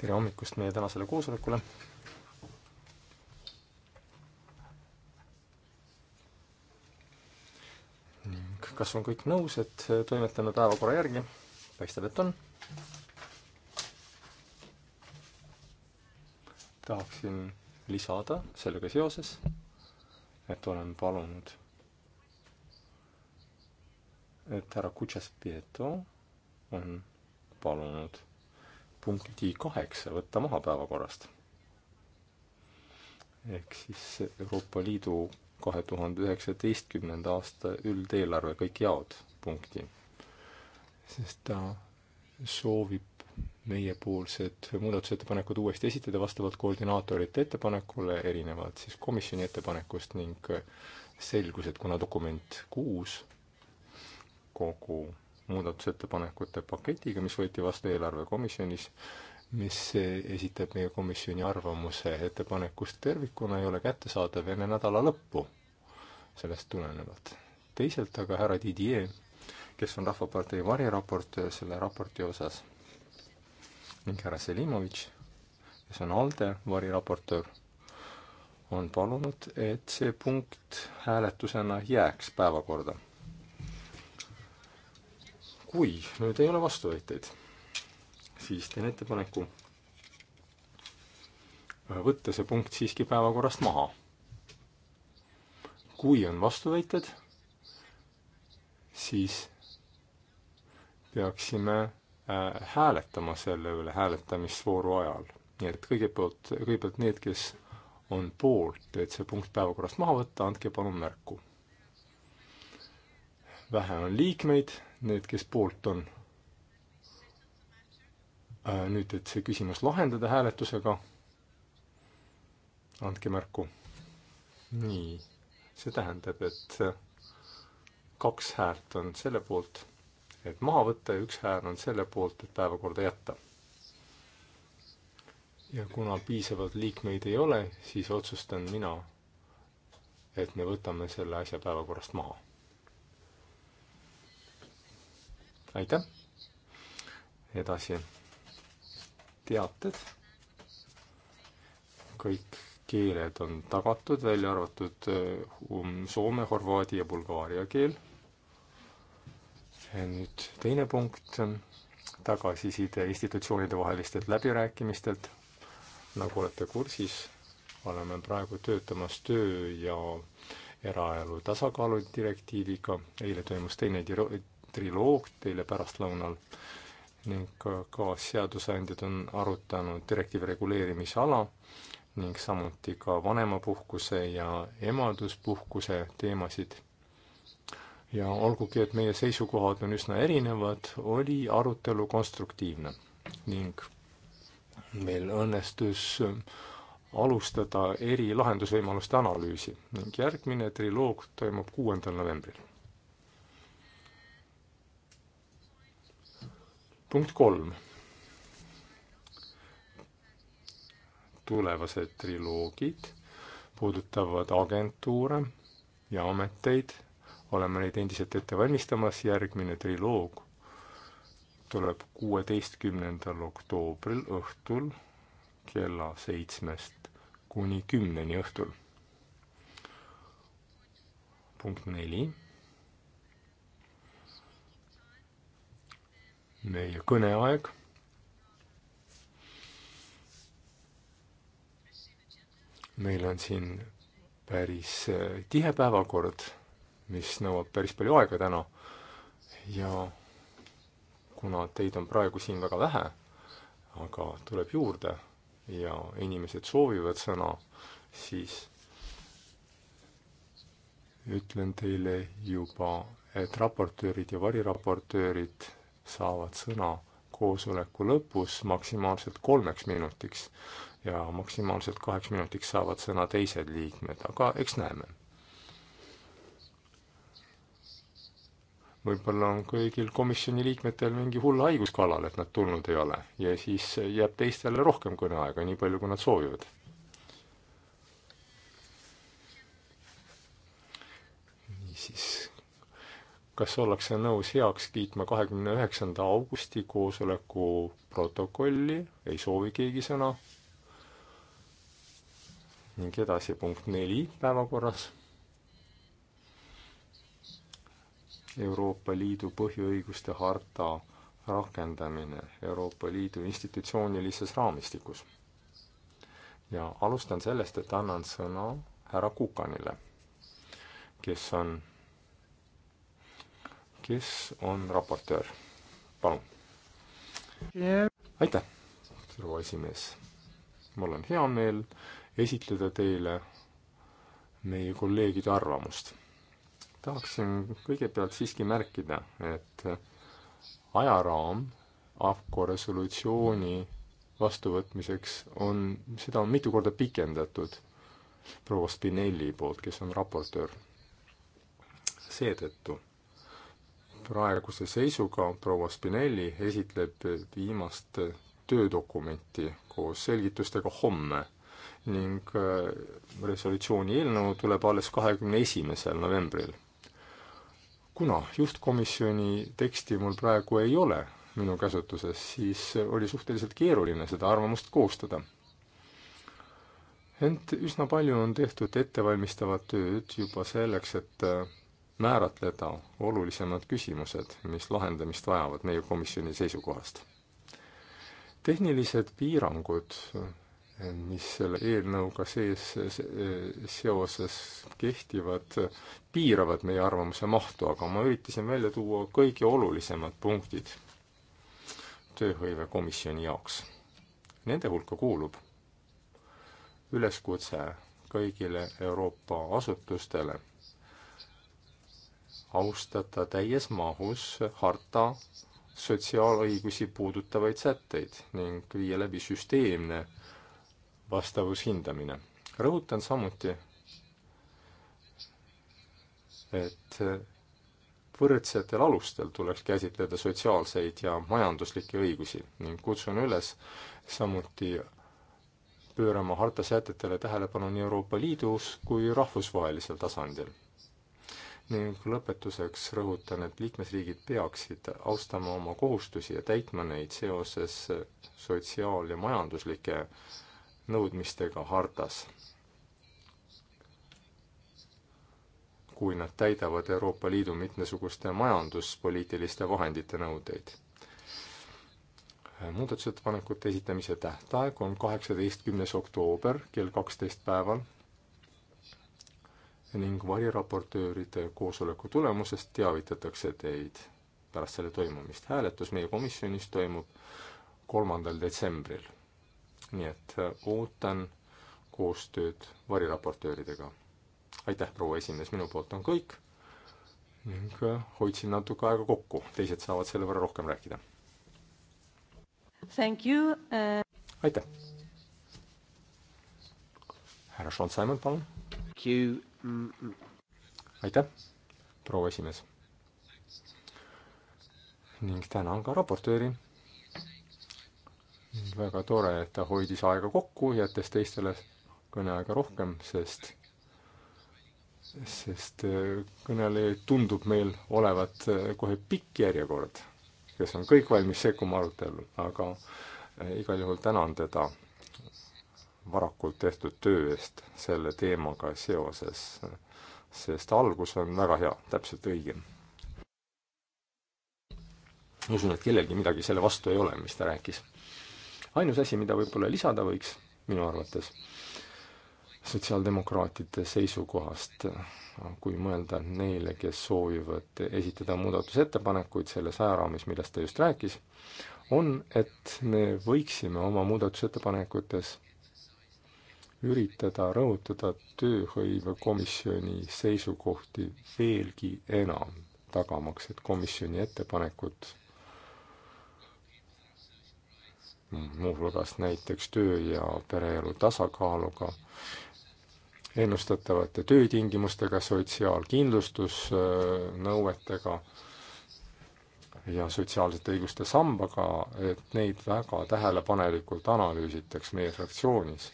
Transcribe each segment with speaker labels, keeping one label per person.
Speaker 1: tere hommikust meie tänasele koosolekule. ning kas on kõik nõus, et toimetame päevakorra järgi? paistab, et on. tahaksin lisada sellega seoses, et olen palunud, et härra Kutšas Pieto on palunud punkti kaheksa võtta maha päevakorrast. ehk siis Euroopa Liidu kahe tuhande üheksateistkümnenda aasta üldeelarve kõik jaod punkti. sest ta soovib meiepoolsed muudatusettepanekud uuesti esitada vastavalt koordinaatorite ettepanekule, erinevalt siis komisjoni ettepanekust ning selgus, et kuna dokument kuus kogu muudatusettepanekute paketiga, mis võeti vastu eelarvekomisjonis, mis esitab meie komisjoni arvamuse ettepanekust tervikuna, ei ole kättesaadav enne nädala lõppu sellest tulenevalt. teisalt aga härra Didier, kes on Rahvapartei variraportöör selle raporti osas, ning härra Selimovitš, kes on ALDE variraportöör, on palunud, et see punkt hääletusena jääks päevakorda kui nüüd ei ole vastuväiteid, siis teen ettepaneku äh, võtta see punkt siiski päevakorrast maha. kui on vastuväited, siis peaksime äh, hääletama selle üle hääletamisvooru ajal. nii et kõigepealt, kõigepealt need, kes on poolt, et see punkt päevakorrast maha võtta, andke palun märku. vähe on liikmeid need, kes poolt on. Äh, nüüd, et see küsimus lahendada hääletusega, andke märku. nii, see tähendab, et kaks häält on selle poolt, et maha võtta ja üks hääl on selle poolt, et päevakorda jätta. ja kuna piisavalt liikmeid ei ole, siis otsustan mina, et me võtame selle asja päevakorrast maha aitäh! edasi teated. kõik keeled on tagatud, välja arvatud äh, um, soome, horvaadi ja bulgaaria keel. nüüd teine punkt, tagasiside institutsioonide vahelistelt läbirääkimistelt. nagu olete kursis, oleme praegu töötamas töö ja eraelu tasakaalu direktiiviga, eile toimus teine triloog teile pärastlõunal ning ka seadusandjad on arutanud direktiivi reguleerimisala ning samuti ka vanemapuhkuse ja emaduspuhkuse teemasid. ja olgugi, et meie seisukohad on üsna erinevad, oli arutelu konstruktiivne ning meil õnnestus alustada eri lahendusvõimaluste analüüsi ning järgmine triloog toimub kuuendal novembril. punkt kolm. tulevased triloogid puudutavad agentuure ja ameteid, oleme neid endiselt ette valmistamas, järgmine triloog tuleb kuueteistkümnendal oktoobril õhtul kella seitsmest kuni kümneni õhtul. punkt neli meie kõneaeg. meil on siin päris äh, tihe päevakord, mis nõuab päris palju aega täna ja kuna teid on praegu siin väga vähe, aga tuleb juurde ja inimesed soovivad sõna, siis ütlen teile juba, et raportöörid ja variraportöörid saavad sõna koosoleku lõpus maksimaalselt kolmeks minutiks ja maksimaalselt kaheks minutiks saavad sõna teised liikmed, aga eks näeme. võib-olla on kõigil komisjoni liikmetel mingi hull haigus kallal, et nad tulnud ei ole ja siis jääb teistele rohkem kõneaega, nii palju, kui nad soovivad. niisiis kas ollakse nõus heaks kiitma kahekümne üheksanda augusti koosoleku protokolli, ei soovi keegi sõna. ning edasi punkt neli päevakorras. Euroopa Liidu põhiõiguste harta rakendamine Euroopa Liidu institutsioonilises raamistikus. ja alustan sellest, et annan sõna härra Kukanile, kes on kes on raportöör? palun. aitäh, proua esimees. mul on hea meel esitleda teile meie kolleegide arvamust. tahaksin kõigepealt siiski märkida, et ajaraam AFCO resolutsiooni vastuvõtmiseks on, seda on mitu korda pikendatud proua Spinelli poolt, kes on raportöör. seetõttu praeguse seisuga proua Spinelli esitleb viimast töödokumenti koos selgitustega homme ning äh, resolutsiooni eelnõu tuleb alles kahekümne esimesel novembril. kuna juhtkomisjoni teksti mul praegu ei ole minu käsutuses, siis oli suhteliselt keeruline seda arvamust koostada. ent üsna palju on tehtud ettevalmistavat tööd juba selleks, et äh, määratleda olulisemad küsimused, mis lahendamist vajavad meie komisjoni seisukohast. tehnilised piirangud, mis selle eelnõuga sees seoses kehtivad, piiravad meie arvamuse mahtu, aga ma üritasin välja tuua kõige olulisemad punktid tööhõivekomisjoni jaoks. Nende hulka kuulub üleskutse kõigile Euroopa asutustele austada täies mahus harta sotsiaalõigusi puudutavaid sätteid ning viia läbi süsteemne vastavushindamine. rõhutan samuti, et võrdsetel alustel tuleks käsitleda sotsiaalseid ja majanduslikke õigusi ning kutsun üles samuti pöörama harta sätetele tähelepanu nii Euroopa Liidus kui rahvusvahelisel tasandil ning lõpetuseks rõhutan, et liikmesriigid peaksid austama oma kohustusi ja täitma neid seoses sotsiaal- ja majanduslike nõudmistega hartas. kui nad täidavad Euroopa Liidu mitmesuguste majanduspoliitiliste vahendite nõudeid. muudatusettepanekute esitamise tähtaeg on kaheksateistkümnes oktoober kell kaksteist päeval ning variraportööride koosoleku tulemusest teavitatakse teid pärast selle toimumist. hääletus meie komisjonis toimub kolmandal detsembril. nii et äh, ootan koostööd variraportööridega. aitäh, proua esimees, minu poolt on kõik ning äh, hoidsin natuke aega kokku, teised saavad selle võrra rohkem rääkida.
Speaker 2: Uh...
Speaker 3: aitäh.
Speaker 1: härra Sean Simon, palun mm. -mm. aitäh, proua esimees. ning tänan ka raportööri. väga tore, et ta hoidis aega kokku, jättes teistele kõneaega rohkem, sest sest äh, kõnelejaid tundub meil olevat äh, kohe pikk järjekord, kes on kõik valmis sekkuma arutellu, aga äh, igal juhul tänan teda varakult tehtud töö eest selle teemaga seoses, sest algus on väga hea, täpselt õige. ma usun, et kellelgi midagi selle vastu ei ole, mis ta rääkis. ainus asi, mida võib-olla lisada võiks, minu arvates, sotsiaaldemokraatide seisukohast, kui mõelda neile, kes soovivad esitada muudatusettepanekuid selles ajaraamis, millest ta just rääkis, on, et me võiksime oma muudatusettepanekutes üritada rõhutada tööhõivekomisjoni seisukohti veelgi enam, tagamaks, et komisjoni ettepanekud muuhulgas näiteks töö ja pereelu tasakaaluga, ennustatavate töötingimustega, sotsiaalkindlustusnõuetega äh, ja sotsiaalsete õiguste sambaga, et neid väga tähelepanelikult analüüsitaks meie fraktsioonis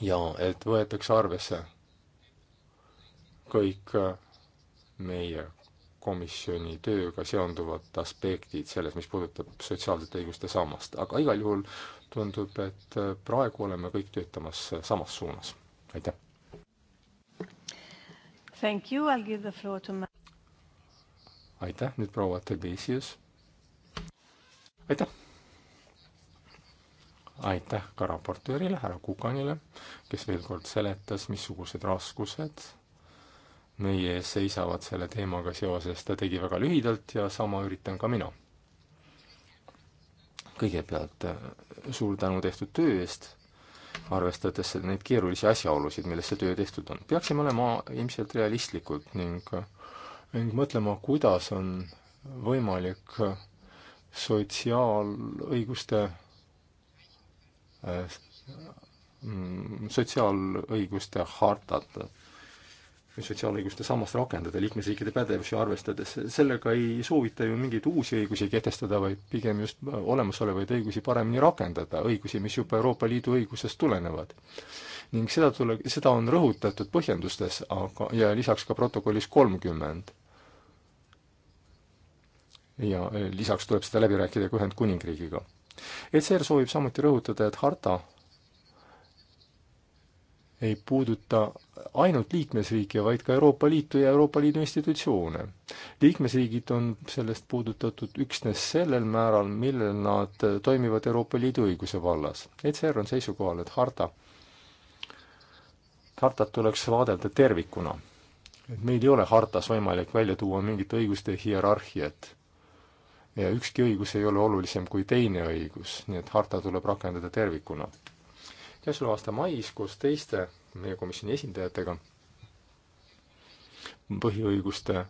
Speaker 1: ja et võetakse arvesse kõik äh, meie komisjoni tööga seonduvad aspektid selles, mis puudutab sotsiaalsete õiguste sammast, aga igal juhul tundub, et äh, praegu oleme kõik töötamas äh, samas suunas, aitäh.
Speaker 2: Thank you, I will give the floor to ma-.
Speaker 1: aitäh, nüüd proua Tebesius. aitäh aitäh ka raportöörile, härra Kukanile, kes veel kord seletas, missugused raskused meie ees seisavad selle teemaga seoses, ta tegi väga lühidalt ja sama üritan ka mina. kõigepealt äh, suur tänu tehtud töö eest, arvestades neid keerulisi asjaolusid, milles see töö tehtud on. peaksime olema ilmselt realistlikud ning, äh, ning mõtlema, kuidas on võimalik äh, sotsiaalõiguste Äh, sotsiaalõiguste hartat sotsiaalõiguste sammast rakendada liikmesriikide pädevusi arvestades, sellega ei soovita ju mingeid uusi õigusi kehtestada, vaid pigem just äh, olemasolevaid õigusi paremini rakendada, õigusi, mis juba Euroopa Liidu õigusest tulenevad. ning seda tule-, seda on rõhutatud põhjendustes, aga, ja lisaks ka protokollis kolmkümmend. ja äh, lisaks tuleb seda läbi rääkida ka Ühendkuningriigiga ECR soovib samuti rõhutada, et harta ei puuduta ainult liikmesriike, vaid ka Euroopa Liitu ja Euroopa Liidu institutsioone. liikmesriigid on sellest puudutatud üksnes sellel määral, millel nad toimivad Euroopa Liidu õiguse vallas. ECR on seisukohal, et harta, hartat tuleks vaadelda tervikuna. et meil ei ole hartas võimalik välja tuua mingit õiguste hierarhiat ja ükski õigus ei ole olulisem kui teine õigus, nii et harta tuleb rakendada tervikuna. käesoleva aasta mais koos teiste meie komisjoni esindajatega põhiõiguste,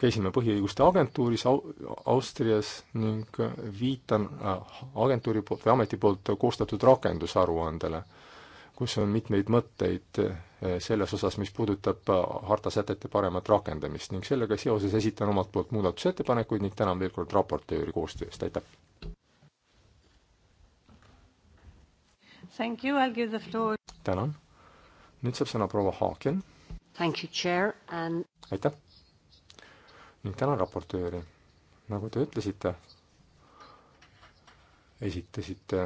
Speaker 1: käisime põhiõiguste agentuuris Au-, Austrias ning viitan äh, agentuuri poolt või ameti poolt koostatud rakendusaruandele äh, kus on mitmeid mõtteid eh, selles osas, mis puudutab eh, harta sätete paremat rakendamist ning sellega seoses esitan omalt poolt muudatusettepanekuid ning tänan veel kord raportööri koostöö eest, aitäh! tänan. nüüd saab sõna proua Haaken.
Speaker 2: And...
Speaker 1: aitäh! ning tänan raportööri. nagu te ütlesite, esitasite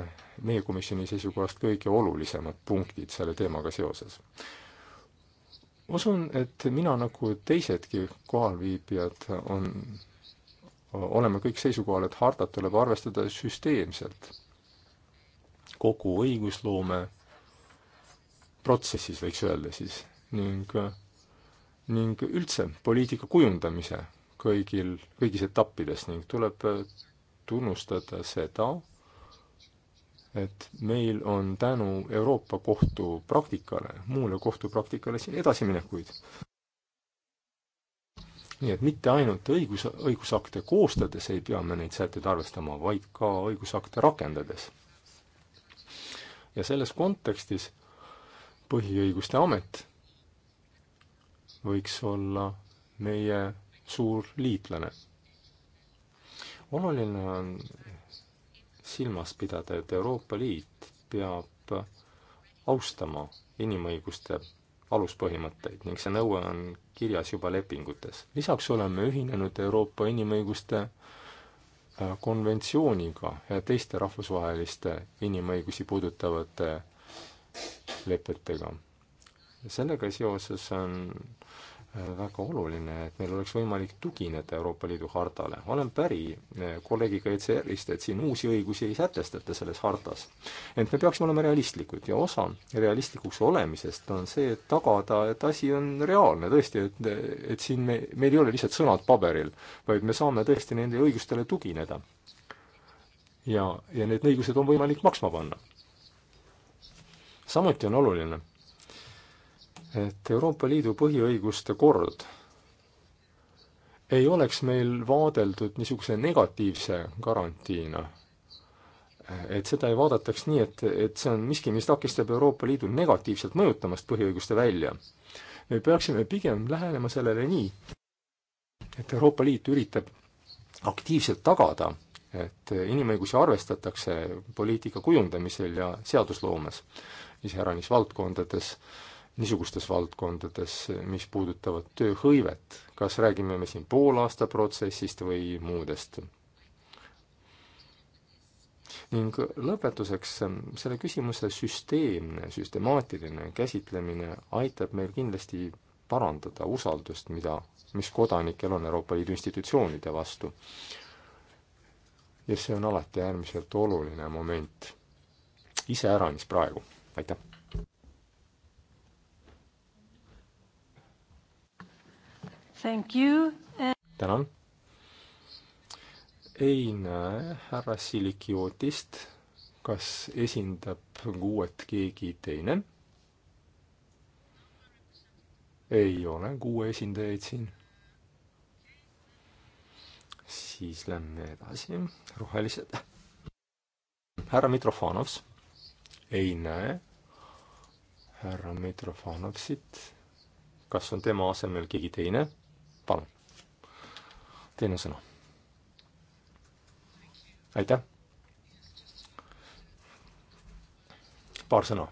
Speaker 1: meie komisjoni seisukohast kõige olulisemad punktid selle teemaga seoses. usun, et mina nagu teisedki kohalviibijad on, oleme kõik seisukohal, et hartat tuleb arvestada süsteemselt kogu õigusloome protsessis, võiks öelda siis, ning, ning üldse poliitika kujundamise kõigil, kõigis etappides ning tuleb tunnustada seda, et meil on tänu Euroopa Kohtu praktikale, muule kohtupraktikale siin edasiminekuid. nii et mitte ainult õigus, õigusakte koostades ei pea me neid sätteid arvestama, vaid ka õigusakte rakendades. ja selles kontekstis põhiõiguste amet võiks olla meie suur liitlane. oluline on silmas pidada, et Euroopa Liit peab austama inimõiguste aluspõhimõtteid ning see nõue on kirjas juba lepingutes. lisaks oleme ühinenud Euroopa inimõiguste äh, konventsiooniga ja teiste rahvusvaheliste inimõigusi puudutavate lepetega. sellega seoses on väga oluline, et meil oleks võimalik tugineda Euroopa Liidu hartale. olen päri eh, kolleegiga ECR-ist, et siin uusi õigusi ei sätestata selles hartas. ent me peaksime olema realistlikud ja osa realistlikuks olemisest on see, et tagada, et asi on reaalne tõesti, et, et siin me, meil ei ole lihtsalt sõnad paberil, vaid me saame tõesti nende õigustele tugineda. ja, ja need õigused on võimalik maksma panna. samuti on oluline et Euroopa Liidu põhiõiguste kord ei oleks meil vaadeldud niisuguse negatiivse garantiina, et seda ei vaadataks nii, et, et see on miski, mis takistab Euroopa Liidu negatiivselt mõjutamast põhiõiguste välja. me peaksime pigem lähenema sellele nii, et Euroopa Liit üritab aktiivselt tagada, et inimõigusi arvestatakse poliitika kujundamisel ja seadusloomes, iseäranis valdkondades äh,, niisugustes valdkondades, mis puudutavad tööhõivet, kas räägime me siin poolaasta protsessist või muudest? ning lõpetuseks, selle küsimuse süsteemne, süstemaatiline käsitlemine aitab meil kindlasti parandada usaldust, mida, mis kodanikel on Euroopa Liidu institutsioonide vastu. ja see on alati äärmiselt oluline moment, iseäranis praegu, aitäh! tänan. ei näe härra Silikiotist. kas esindab kuuet keegi teine? ei ole kuue esindajaid siin. siis lähme edasi, rohelised. härra Mitrofanovs, ei näe härra Mitrofanovsit. kas on tema asemel keegi teine? palun, teil on sõna. aitäh. paar sõna.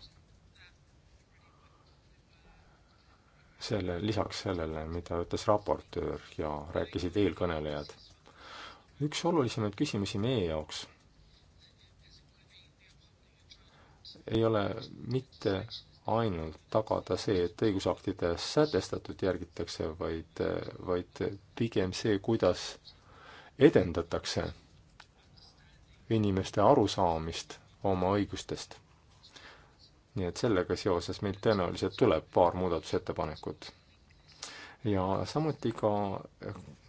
Speaker 1: selle, lisaks sellele, mida ütles raportöör ja rääkisid eelkõnelejad. üks olulisemaid küsimusi meie jaoks ei ole mitte ainult tagada see, et õigusaktides sätestatud järgitakse, vaid, vaid pigem see, kuidas edendatakse inimeste arusaamist oma õigustest. nii et sellega seoses meil tõenäoliselt tuleb paar muudatusettepanekut. ja samuti ka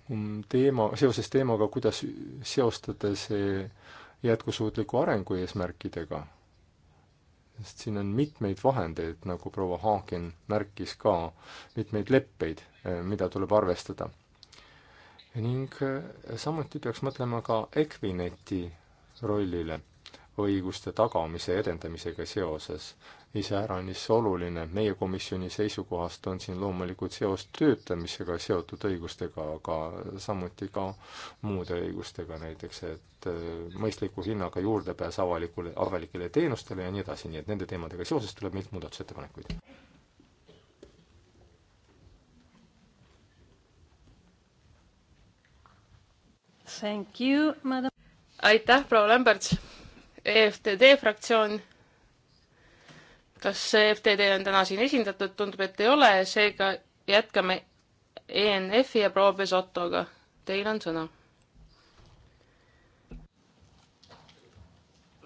Speaker 1: mm, teema, seoses teemaga, kuidas seostada see jätkusuutliku arengu eesmärkidega sest siin on mitmeid vahendeid, nagu proua Haagen märkis ka, mitmeid leppeid, eh, mida tuleb arvestada. ning eh, samuti peaks mõtlema ka Equineti rollile õiguste tagamise edendamisega seoses iseäranis oluline. meie komisjoni seisukohast on siin loomulikult seos töötamisega seotud õigustega, aga samuti ka muude õigustega, näiteks et äh, mõistliku hinnaga juurdepääs avalikule, avalikele teenustele ja nii edasi, nii et nende teemadega seoses tuleb meilt muudatusettepanekuid.
Speaker 4: Thank you, madam. aitäh, proua Lämberts. EFTD fraktsioon kas FTD on täna siin esindatud, tundub, et ei ole, seega jätkame ENF-i ja proua Pesottoga. Teil on sõna.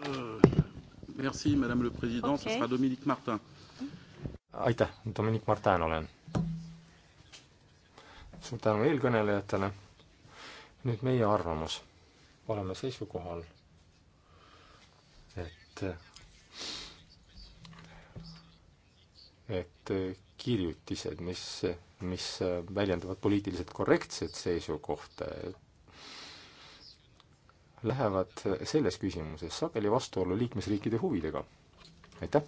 Speaker 3: Euh, merci, madame le president okay., see sera Dominic Martin.
Speaker 1: aitäh, Dominic Martin olen. suur tänu eelkõnelejatele. nüüd meie arvamus. oleme seisukohal, et et eh, kirjutised, mis, mis väljendavad poliitiliselt korrektset seisukohta, lähevad selles küsimuses sageli vastuollu liikmesriikide huvidega. aitäh!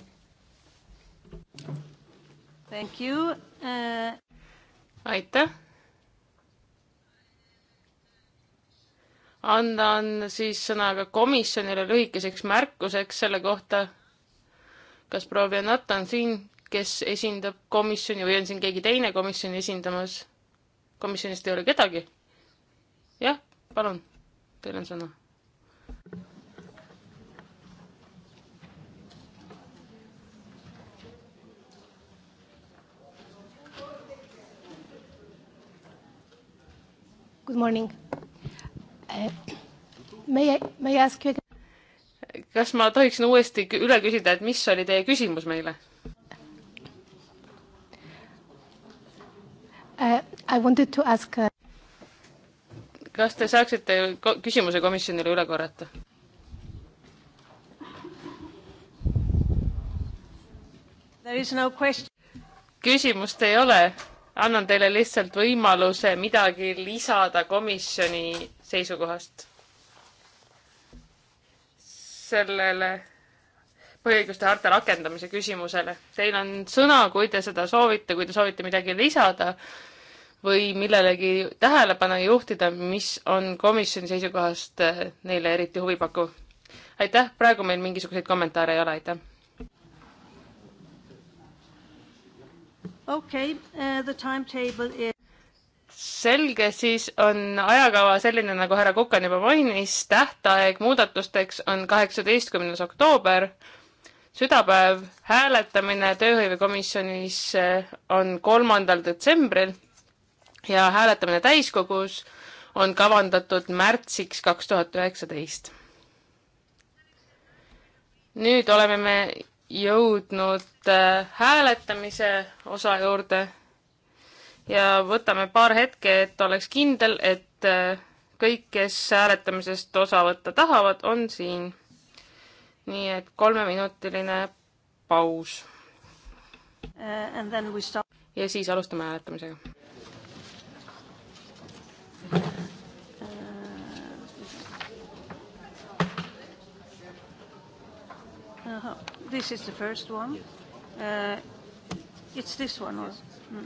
Speaker 4: Thank you uh.... aitäh! annan siis sõna ka komisjonile lühikeseks märkuseks selle kohta, kas proua Benat on siin, kes esindab komisjoni või on siin keegi teine komisjoni esindamas? komisjonist ei ole kedagi? jah, palun, teil on sõna.
Speaker 5: Good morning uh,. meie, meie ask you.
Speaker 4: kas ma tohiksin uuesti üle küsida, et mis oli teie küsimus meile?
Speaker 5: Uh, I wanted to ask uh...
Speaker 4: kas te saaksite küsimuse komisjonile üle korrata? No küsimust ei ole, annan teile lihtsalt võimaluse midagi lisada komisjoni seisukohast. sellele põhiõiguste harta rakendamise küsimusele. Teil on sõna, kui te seda soovite, kui te soovite midagi lisada või millelegi tähelepanu juhtida, mis on komisjoni seisukohast eh, neile eriti huvipakkuv? aitäh, praegu meil mingisuguseid kommentaare ei ole, aitäh. okei okay, uh,, the timetable is selge, siis on ajakava selline, nagu härra Kukan juba mainis, tähtaeg muudatusteks on kaheksateistkümnes oktoober, südapäev, hääletamine tööhõivekomisjonis eh, on kolmandal detsembril ja hääletamine täiskogus on kavandatud märtsiks kaks tuhat üheksateist. nüüd oleme me jõudnud äh, hääletamise osa juurde ja võtame paar hetke, et oleks kindel, et äh, kõik, kes hääletamisest osa võtta tahavad, on siin. nii et kolmeminutiline paus. Uh, ja siis alustame hääletamisega.
Speaker 2: Uh, this is the first one. Yes. Uh, it's this one. Yes. Or? Mm.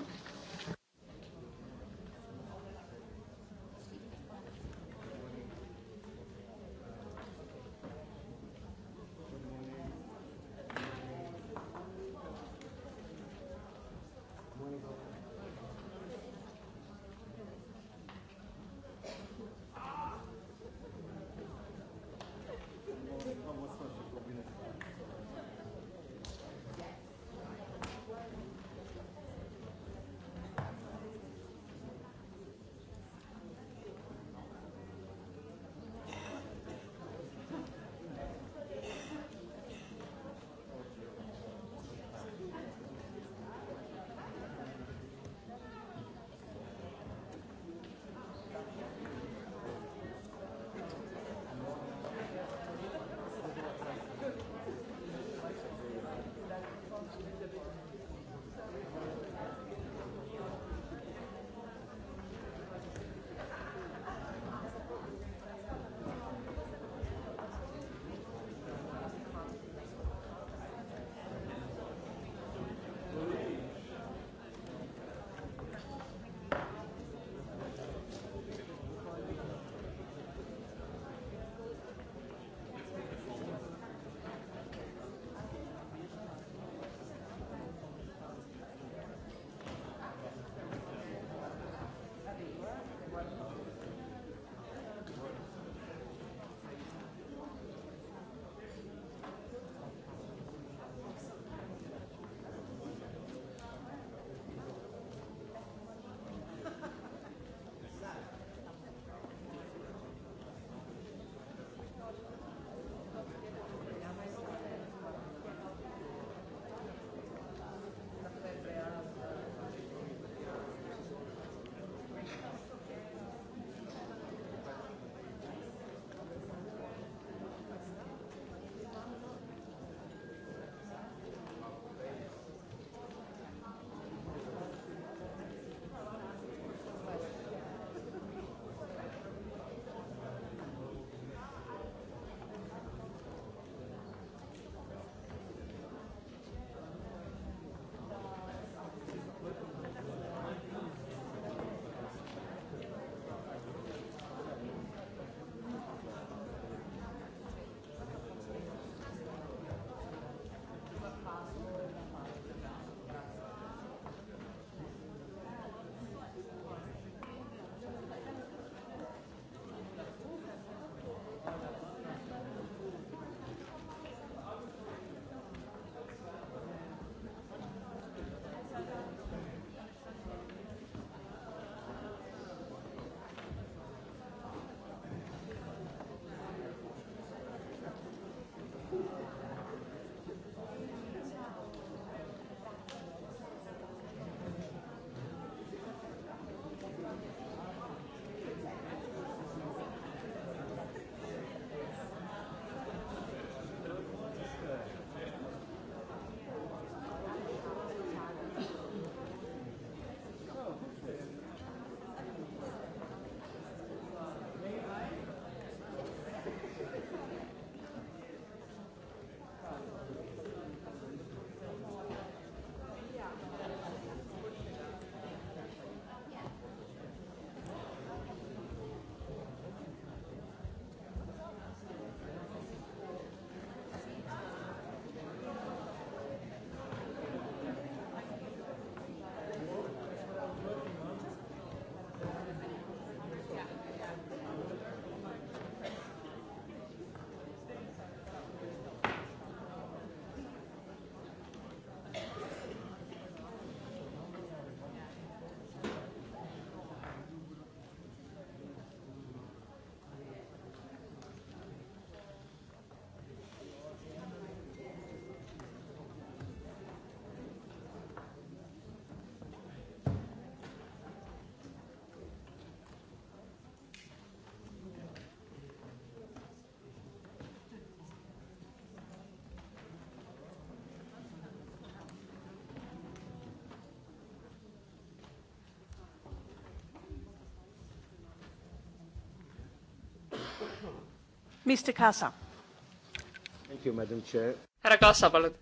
Speaker 4: härra Kaasa, palun.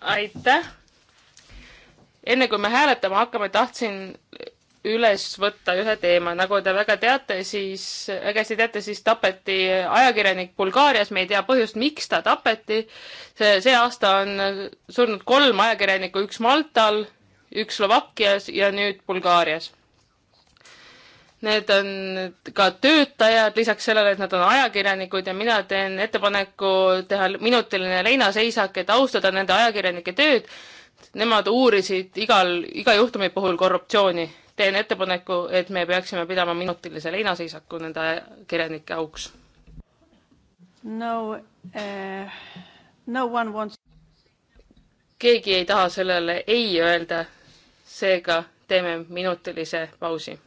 Speaker 4: aitäh. enne kui me hääletama hakkame, tahtsin üles võtta ühe teema, nagu te väga teate, siis, väga hästi teate, siis tapeti ajakirjanik Bulgaarias, me ei tea põhjust, miks ta tapeti. see, see aasta on surnud kolm ajakirjanikku, üks Maltal, üks Slovakkias ja nüüd Bulgaarias. Need on ka töötajad, lisaks sellele, et nad on ajakirjanikud ja mina teen ettepaneku teha minutiline leinaseisak, et austada nende ajakirjanike tööd. Nemad uurisid igal, iga juhtumi puhul korruptsiooni. teen ettepaneku, et me peaksime pidama minutilise leinaseisaku nende ajakirjanike auks.
Speaker 2: no uh,, no one wants
Speaker 4: keegi ei taha sellele ei öelda, seega teeme minutilise pausi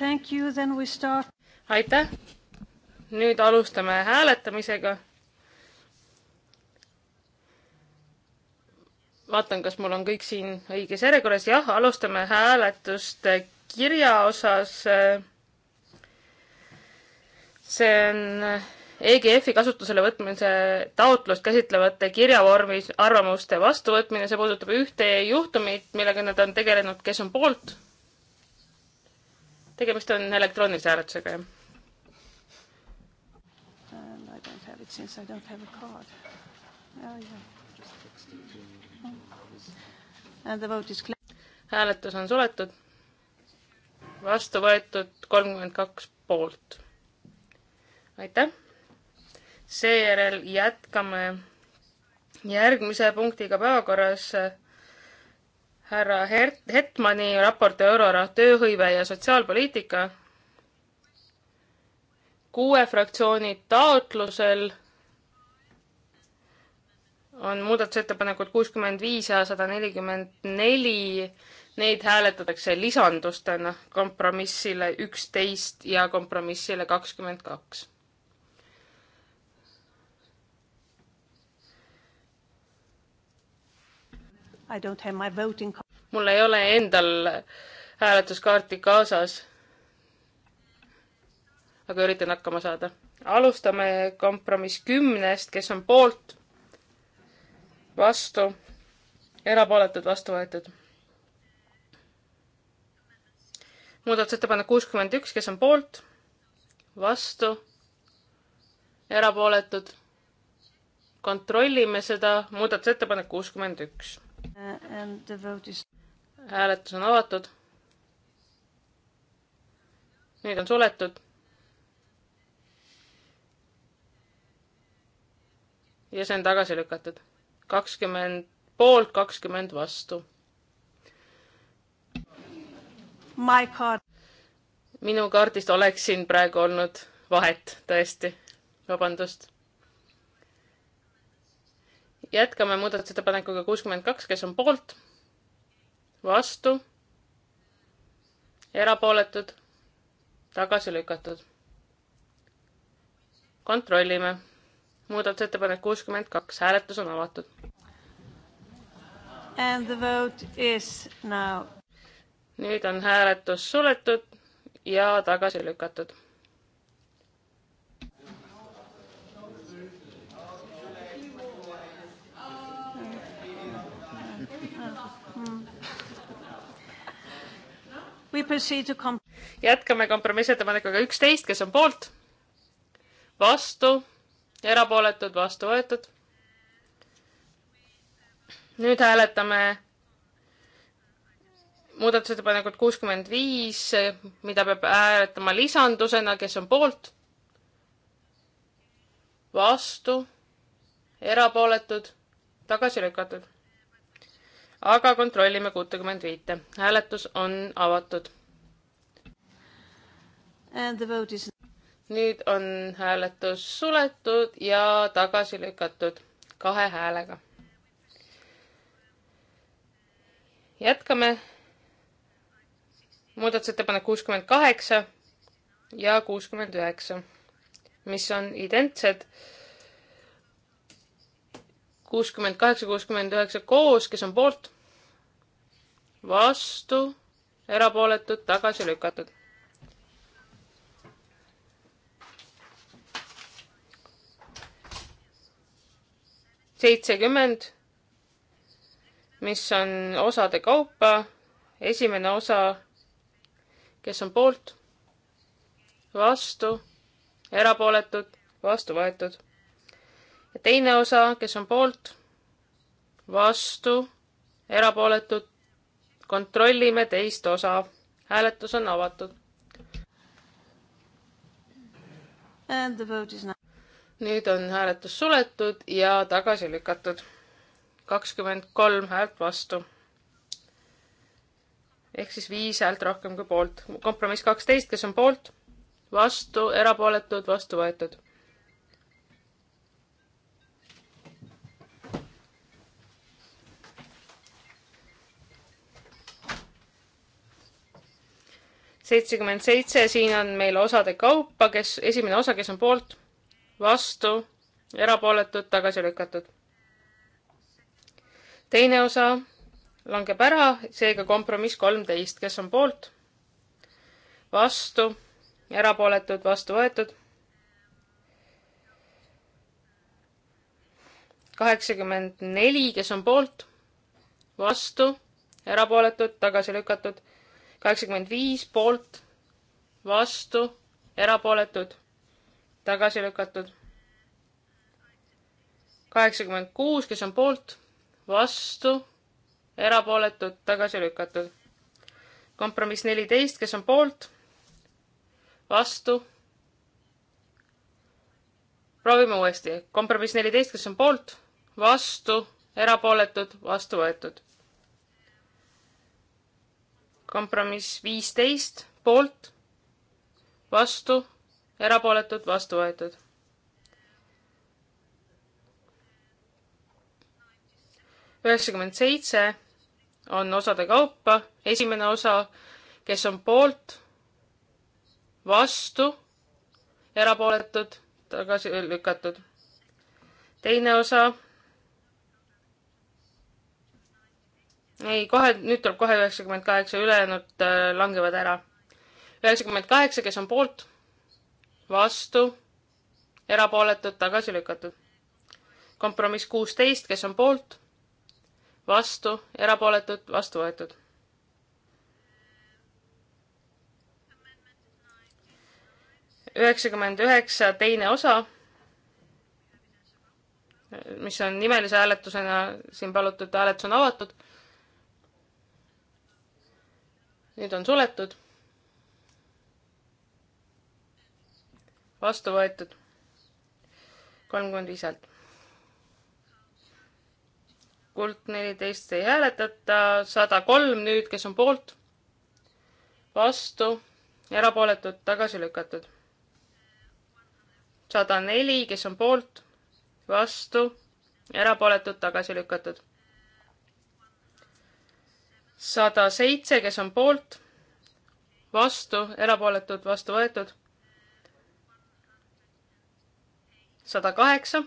Speaker 4: Thank you, then we start. aitäh. nüüd alustame hääletamisega. vaatan, kas mul on kõik siin õiges järjekorras. jah, alustame hääletust kirja osas. see on EGF-i kasutusele võtmise taotlust käsitlevate kirjavormis arvamuste vastuvõtmine, see puudutab ühte juhtumit, millega nad on tegelenud, kes on poolt, tegemist on elektroonilise hääletusega, jah? I don't have it since I don't have a card. Oh, yeah. And the vote is hääletus on suletud. vastu võetud kolmkümmend kaks poolt. aitäh. seejärel jätkame järgmise punktiga päevakorras härra Hert-, Hetmani raport Euroraha tööhõive ja sotsiaalpoliitika kuue fraktsiooni taotlusel on muudatusettepanekud kuuskümmend viis ja sada nelikümmend neli. Neid hääletatakse lisandustena kompromissile üksteist ja kompromissile kakskümmend kaks. mul ei ole endal hääletuskaarti kaasas. aga üritan hakkama saada. alustame kompromiss kümnest, kes on poolt, vastu, erapooletud, vastu võetud. muudatusettepanek kuuskümmend üks, kes on poolt, vastu, erapooletud. kontrollime seda, muudatusettepanek kuuskümmend üks Is... hääletus on avatud. nüüd on suletud. ja see on tagasi lükatud. kakskümmend poolt, kakskümmend vastu. minu kaardist oleks siin praegu olnud vahet, tõesti. vabandust jätkame muudatusettepanekuga kuuskümmend kaks, kes on poolt, vastu, erapooletud, tagasi lükatud. kontrollime. muudatusettepanek kuuskümmend kaks, hääletus on avatud. And the vote is now. nüüd on hääletus suletud ja tagasi lükatud Hmm. jätkame kompromissettepanekuga üksteist, kes on poolt, vastu, erapooletud, vastu võetud. nüüd hääletame muudatusettepanekut kuuskümmend viis, mida peab hääletama lisandusena, kes on poolt, vastu, erapooletud, tagasi lükatud aga kontrollime kuutekümmend viite. hääletus on avatud. Is... nüüd on hääletus suletud ja tagasi lükatud kahe häälega. jätkame. muudatusettepanek kuuskümmend kaheksa ja kuuskümmend üheksa, mis on identsed kuuskümmend kaheksa, kuuskümmend üheksa koos, kes on poolt, vastu, erapooletud, tagasi lükatud. seitsekümmend, mis on osade kaupa, esimene osa, kes on poolt, vastu, erapooletud, vastu võetud ja teine osa, kes on poolt, vastu, erapooletud, kontrollime teist osa. hääletus on avatud. nüüd on hääletus suletud ja tagasi lükatud. kakskümmend kolm häält vastu. ehk siis viis häält rohkem kui poolt. kompromiss kaksteist, kes on poolt, vastu, erapooletud, vastu võetud seitsekümmend seitse, siin on meil osade kaupa, kes, esimene osa, kes on poolt, vastu, erapooletud, tagasi lükatud. teine osa langeb ära, seega kompromiss kolmteist, kes on poolt, vastu, erapooletud, vastu võetud. kaheksakümmend neli, kes on poolt, vastu, erapooletud, tagasi lükatud kaheksakümmend viis poolt, vastu, erapooletud, tagasi lükatud. kaheksakümmend kuus, kes on poolt, vastu, erapooletud, tagasi lükatud. kompromiss neliteist, kes on poolt, vastu. proovime uuesti, kompromiss neliteist, kes on poolt, vastu, erapooletud, vastu võetud kompromiss viisteist poolt, vastu, erapooletud, vastu võetud. üheksakümmend seitse on osade kaupa, esimene osa, kes on poolt, vastu, erapooletud, tagasi lükatud. teine osa ei, kohe, nüüd tuleb kohe üheksakümmend kaheksa, ülejäänud äh, langevad ära. üheksakümmend kaheksa, kes on poolt, vastu, erapooletud, tagasi lükatud. kompromiss kuusteist, kes on poolt, vastu, erapooletud, vastu võetud. üheksakümmend üheksa, teine osa, mis on nimelise hääletusena siin palutud, hääletus on avatud nüüd on suletud. vastu võetud. kolmkümmend viis häält. kuld neliteist ei hääletata, sada kolm nüüd, kes on poolt, vastu, erapooletud, tagasi lükatud. sada neli, kes on poolt, vastu, erapooletud, tagasi lükatud sada seitse, kes on poolt, vastu, erapooletud, vastu võetud. sada kaheksa.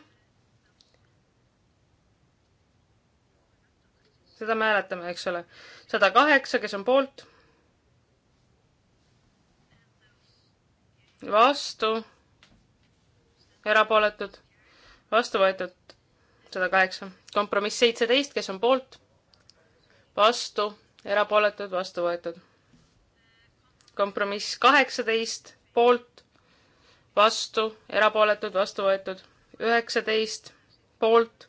Speaker 4: seda me hääletame, eks ole. sada kaheksa, kes on poolt. vastu, erapooletud, vastu võetud, sada kaheksa. kompromiss seitseteist, kes on poolt, vastu erapooletud, vastu võetud. kompromiss kaheksateist, poolt, vastu, erapooletud, vastu võetud. üheksateist, poolt,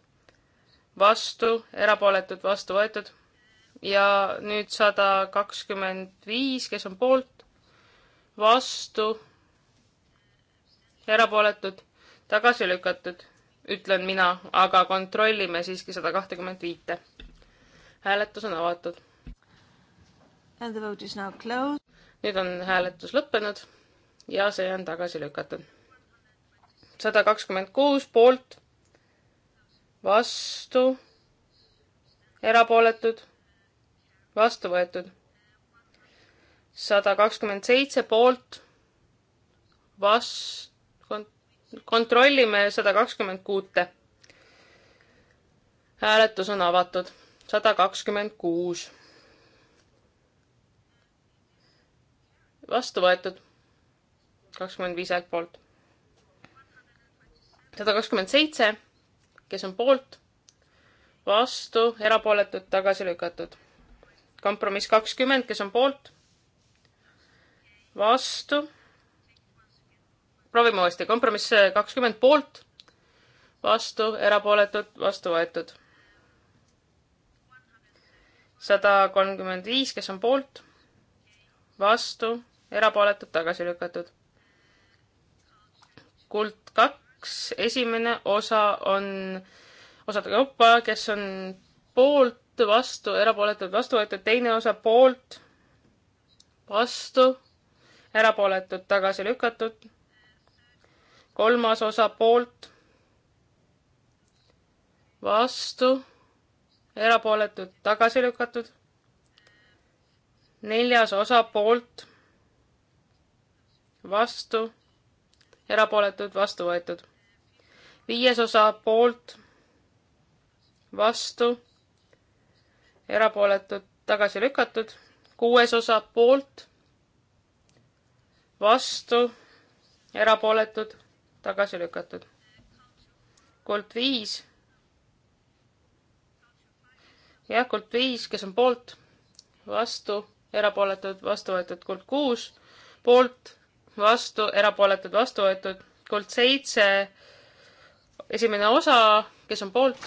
Speaker 4: vastu, erapooletud, vastu võetud. ja nüüd sada kakskümmend viis, kes on poolt, vastu, erapooletud, tagasi lükatud, ütlen mina, aga kontrollime siiski sada kahtekümmet viite. hääletus on avatud nüüd on hääletus lõppenud ja see on tagasi lükatud. sada kakskümmend kuus poolt, vastu, erapooletud, vastu võetud. sada kakskümmend seitse poolt, vas-, kontrollime sada kakskümmend kuute. hääletus on avatud, sada kakskümmend kuus vastu võetud. kakskümmend viis häält poolt. sada kakskümmend seitse, kes on poolt, vastu, erapooletud, tagasi lükatud. kompromiss kakskümmend, kes on poolt, vastu. proovime uuesti, kompromiss kakskümmend poolt, vastu, erapooletud, vastu võetud. sada kolmkümmend viis, kes on poolt, vastu erapooletud, tagasi lükatud. kuld kaks, esimene osa on osade kaupa, kes on poolt, vastu, erapooletud, vastu võetud, teine osa poolt, vastu, erapooletud, tagasi lükatud. kolmas osa poolt, vastu, erapooletud, tagasi lükatud neljas osa poolt vastu, erapooletud, vastu võetud. viies osa poolt, vastu, erapooletud, tagasi lükatud. kuues osa poolt, vastu, erapooletud, tagasi lükatud. kuld viis. jah, kuld viis, kes on poolt, vastu, erapooletud, vastu võetud, kuld kuus poolt, vastu, erapooletud, vastu võetud. kuld seitse, esimene osa, kes on poolt,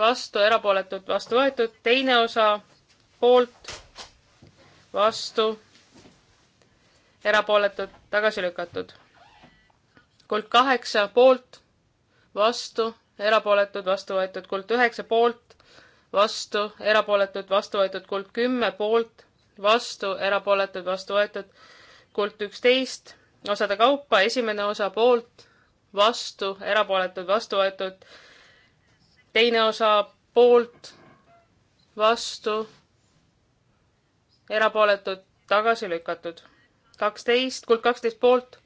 Speaker 4: vastu, erapooletud, vastu võetud. teine osa, poolt, vastu, erapooletud, tagasi lükatud. kuld kaheksa, poolt, vastu, erapooletud, vastu võetud. kuld üheksa, poolt, vastu, erapooletud, vastu võetud. kuld kümme, poolt, vastu, erapooletud, vastu võetud kuld üksteist osade kaupa, esimene osa poolt, vastu, erapooletud, vastu võetud. teine osa poolt, vastu, erapooletud, tagasi lükatud. kaksteist, kuld kaksteist poolt,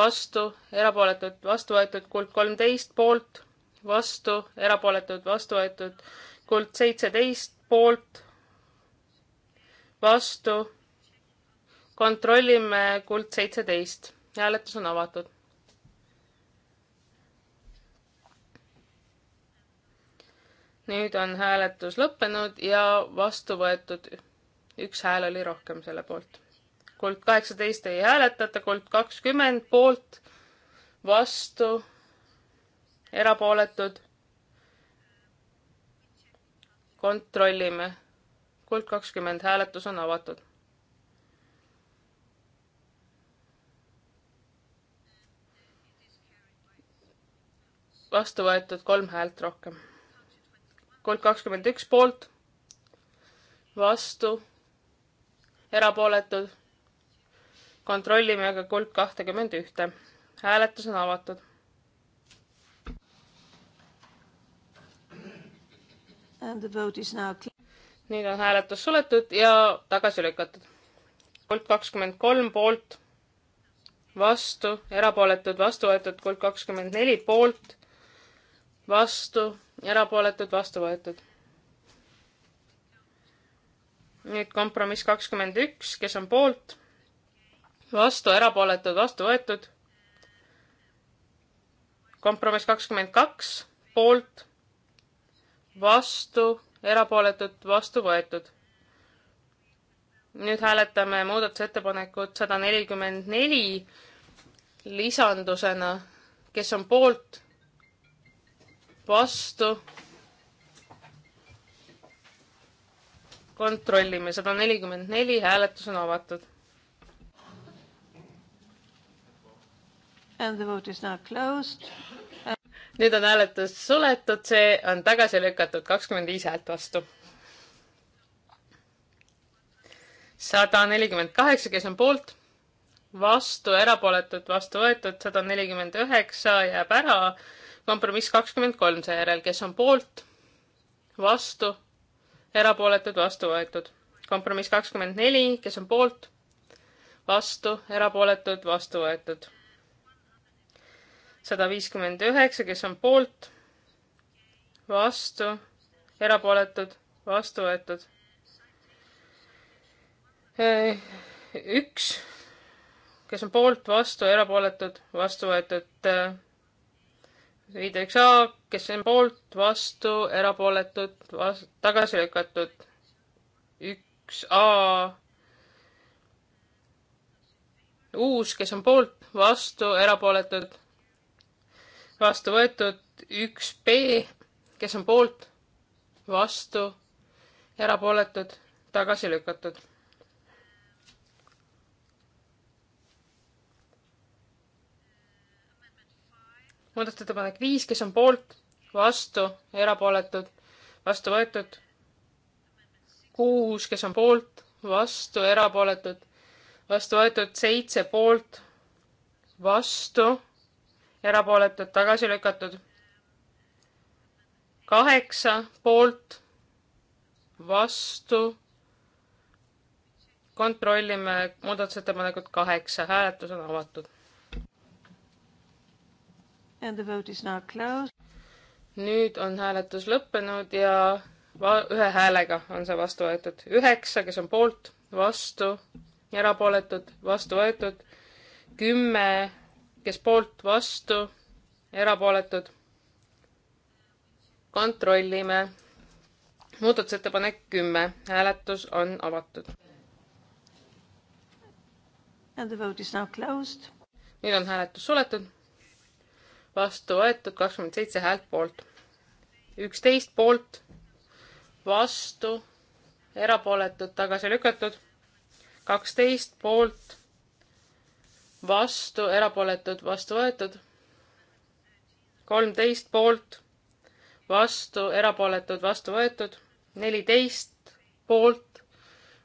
Speaker 4: vastu, erapooletud, vastu võetud, kuld kolmteist poolt, vastu, erapooletud, vastu võetud, kuld seitseteist poolt, vastu kontrollime kuld seitseteist. hääletus on avatud. nüüd on hääletus lõppenud ja vastu võetud. üks hääl oli rohkem selle poolt. kuld kaheksateist ei hääletata, kuld kakskümmend poolt, vastu, erapooletud. kontrollime. kuld kakskümmend, hääletus on avatud. vastu võetud kolm häält rohkem. kuld kakskümmend üks poolt, vastu, erapooletud. kontrollime ka kuld kahtekümmend ühte. hääletus on avatud. nüüd on hääletus suletud ja tagasi lükatud. kuld kakskümmend kolm poolt vastu, erapooletud vastu võetud kuld kakskümmend neli poolt, vastu, erapooletud, vastu võetud. nüüd kompromiss kakskümmend üks, kes on poolt, vastu, erapooletud, vastu võetud. kompromiss kakskümmend kaks, poolt, vastu, erapooletud, vastu võetud. nüüd hääletame muudatusettepanekut sada nelikümmend neli lisandusena, kes on poolt vastu. kontrollime, sada nelikümmend neli, hääletus on avatud. And the vote is now closed nüüd on hääletus suletud, see on tagasi lükatud kakskümmend viis häält vastu. sada nelikümmend kaheksa, kes on poolt, vastu, erapooletud, vastu võetud, sada nelikümmend üheksa jääb ära, kompromiss kakskümmend kolm seejärel, kes on poolt, vastu, erapooletud, vastu võetud. kompromiss kakskümmend neli, kes on poolt, vastu, erapooletud, vastu võetud. sada viiskümmend üheksa, kes on poolt, vastu, erapooletud, vastu võetud. üks, kes on poolt, vastu, erapooletud, vastu võetud viideks A, kes on poolt, vastu, erapooletud vast,, tagasi lükatud. üks A. uus, kes on poolt, vastu, erapooletud, vastu võetud. üks B, kes on poolt, vastu, erapooletud, tagasi lükatud muudatusettepanek viis, kes on poolt, vastu, erapooletud, vastu võetud. kuus, kes on poolt, vastu, erapooletud, vastu võetud, seitse poolt, vastu, erapooletud, tagasi lükatud. kaheksa poolt, vastu. kontrollime muudatusettepanekut kaheksa, hääletus on avatud And the vote is now closed. nüüd on hääletus lõppenud ja va-, ühe häälega on see vastu võetud. üheksa, kes on poolt, vastu, erapooletud, vastu võetud. kümme, kes poolt, vastu, erapooletud. kontrollime. muudatusettepanek kümme, hääletus on avatud.
Speaker 2: And the vote is now closed.
Speaker 4: nüüd on hääletus suletud vastu võetud, kakskümmend seitse häält poolt. üksteist poolt, vastu, erapooletud, tagasi lükatud. kaksteist poolt, vastu, erapooletud, vastu võetud. kolmteist poolt, vastu, erapooletud, vastu võetud. neliteist poolt,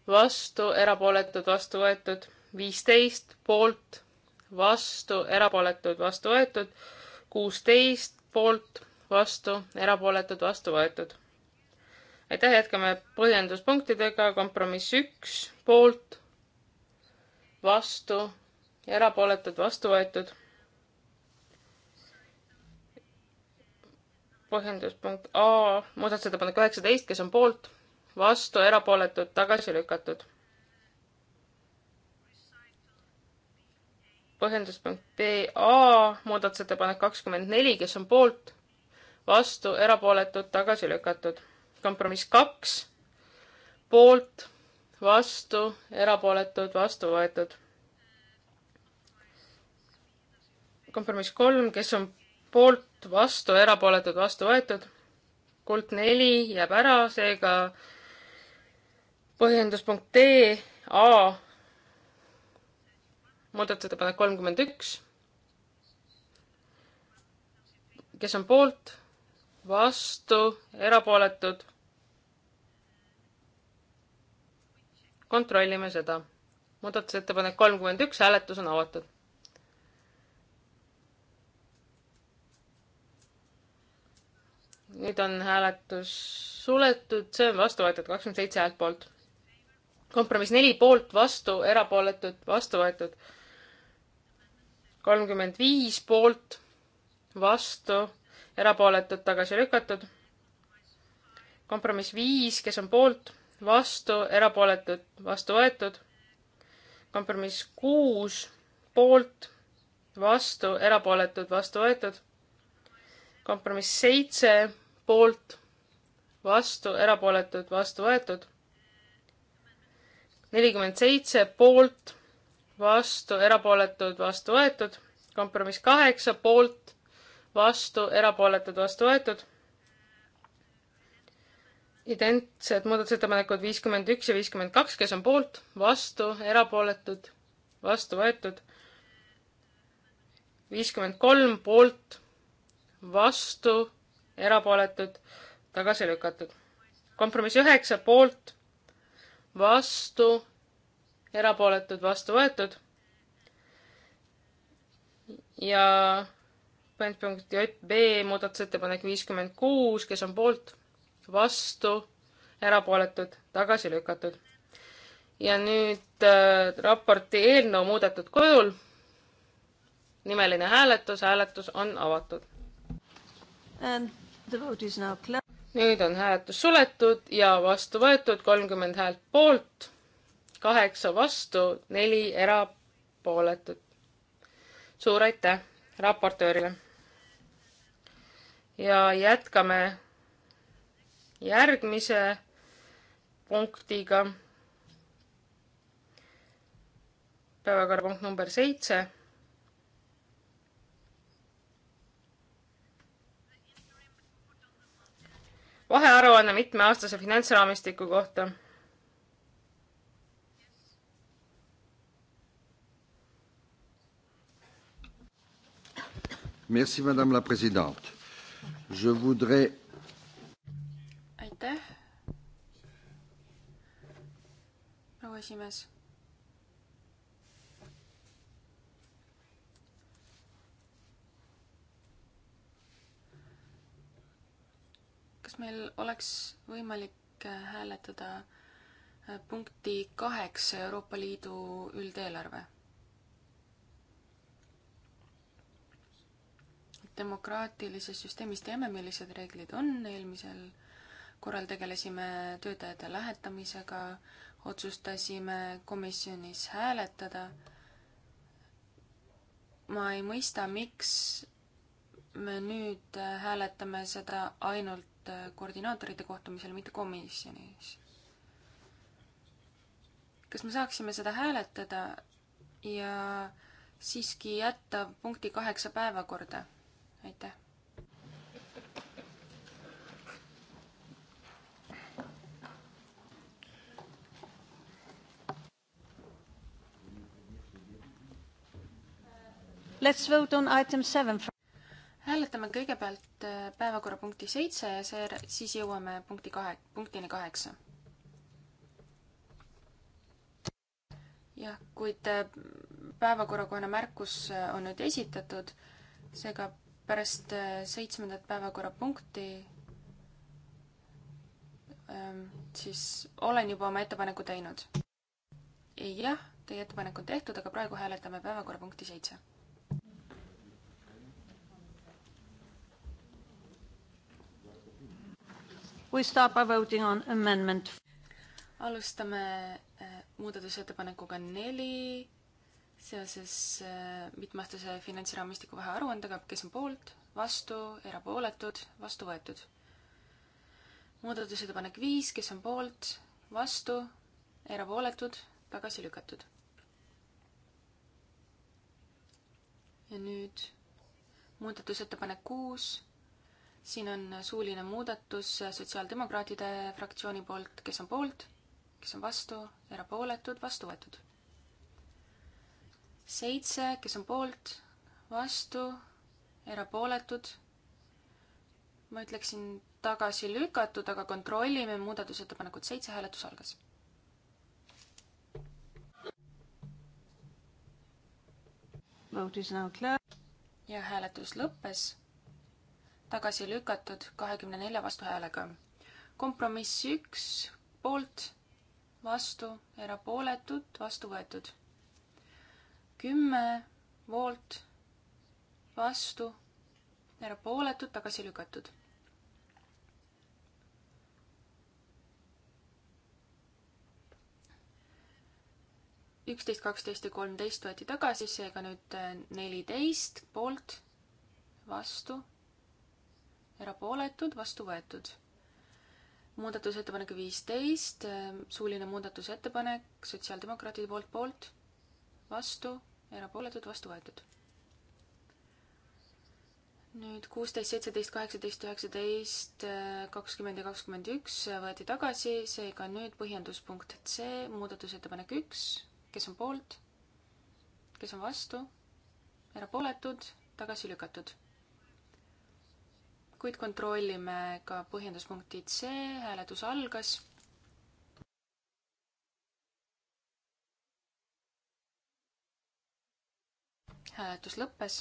Speaker 4: vastu, erapooletud, vastu võetud. viisteist poolt, vastu, erapooletud, vastu võetud kuusteist poolt, vastu, erapooletud, vastu võetud. aitäh, jätkame põhjenduspunktidega, kompromiss üks, poolt, vastu, erapooletud, vastu võetud. põhjenduspunkt A, muudatusettepanek üheksateist, kes on poolt, vastu, erapooletud, tagasi lükatud põhjenduspunkt BA, muudatusettepanek kakskümmend neli, kes on poolt, vastu, erapooletud, tagasi lükatud. kompromiss kaks, poolt, vastu, erapooletud, vastu võetud. kompromiss kolm, kes on poolt, vastu, erapooletud, vastu võetud. kuld neli jääb ära, seega põhjenduspunkt D, A muudatusettepanek kolmkümmend üks. kes on poolt, vastu, erapooletud? kontrollime seda. muudatusettepanek kolmkümmend üks, hääletus on avatud. nüüd on hääletus suletud, see on vastu võetud kakskümmend seitse häält poolt. kompromiss neli poolt, vastu, erapooletud, vastu võetud kolmkümmend viis poolt, vastu, erapooletud, tagasi lükatud. kompromiss viis, kes on poolt, vastu, erapooletud, vastu võetud. kompromiss kuus, poolt, vastu, erapooletud, vastu võetud. kompromiss seitse, poolt, vastu, erapooletud, vastu võetud. nelikümmend seitse, poolt vastu, erapooletud, vastu võetud. kompromiss kaheksa, poolt, vastu, erapooletud, vastu võetud. identsed muudatusettepanekud viiskümmend üks ja viiskümmend kaks, kes on poolt, vastu, erapooletud, vastu võetud. viiskümmend kolm poolt, vastu, erapooletud, tagasi lükatud. kompromiss üheksa, poolt, vastu erapooletud, vastu võetud. ja põhjenduspunkt JB muudatusettepanek viiskümmend kuus, kes on poolt, vastu, erapooletud, tagasi lükatud. ja nüüd äh, raporti eelnõu muudetud kujul. nimeline hääletus, hääletus on avatud. nüüd on hääletus suletud ja vastu võetud kolmkümmend häält poolt kaheksa vastu, neli erapooletut. suur aitäh raportöörile. ja jätkame järgmise punktiga. päevakorrapunkt number seitse vahearuanne mitmeaastase finantsraamistiku kohta
Speaker 2: Merci, madame la présidente. Je voudrais.
Speaker 6: aitäh. proua esimees. kas meil oleks võimalik äh, hääletada äh, punkti kaheksa Euroopa Liidu üldeelarve? demokraatilises süsteemis teame, millised reeglid on, eelmisel korral tegelesime töötajate lähetamisega, otsustasime komisjonis hääletada. ma ei mõista, miks me nüüd hääletame seda ainult koordinaatorite kohtumisel, mitte komisjonis. kas me saaksime seda hääletada ja siiski jätta punkti kaheksa päevakorda? aitäh.
Speaker 2: Let's vote on item seven.
Speaker 6: hääletame kõigepealt äh, päevakorrapunkti seitse ja seejärel, siis jõuame punkti kahe, punktini kaheksa. jah, kuid äh, päevakorrakohane märkus äh, on nüüd esitatud, seega pärast äh, seitsmendat päevakorrapunkti ähm, siis olen juba oma ettepaneku teinud. jah, teie ettepanek on tehtud, aga praegu hääletame päevakorrapunkti seitse.
Speaker 2: We start by voting on amendment.
Speaker 6: alustame äh, muudatusettepanekuga neli seoses äh, mitmeaastase finantsraamistiku vahearuandega, kes on poolt, vastu, erapooletud, vastu võetud. muudatusettepanek viis, kes on poolt, vastu, erapooletud, tagasi lükatud. ja nüüd muudatusettepanek kuus. siin on suuline muudatus sotsiaaldemokraatide fraktsiooni poolt, kes on poolt, kes on vastu, erapooletud, vastu võetud seitse, kes on poolt, vastu, erapooletud. ma ütleksin tagasi lükatud, aga kontrollime muudatusettepanekut seitse, hääletus algas. ja hääletus lõppes. tagasi lükatud kahekümne nelja vastuhäälega. kompromiss üks, poolt, vastu, erapooletud, vastu võetud kümme poolt, vastu, erapooletud, tagasi lükatud. üksteist, kaksteist ja kolmteist võeti tagasi, seega nüüd äh, neliteist poolt, vastu, erapooletud, vastu võetud muudatusettepanek viisteist, äh, suuline muudatusettepanek sotsiaaldemokraatide poolt, poolt, vastu, erapooletud, vastu võetud. nüüd kuusteist, seitseteist, kaheksateist, üheksateist, kakskümmend ja kakskümmend üks võeti tagasi, seega nüüd põhjenduspunkt C, muudatusettepanek üks, kes on poolt, kes on vastu, erapooletud, tagasi lükatud kuid kontrollime ka põhjenduspunkti C, hääletus algas hääletus lõppes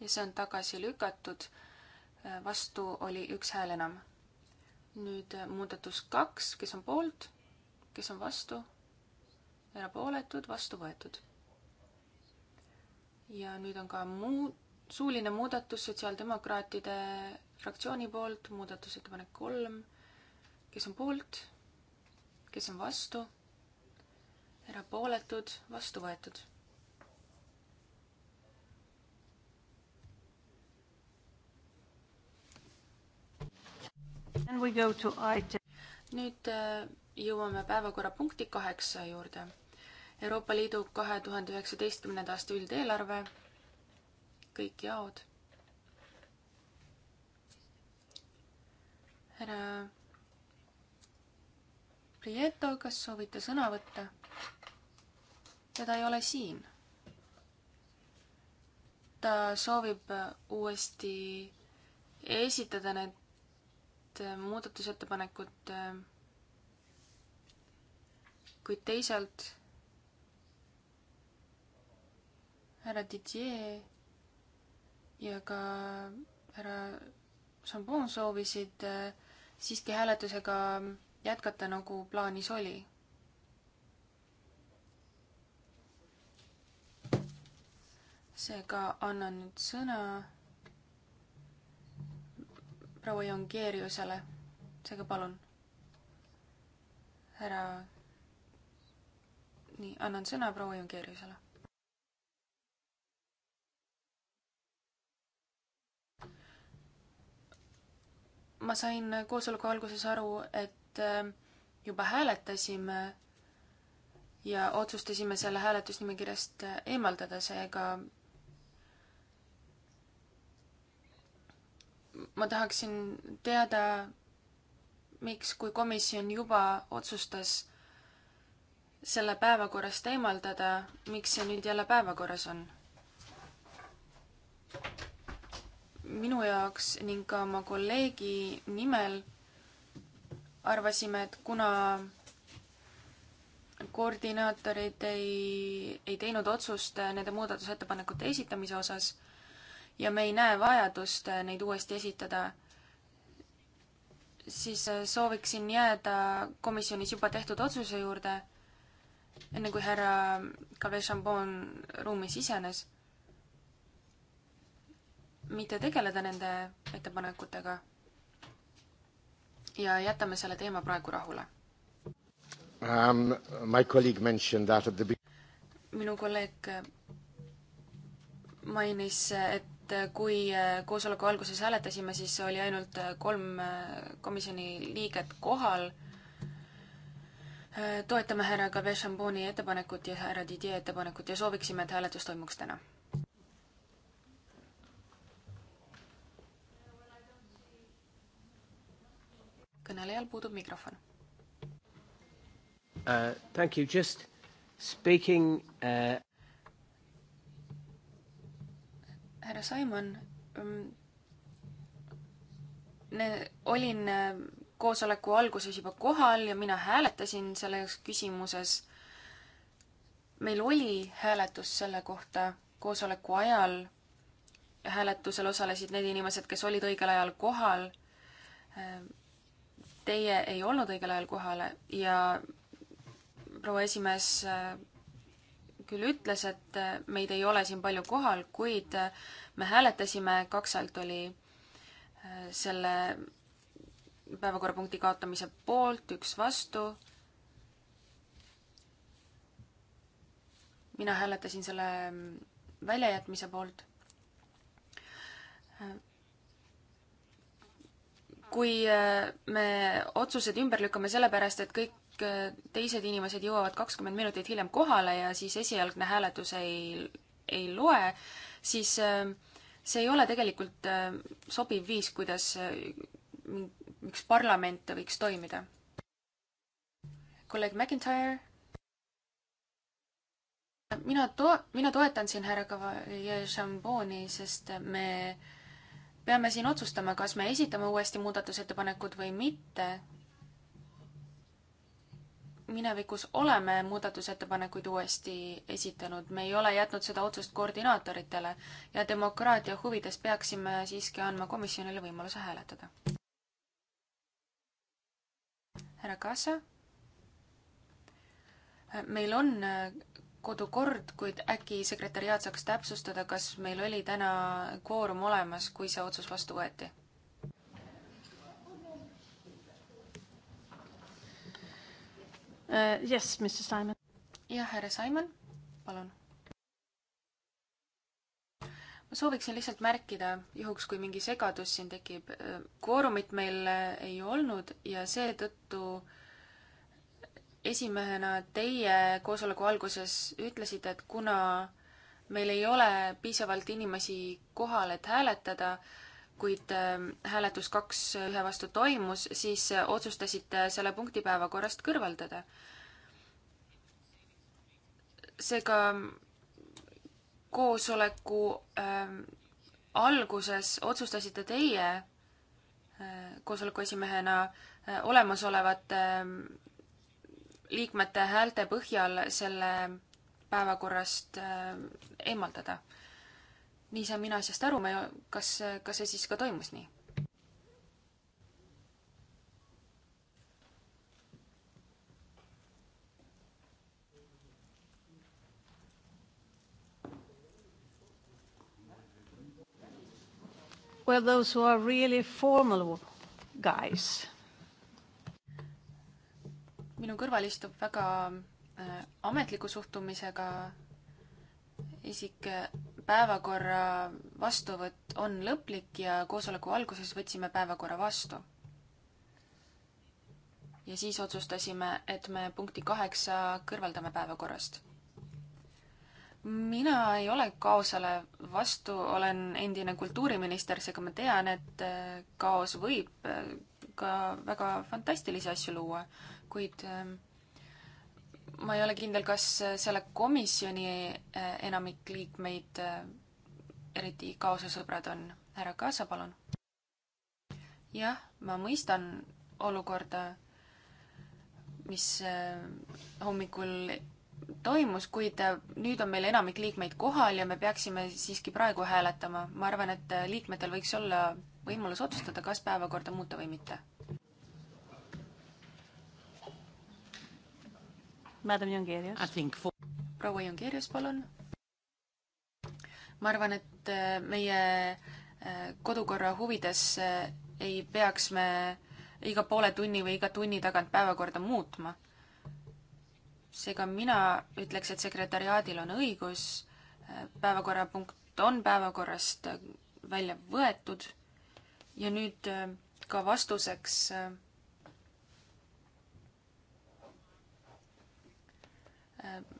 Speaker 6: ja see on tagasi lükatud. vastu oli üks hääl enam. nüüd muudatus kaks, kes on poolt, kes on vastu, erapooletud, vastu võetud. ja nüüd on ka muu, suuline muudatus sotsiaaldemokraatide fraktsiooni poolt, muudatusettepanek kolm, kes on poolt, kes on vastu, erapooletud, vastu
Speaker 2: võetud nüüd
Speaker 6: äh, jõuame päevakorrapunkti kaheksa juurde. Euroopa Liidu kahe tuhande üheksateistkümnenda aasta üldeelarve, kõik jaod. härra Prieto, kas soovite sõna võtta? teda ei ole siin. ta soovib äh, uuesti esitada need Äh, muudatusettepanekut, äh, kuid teisalt härra Didier ja ka härra Sambon soovisid äh, siiski hääletusega jätkata, nagu plaanis oli seega annan nüüd sõna proua Jongeeriusele. seega palun, härra, nii, annan sõna proua Jongeeriusele. ma sain koosoleku alguses aru, et ähm, juba hääletasime ja otsustasime selle hääletusnimekirjast äh, eemaldada, seega ma tahaksin teada, miks, kui komisjon juba otsustas selle päevakorrast eemaldada, miks see nüüd jälle päevakorras on? minu jaoks ning ka oma kolleegi nimel arvasime, et kuna koordinaatorid ei, ei teinud otsust nende muudatusettepanekute esitamise osas ja me ei näe vajadust äh, neid uuesti esitada, siis äh, sooviksin jääda komisjonis juba tehtud otsuse juurde, enne kui härra Calvet Chambon ruumi sisenes, mitte tegeleda nende ettepanekutega ja jätame selle teema praegu rahule
Speaker 1: um,. My colleague mentioned that at the
Speaker 6: minu kolleeg mainis, et et äh, kui äh, koosoleku alguses hääletasime, siis oli ainult äh, kolm komisjoni liiget kohal. toetame härra Gabriel Šamboni ettepanekut ja härra Didier ettepanekut ja sooviksime, et hääletus toimuks täna. kõnelejal puudub mikrofon
Speaker 2: uh,. Thank you, just speaking uh....
Speaker 6: härra Simon, mm, olin äh, koosoleku alguses juba kohal ja mina hääletasin selles küsimuses. meil oli hääletus selle kohta koosoleku ajal. hääletusel osalesid need inimesed, kes olid õigel ajal kohal. Ähm, teie ei olnud õigel ajal kohal ja proua esimees äh, küll ütles, et äh, meid ei ole siin palju kohal, kuid äh, me hääletasime, Kaksalt oli äh, selle päevakorrapunkti kaotamise poolt, üks vastu. mina hääletasin selle mm, väljajätmise poolt. kui me otsused ümber lükkame sellepärast, et kõik kõik äh, teised inimesed jõuavad kakskümmend minutit hiljem kohale ja siis esialgne hääletus ei, ei loe, siis äh, see ei ole tegelikult äh, sobiv viis, kuidas üks parlament võiks toimida. kolleeg McIntyre? mina to-, mina toetan siin härra Cavalier Chamboni, sest me peame siin otsustama, kas me esitame uuesti muudatusettepanekud või mitte minevikus oleme muudatusettepanekuid uuesti esitanud, me ei ole jätnud seda otsust koordinaatoritele ja demokraatia huvides peaksime siiski andma komisjonile võimaluse hääletada. härra Kaasa? meil on kodukord, kuid äkki sekretäriaat saaks täpsustada, kas meil oli täna kvoorum olemas, kui see otsus vastu võeti?
Speaker 2: Uh, yes, Mr Simon. jah, härra Simon,
Speaker 6: palun. ma sooviksin lihtsalt märkida, juhuks kui mingi segadus siin tekib, äh, kvoorumit meil äh, ei olnud ja seetõttu esimehena teie koosoleku alguses ütlesite, et kuna meil ei ole piisavalt inimesi kohal, et hääletada, kuid ähm, hääletus kaks äh, ühe vastu toimus, siis äh, otsustasite selle punkti päevakorrast kõrvaldada. seega ähm, koosoleku äh, alguses otsustasite teie äh, koosoleku esimehena äh, olemasolevate äh, liikmete häälte põhjal selle päevakorrast äh, eemaldada äh, nii saan mina asjast aru, ma, kas, kas see siis ka toimus nii?
Speaker 2: Well, those who are really formal guys.
Speaker 6: minu kõrval istub väga äh, ametliku suhtumisega isik päevakorra vastuvõtt on lõplik ja koosoleku alguses võtsime päevakorra vastu. ja siis otsustasime, et me punkti kaheksa kõrvaldame päevakorrast. mina ei ole kaosele vastu, olen endine kultuuriminister, seega ma tean, et äh, kaos võib äh, ka väga fantastilisi asju luua, kuid ähm, ma ei ole kindel, kas selle komisjoni äh, enamik liikmeid äh, eriti kaosesõbrad on. härra Kaasa, palun. jah, ma mõistan olukorda, mis äh, hommikul toimus, kuid nüüd on meil enamik liikmeid kohal ja me peaksime siiski praegu hääletama. ma arvan, et liikmetel võiks olla võimalus otsustada, kas päevakorda muuta või mitte. Madam Jungerius. For... proua Jungerius, palun. ma arvan, et äh, meie äh, kodukorra huvides äh, ei peaks me iga poole tunni või iga tunni tagant päevakorda muutma. seega mina ütleks, et sekretäriaadil on õigus, päevakorrapunkt on päevakorrast välja võetud ja nüüd ka vastuseks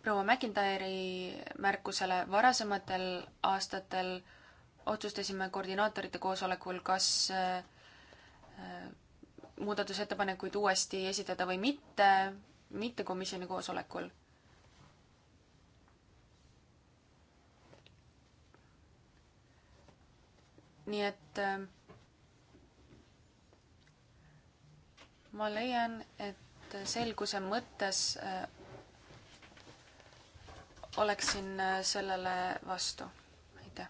Speaker 6: proua McIntyre'i märkusele varasematel aastatel otsustasime koordinaatorite koosolekul, kas äh, muudatusettepanekuid uuesti esitada või mitte, mitte komisjoni koosolekul. nii et äh, ma leian, et selguse mõttes äh, oleksin äh, sellele vastu. aitäh!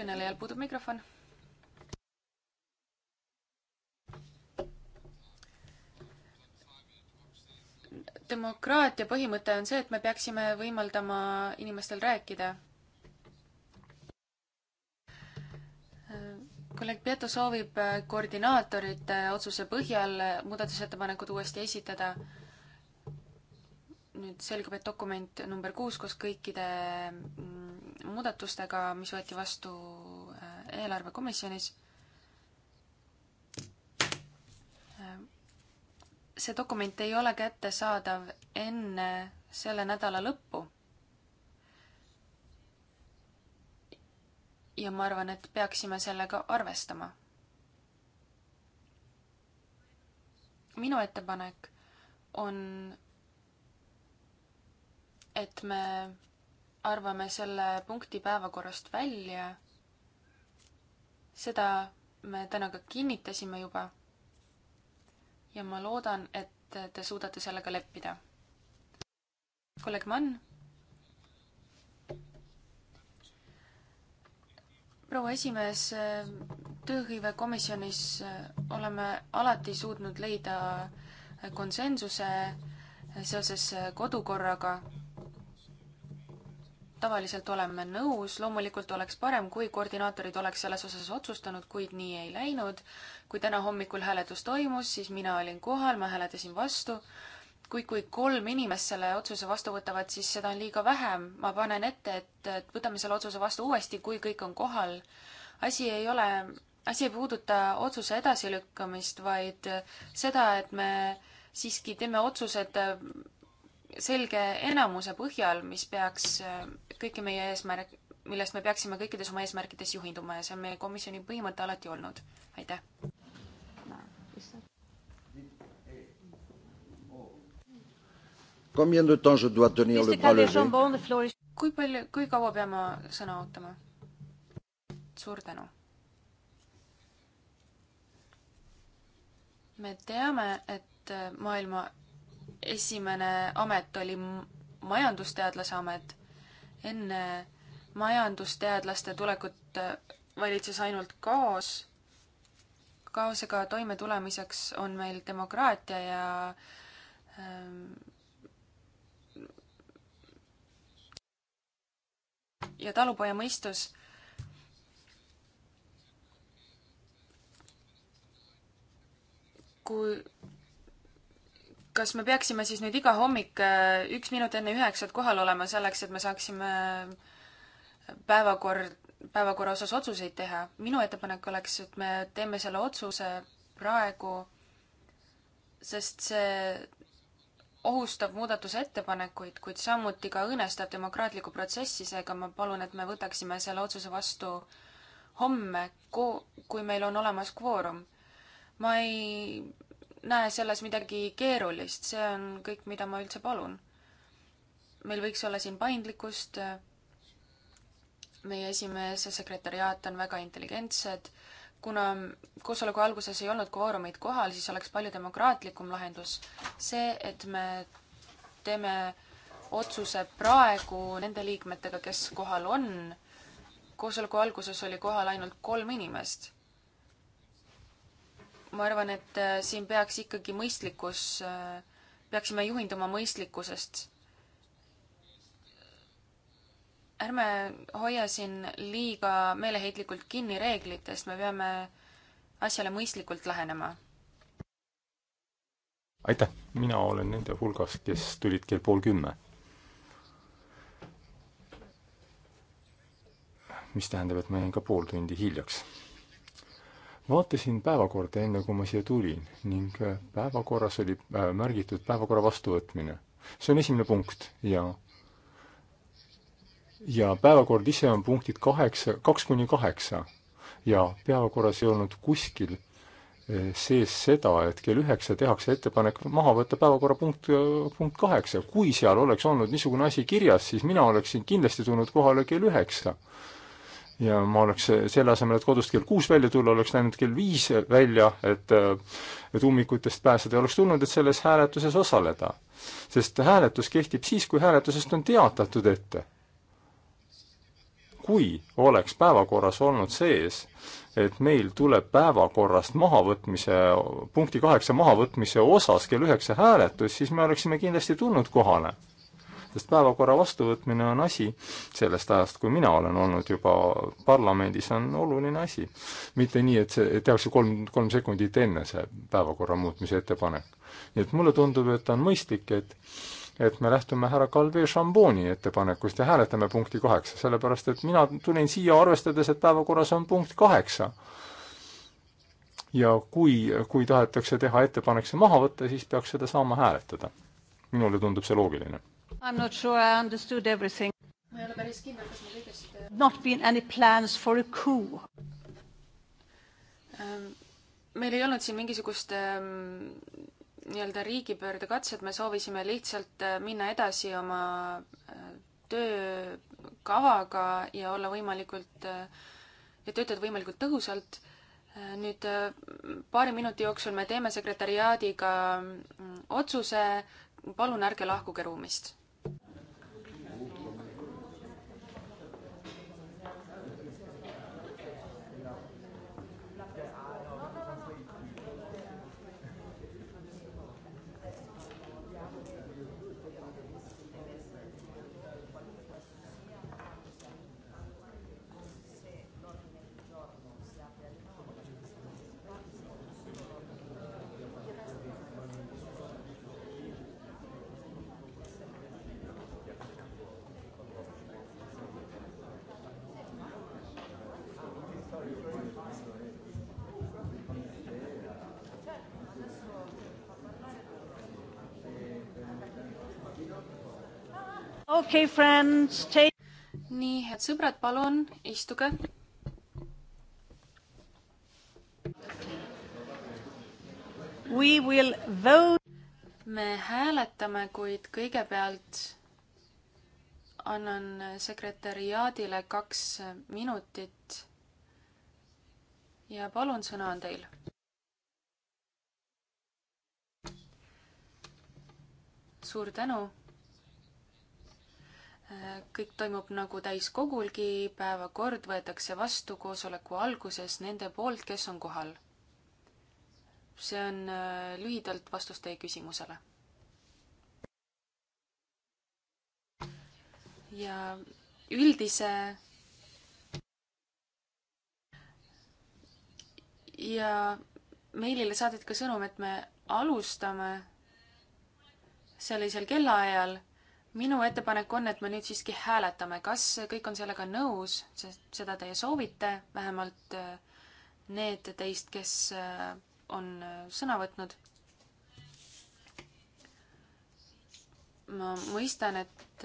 Speaker 6: kõnelejal puudub mikrofon. demokraatia põhimõte on see, et me peaksime võimaldama inimestel rääkida. kolleeg Pieto soovib koordinaatorite otsuse põhjal muudatusettepanekud uuesti esitada nüüd selgub, et dokument number kuus koos kõikide mm, muudatustega, mis võeti vastu äh, eelarvekomisjonis, äh, see dokument ei ole kättesaadav enne selle nädala lõppu. ja ma arvan, et peaksime sellega arvestama. minu ettepanek on et me arvame selle punkti päevakorrast välja. seda me täna ka kinnitasime juba. ja ma loodan, et te suudate sellega leppida. kolleeg Mann. proua esimees, tööhõivekomisjonis oleme alati suutnud leida konsensuse seoses kodukorraga tavaliselt oleme nõus, loomulikult oleks parem, kui koordinaatorid oleks selles osas otsustanud, kuid nii ei läinud. kui täna hommikul hääletus toimus, siis mina olin kohal, ma hääletasin vastu. kui, kui kolm inimest selle otsuse vastu võtavad, siis seda on liiga vähe. ma panen ette, et, et võtame selle otsuse vastu uuesti, kui kõik on kohal. asi ei ole, asi ei puuduta otsuse edasilükkamist, vaid seda, et me siiski teeme otsused selge enamuse põhjal, mis peaks äh, kõiki meie eesmärk, millest me peaksime kõikides oma eesmärkides juhinduma ja see on meie komisjoni põhimõte alati olnud. aitäh! kui palju, kui kaua pean ma sõna ootama? suur tänu! me teame, et äh, maailma esimene amet oli majandusteadlase amet. enne majandusteadlaste tulekut äh, valitses ainult kaos. kaosega toimetulemiseks on meil demokraatia ja ähm, ja talupojamõistus. kui kas me peaksime siis nüüd iga hommik äh, üks minut enne üheksat kohal olema selleks, et me saaksime äh, päevakord, päevakorra osas otsuseid teha? minu ettepanek oleks, et me teeme selle otsuse praegu, sest see ohustab muudatusettepanekuid, kuid samuti ka õõnestab demokraatlikku protsessi, seega ma palun, et me võtaksime selle otsuse vastu homme, kui meil on olemas kvoorum. ma ei näe selles midagi keerulist, see on kõik, mida ma üldse palun. meil võiks olla siin paindlikkust, meie esimees ja sekretäriaat on väga intelligentsed, kuna koosoleku alguses ei olnud kvoorumeid kohal, siis oleks palju demokraatlikum lahendus see, et me teeme otsuse praegu nende liikmetega, kes kohal on. koosoleku alguses oli kohal ainult kolm inimest ma arvan, et äh, siin peaks ikkagi mõistlikkus, äh, peaksime juhinduma mõistlikkusest. ärme hoia siin liiga meeleheitlikult kinni reeglitest, me peame asjale mõistlikult lähenema.
Speaker 1: aitäh, mina olen nende hulgas, kes tulid kell pool kümme. mis tähendab, et ma jäin ka pool tundi hiljaks vaatasin päevakorda, enne kui ma siia tulin ning äh, päevakorras oli äh, märgitud päevakorra vastuvõtmine. see on esimene punkt ja ja päevakord ise on punktid kaheksa, kaks kuni kaheksa ja päevakorras ei olnud kuskil äh, sees seda, et kell üheksa tehakse ettepanek maha võtta päevakorrapunkt, punkt kaheksa. kui seal oleks olnud niisugune asi kirjas, siis mina oleksin kindlasti tulnud kohale kell üheksa ja ma oleks selle asemel, et kodust kell kuus välja tulla, oleks läinud kell viis välja, et et ummikutest pääseda ja oleks tulnud, et selles hääletuses osaleda. sest hääletus kehtib siis, kui hääletusest on teatatud ette. kui oleks päevakorras olnud sees, et meil tuleb päevakorrast mahavõtmise, punkti kaheksa mahavõtmise osas kell üheksa hääletus, siis me oleksime kindlasti tulnud kohale sest päevakorra vastuvõtmine on asi sellest ajast, kui mina olen olnud juba parlamendis, on oluline asi. mitte nii, et see, tehakse kolm, kolm sekundit enne see päevakorra muutmise ettepanek. nii et mulle tundub, et on mõistlik, et et me lähtume härra Calvi Šamboni ettepanekust ja hääletame punkti kaheksa, sellepärast et mina tulin siia arvestades, et päevakorras on punkt kaheksa. ja kui, kui tahetakse teha ettepanek see maha võtta, siis peaks seda saama hääletada. minule tundub see loogiline
Speaker 2: I am not sure I understood everything. ma ei ole päris kindel, kas ma kõigest. Äh, not been any plans for a coup
Speaker 6: um,? meil ei olnud siin mingisugust um, nii-öelda riigipöördekatset, me soovisime lihtsalt äh, minna edasi oma äh, töökavaga ja olla võimalikult ja töötada võimalikult tõhusalt. nüüd paari minuti jooksul me teeme sekretäriaadiga mm, otsuse, palun ärge lahkuge ruumist Hey friends, take... nii, head sõbrad, palun istuge. We will vote. me hääletame, kuid kõigepealt annan sekretäriaadile kaks minutit. ja palun, sõna on teil suur tänu kõik toimub nagu täiskogulgi, päevakord võetakse vastu koosoleku alguses nende poolt, kes on kohal. see on äh, lühidalt vastus teie küsimusele. ja üldise ja meilile saadeti ka sõnum, et me alustame sellisel kellaajal minu ettepanek on, et me nüüd siiski hääletame, kas kõik on sellega nõus, sest seda teie soovite, vähemalt äh, need teist, kes äh, on äh, sõna võtnud. ma mõistan, et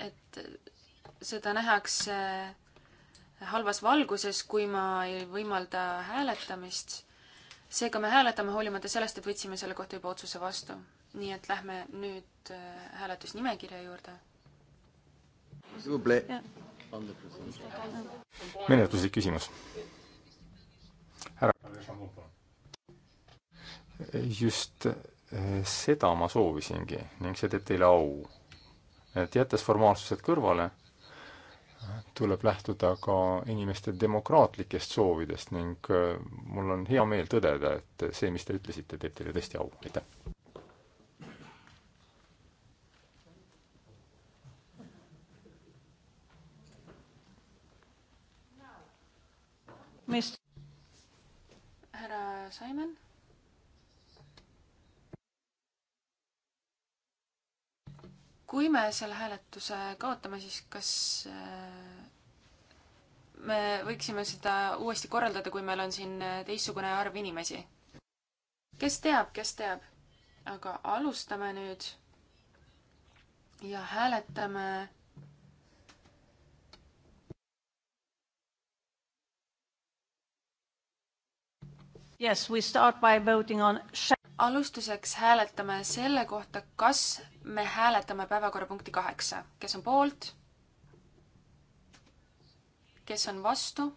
Speaker 6: et seda nähakse halvas valguses, kui ma ei võimalda hääletamist seega me hääletame, hoolimata sellest, et võtsime selle kohta juba otsuse vastu. nii et lähme nüüd äh, hääletusnimekirja juurde.
Speaker 2: menetluslik
Speaker 1: küsimus. härra. just äh, seda ma soovisingi ning see teeb teile au. et jättes formaalsused kõrvale tuleb lähtuda ka inimeste demokraatlikest soovidest ning äh, mul on hea meel tõdeda, et see, mis te ütlesite, teeb teile tõesti au, aitäh!
Speaker 6: härra Simon kui me selle hääletuse kaotame, siis kas äh, me võiksime seda uuesti korraldada, kui meil on siin äh, teistsugune arv inimesi? kes teab, kes teab, aga alustame nüüd ja hääletame.
Speaker 2: Yes, we start by voting on alustuseks hääletame
Speaker 6: selle kohta, kas me hääletame päevakorrapunkti kaheksa, kes on poolt, kes on vastu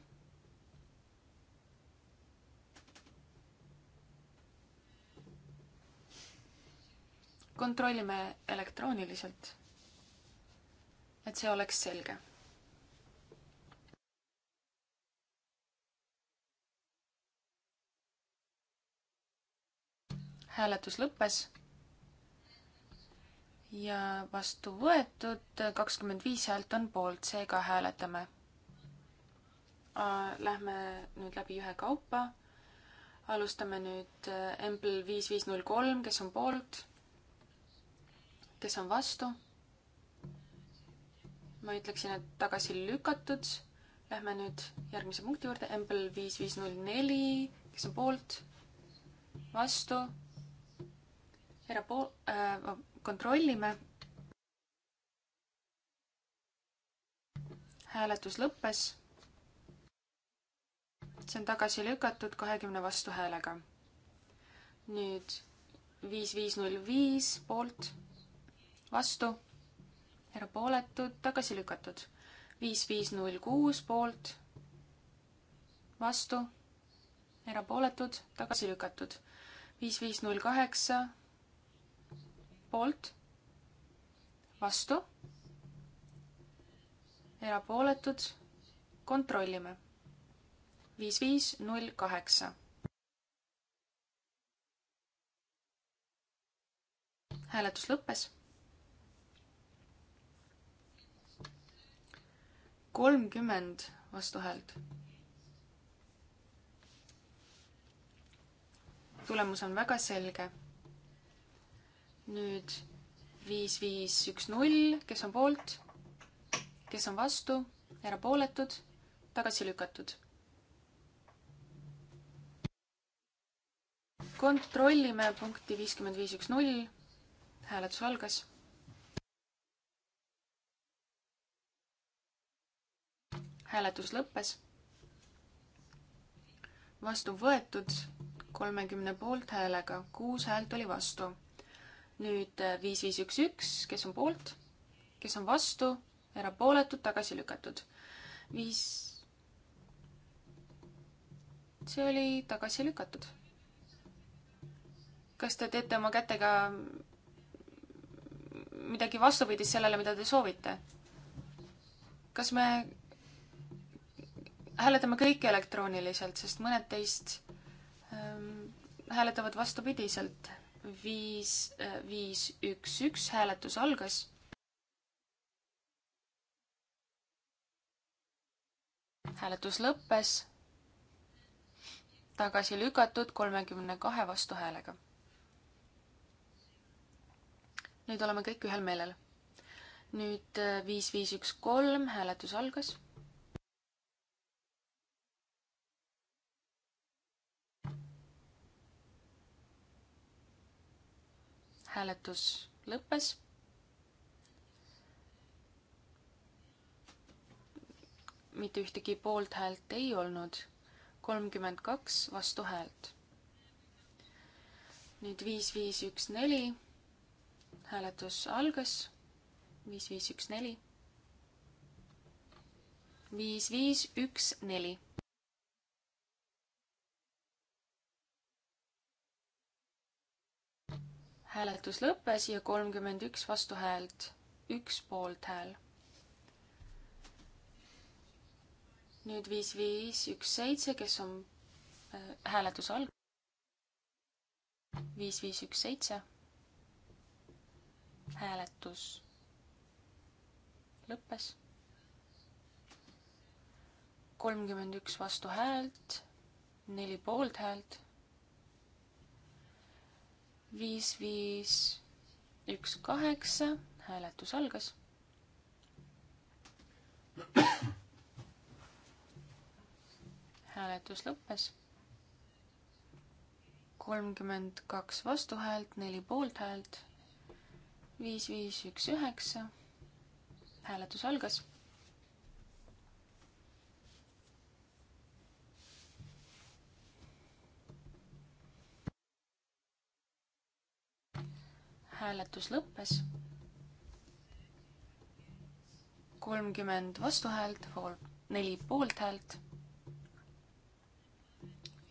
Speaker 6: kontrollime elektrooniliselt, et see oleks selge hääletus lõppes ja vastu võetud, kakskümmend viis häält on poolt, seega hääletame. Lähme nüüd läbi ühekaupa. alustame nüüd eh, Embl viis viis null kolm, kes on poolt, kes on vastu. ma ütleksin, et tagasi lükatud. Lähme nüüd järgmise punkti juurde, Embl viis viis null neli, kes on poolt, vastu erapool- äh,, kontrollime. hääletus lõppes. see on tagasi lükatud kahekümne vastuhäälega. nüüd viis, viis, null, viis poolt, vastu, erapooletud, tagasi lükatud. viis, viis, null, kuus poolt, vastu, erapooletud, tagasi lükatud. viis, viis, null, kaheksa poolt, vastu, erapooletud, kontrollime. viis, viis, null, kaheksa. hääletus lõppes. kolmkümmend vastuhäält tulemus on väga selge nüüd viis, viis, üks, null, kes on poolt, kes on vastu, erapooletud, tagasi lükatud. kontrollime punkti viiskümmend viis, üks, null. hääletus algas. hääletus lõppes. vastu võetud kolmekümne poolthäälega, kuus häält oli vastu nüüd äh, viis, viis, üks, üks, kes on poolt, kes on vastu, erapooletud, tagasi lükatud. viis. see oli tagasi lükatud. kas te teete oma kätega midagi vastupidist sellele, mida te soovite? kas me hääletame kõik elektrooniliselt, sest mõned teist ähm, hääletavad vastupidiselt viis, äh, viis, üks, üks hääletus algas. hääletus lõppes. tagasi lükatud kolmekümne kahe vastuhäälega. nüüd oleme kõik ühel meelel. nüüd äh, viis, viis, üks, kolm hääletus algas hääletus lõppes. mitte ühtegi poolthäält ei olnud, kolmkümmend kaks vastuhäält. nüüd viis, viis, üks, neli. hääletus algas. viis, viis, üks, neli. viis, viis, üks, neli hääletus lõppes ja kolmkümmend üks vastuhäält, üks poolthääl. nüüd viis, viis, üks, seitse, kes on äh, hääletuse alg-. viis, viis, üks, seitse. hääletus lõppes. kolmkümmend üks vastuhäält, neli poolthäält viis, viis, üks, kaheksa, hääletus algas. hääletus lõppes. kolmkümmend kaks vastuhäält, neli poolthäält, viis, viis, üks, üheksa. hääletus algas hääletus lõppes. kolmkümmend vastuhäält, neli poolthäält.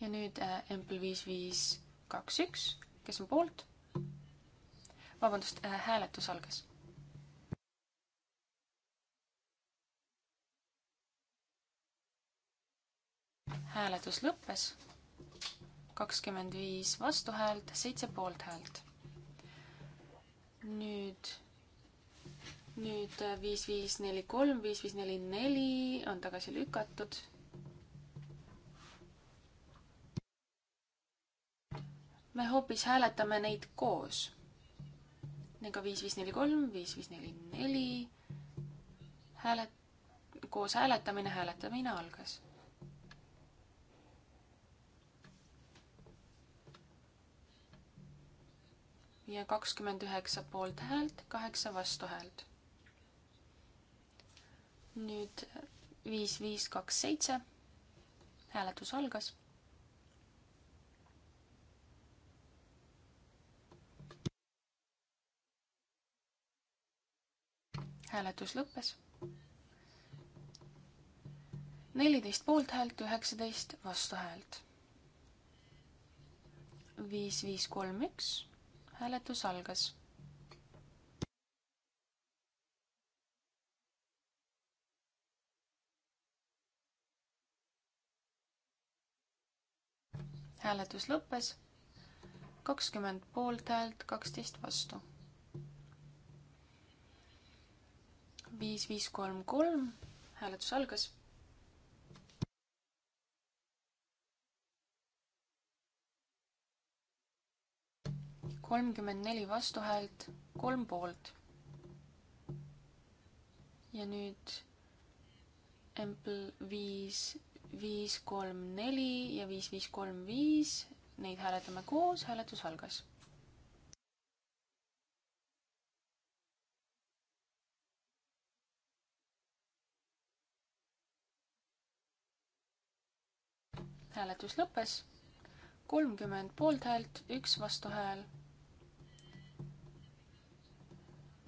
Speaker 6: ja nüüd Ample äh, viis, viis, kaks, üks, kes on poolt? vabandust, äh, hääletus algas. hääletus lõppes. kakskümmend viis vastuhäält, seitse poolthäält nüüd, nüüd äh, viis, viis, neli, kolm, viis, viis, neli, neli on tagasi lükatud. me hoopis hääletame neid koos. ega viis, viis, neli, kolm, viis, viis, neli, neli. häälet-, koos hääletamine, hääletamine algas ja kakskümmend üheksa poolthäält, kaheksa vastuhäält. nüüd viis, viis, kaks, seitse. hääletus algas. hääletus lõppes. neliteist poolthäält, üheksateist vastuhäält. viis, viis, kolm, üks hääletus algas. hääletus lõppes kakskümmend poolthäält, kaksteist vastu. viis, viis, kolm, kolm, hääletus algas kolmkümmend neli vastuhäält, kolm poolt. ja nüüd Ample viis, viis, kolm, neli ja viis, viis, kolm, viis. Neid hääletame koos, hääletus algas. hääletus lõppes kolmkümmend poolthäält, üks vastuhääl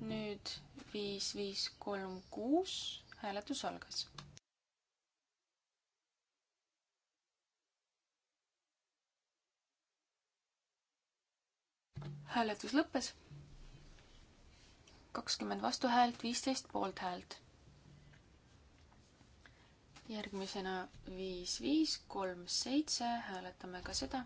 Speaker 6: nüüd viis, viis, kolm, kuus, hääletus algas. hääletus lõppes. kakskümmend vastuhäält, viisteist poolthäält. järgmisena viis, viis, kolm, seitse, hääletame ka seda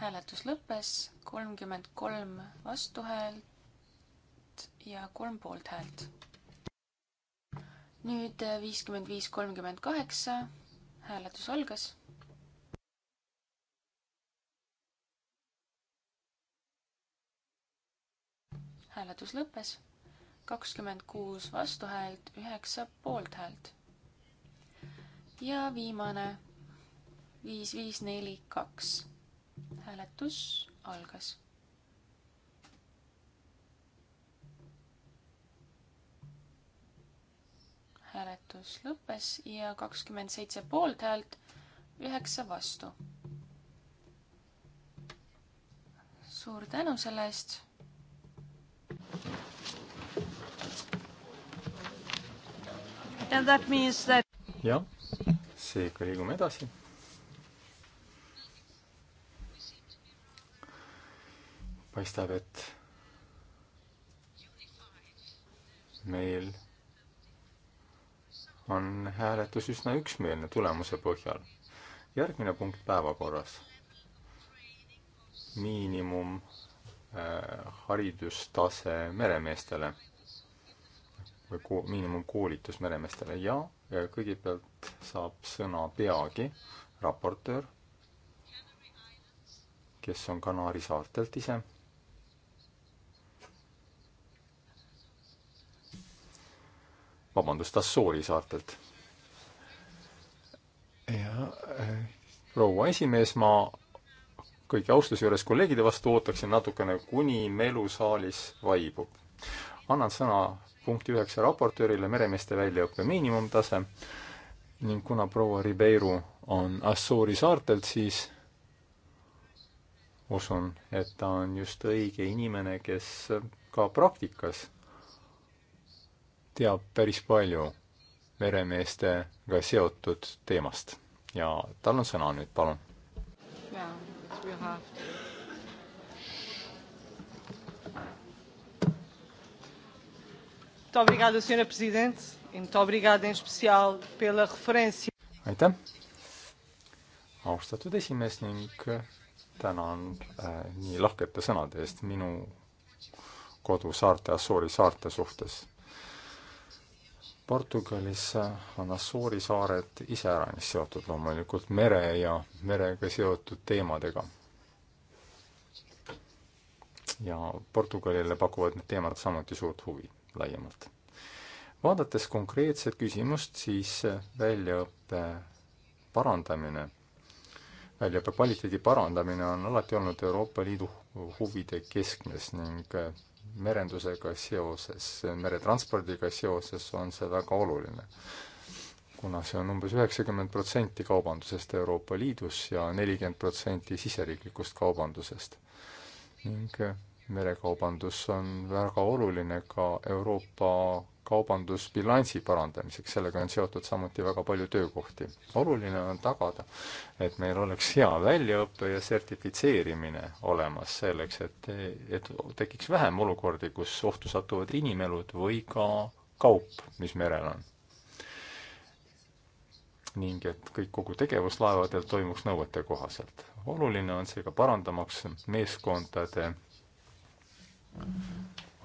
Speaker 6: hääletus lõppes, kolmkümmend kolm vastuhäält ja kolm poolthäält. nüüd viiskümmend viis, kolmkümmend kaheksa, hääletus algas hääletus lõppes. kakskümmend kuus vastuhäält, üheksa poolthäält. ja viimane viis, viis, neli, kaks hääletus algas. hääletus lõppes ja kakskümmend seitse poolthäält, üheksa vastu. suur tänu selle eest.
Speaker 1: jah, seega liigume edasi paistab, et meil on hääletus üsna üksmeelne tulemuse põhjal. järgmine punkt päevakorras. miinimum äh, haridustase meremeestele või ko-, miinimumkoolitus meremeestele ja, ja kõigepealt saab sõna peagi raportöör, kes on Kanaari saartelt ise vabandust, Assoori saartelt.
Speaker 5: ja äh.
Speaker 1: proua esimees, ma kõigi austuse juures kolleegide vastu ootaksin natukene, kuni melu saalis vaibub. annan sõna punkti üheksa raportöörile meremeeste väljaõppe miinimumtase ning kuna proua Ribeiro on Assuuri saartelt, siis usun, et ta on just õige inimene, kes ka praktikas teab päris palju meremeestega seotud teemast ja tal on sõna nüüd, palun. E aitäh, austatud esimees ning tänan äh, nii lahkete sõnade eest minu kodu saarte, Assuuri saarte suhtes Portugalis on Assuuri saared iseäranis seotud loomulikult mere ja merega seotud teemadega. ja Portugalile pakuvad need teemad samuti suurt huvi laiemalt. vaadates konkreetset küsimust, siis väljaõppe parandamine, väljaõppe kvaliteedi parandamine on alati olnud Euroopa Liidu huvide keskmes ning merendusega seoses, meretranspordiga seoses on see väga oluline. kuna see on umbes üheksakümmend protsenti kaubandusest Euroopa Liidus ja nelikümmend protsenti siseriiklikust kaubandusest. ning merekaubandus on väga oluline ka Euroopa kaubandusbilansi parandamiseks, sellega on seotud samuti väga palju töökohti. oluline on tagada, et meil oleks hea väljaõpe ja sertifitseerimine olemas selleks, et, et tekiks vähem olukordi, kus ohtu satuvad inimelud või ka kaup, mis merel on. ning et kõik, kogu tegevus laevadel toimuks nõuete kohaselt. oluline on seega parandamaks meeskondade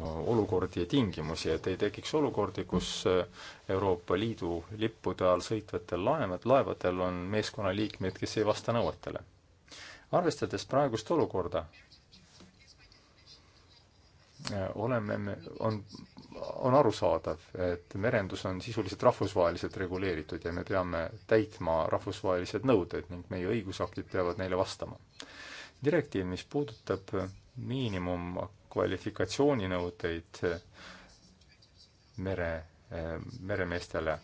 Speaker 1: olukordi ja tingimusi, et ei tekiks olukordi, kus eh, Euroopa Liidu lippude all sõitvatel laevad, laevadel on meeskonnaliikmed, kes ei vasta nõuetele. arvestades praegust olukorda, eh, oleme me, on, on arusaadav, et merendus on sisuliselt rahvusvaheliselt reguleeritud ja me peame täitma rahvusvahelised nõuded ning meie õigusaktid peavad neile vastama. direktiiv, mis puudutab miinimum kvalifikatsiooninõudeid eh, mere, eh, meremeestele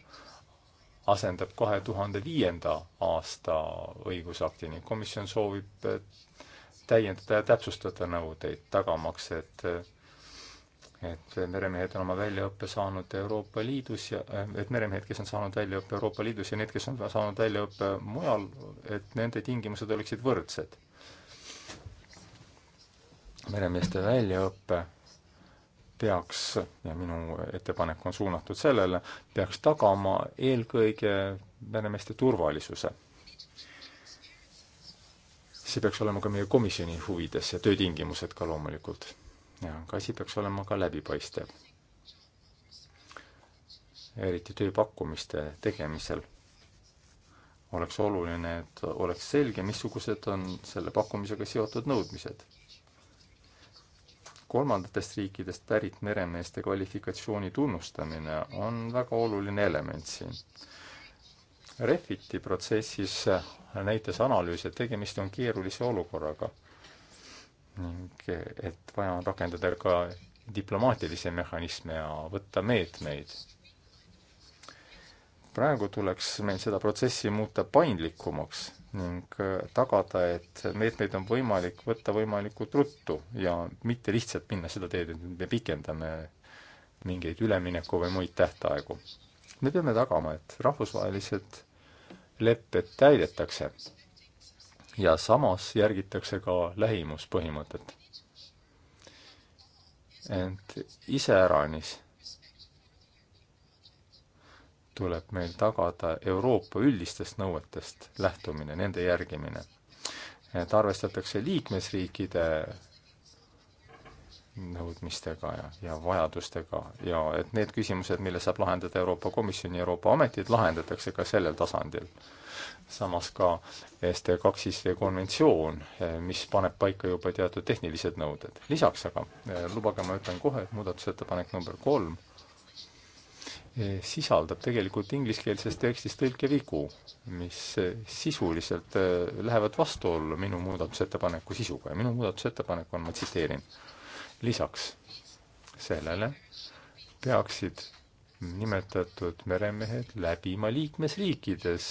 Speaker 1: asendab kahe tuhande viienda aasta õigusakti ning komisjon soovib eh, täiendada ja täpsustada nõudeid, tagamaks, et et meremehed on oma väljaõppe saanud Euroopa Liidus ja et meremehed, kes on saanud väljaõppe Euroopa Liidus ja need, kes on saanud väljaõppe mujal, et nende tingimused oleksid võrdsed meremeeste väljaõpe peaks, ja minu ettepanek on suunatud sellele, peaks tagama eelkõige meremeeste turvalisuse. see peaks olema ka meie komisjoni huvides ja töötingimused ka loomulikult. ja aga asi peaks olema ka läbipaistev. eriti tööpakkumiste tegemisel oleks oluline, et oleks selge, missugused on selle pakkumisega seotud nõudmised kolmandatest riikidest pärit meremeeste kvalifikatsiooni tunnustamine on väga oluline element siin. Refiti protsessis näitas analüüs, et tegemist on keerulise olukorraga ning et vaja on rakendada ka diplomaatilisi mehhanisme ja võtta meetmeid. praegu tuleks meil seda protsessi muuta paindlikumaks ning äh, tagada, et meetmeid on võimalik võtta võimalikult ruttu ja mitte lihtsalt minna seda teed, et me pikendame mingeid ülemineku või muid tähtaegu. me peame tagama, et rahvusvahelised lepped täidetakse ja samas järgitakse ka lähimuspõhimõtet. ent iseäranis tuleb meil tagada Euroopa üldistest nõuetest lähtumine, nende järgimine. et arvestatakse liikmesriikide nõudmistega ja, ja vajadustega ja et need küsimused, mille saab lahendada Euroopa Komisjon ja Euroopa ametid, lahendatakse ka sellel tasandil. samas ka ST kaksisv konventsioon, mis paneb paika juba teatud tehnilised nõuded. lisaks aga, lubage, ma ütlen kohe, et muudatusettepanek number kolm Eh, sisaldab tegelikult ingliskeelses tekstis tõlkevigu, mis eh, sisuliselt eh, lähevad vastuollu minu muudatusettepaneku sisuga ja minu muudatusettepanek on, ma tsiteerin, lisaks sellele peaksid nimetatud meremehed läbima liikmesriikides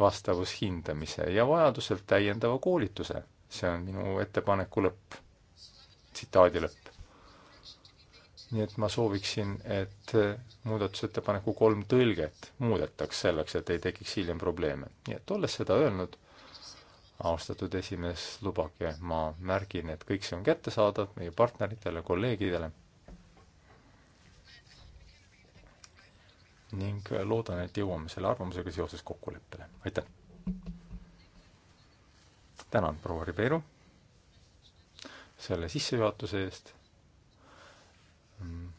Speaker 1: vastavushindamise ja vajadusel täiendava koolituse. see on minu ettepaneku lõpp, tsitaadi lõpp nii et ma sooviksin, et äh, muudatusettepaneku kolm tõlget muudetaks selleks, et ei tekiks hiljem probleeme. nii et olles seda öelnud, austatud esimees, lubage, ma märgin, et kõik see on kättesaadav meie partneritele, kolleegidele ning äh, loodan, et jõuame selle arvamusega seoses kokkuleppele. aitäh! tänan, proua Ribeiro, selle sissejuhatuse eest Mm.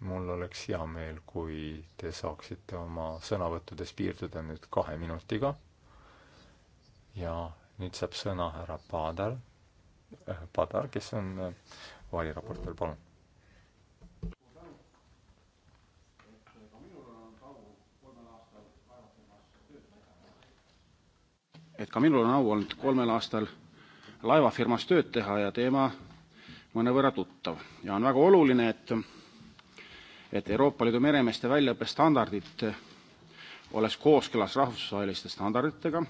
Speaker 1: mul oleks hea meel, kui te saaksite oma sõnavõttudes piirduda nüüd kahe minutiga. ja nüüd saab sõna härra Padar, äh, Padar, kes on äh, variraportöör, palun.
Speaker 3: et ka minul on au olnud kolmel aastal laevafirmas tööd teha ja teema mõnevõrra tuttav ja on väga oluline, et et Euroopa Liidu meremeeste väljaõppestandardid oleks kooskõlas rahvusvaheliste standarditega.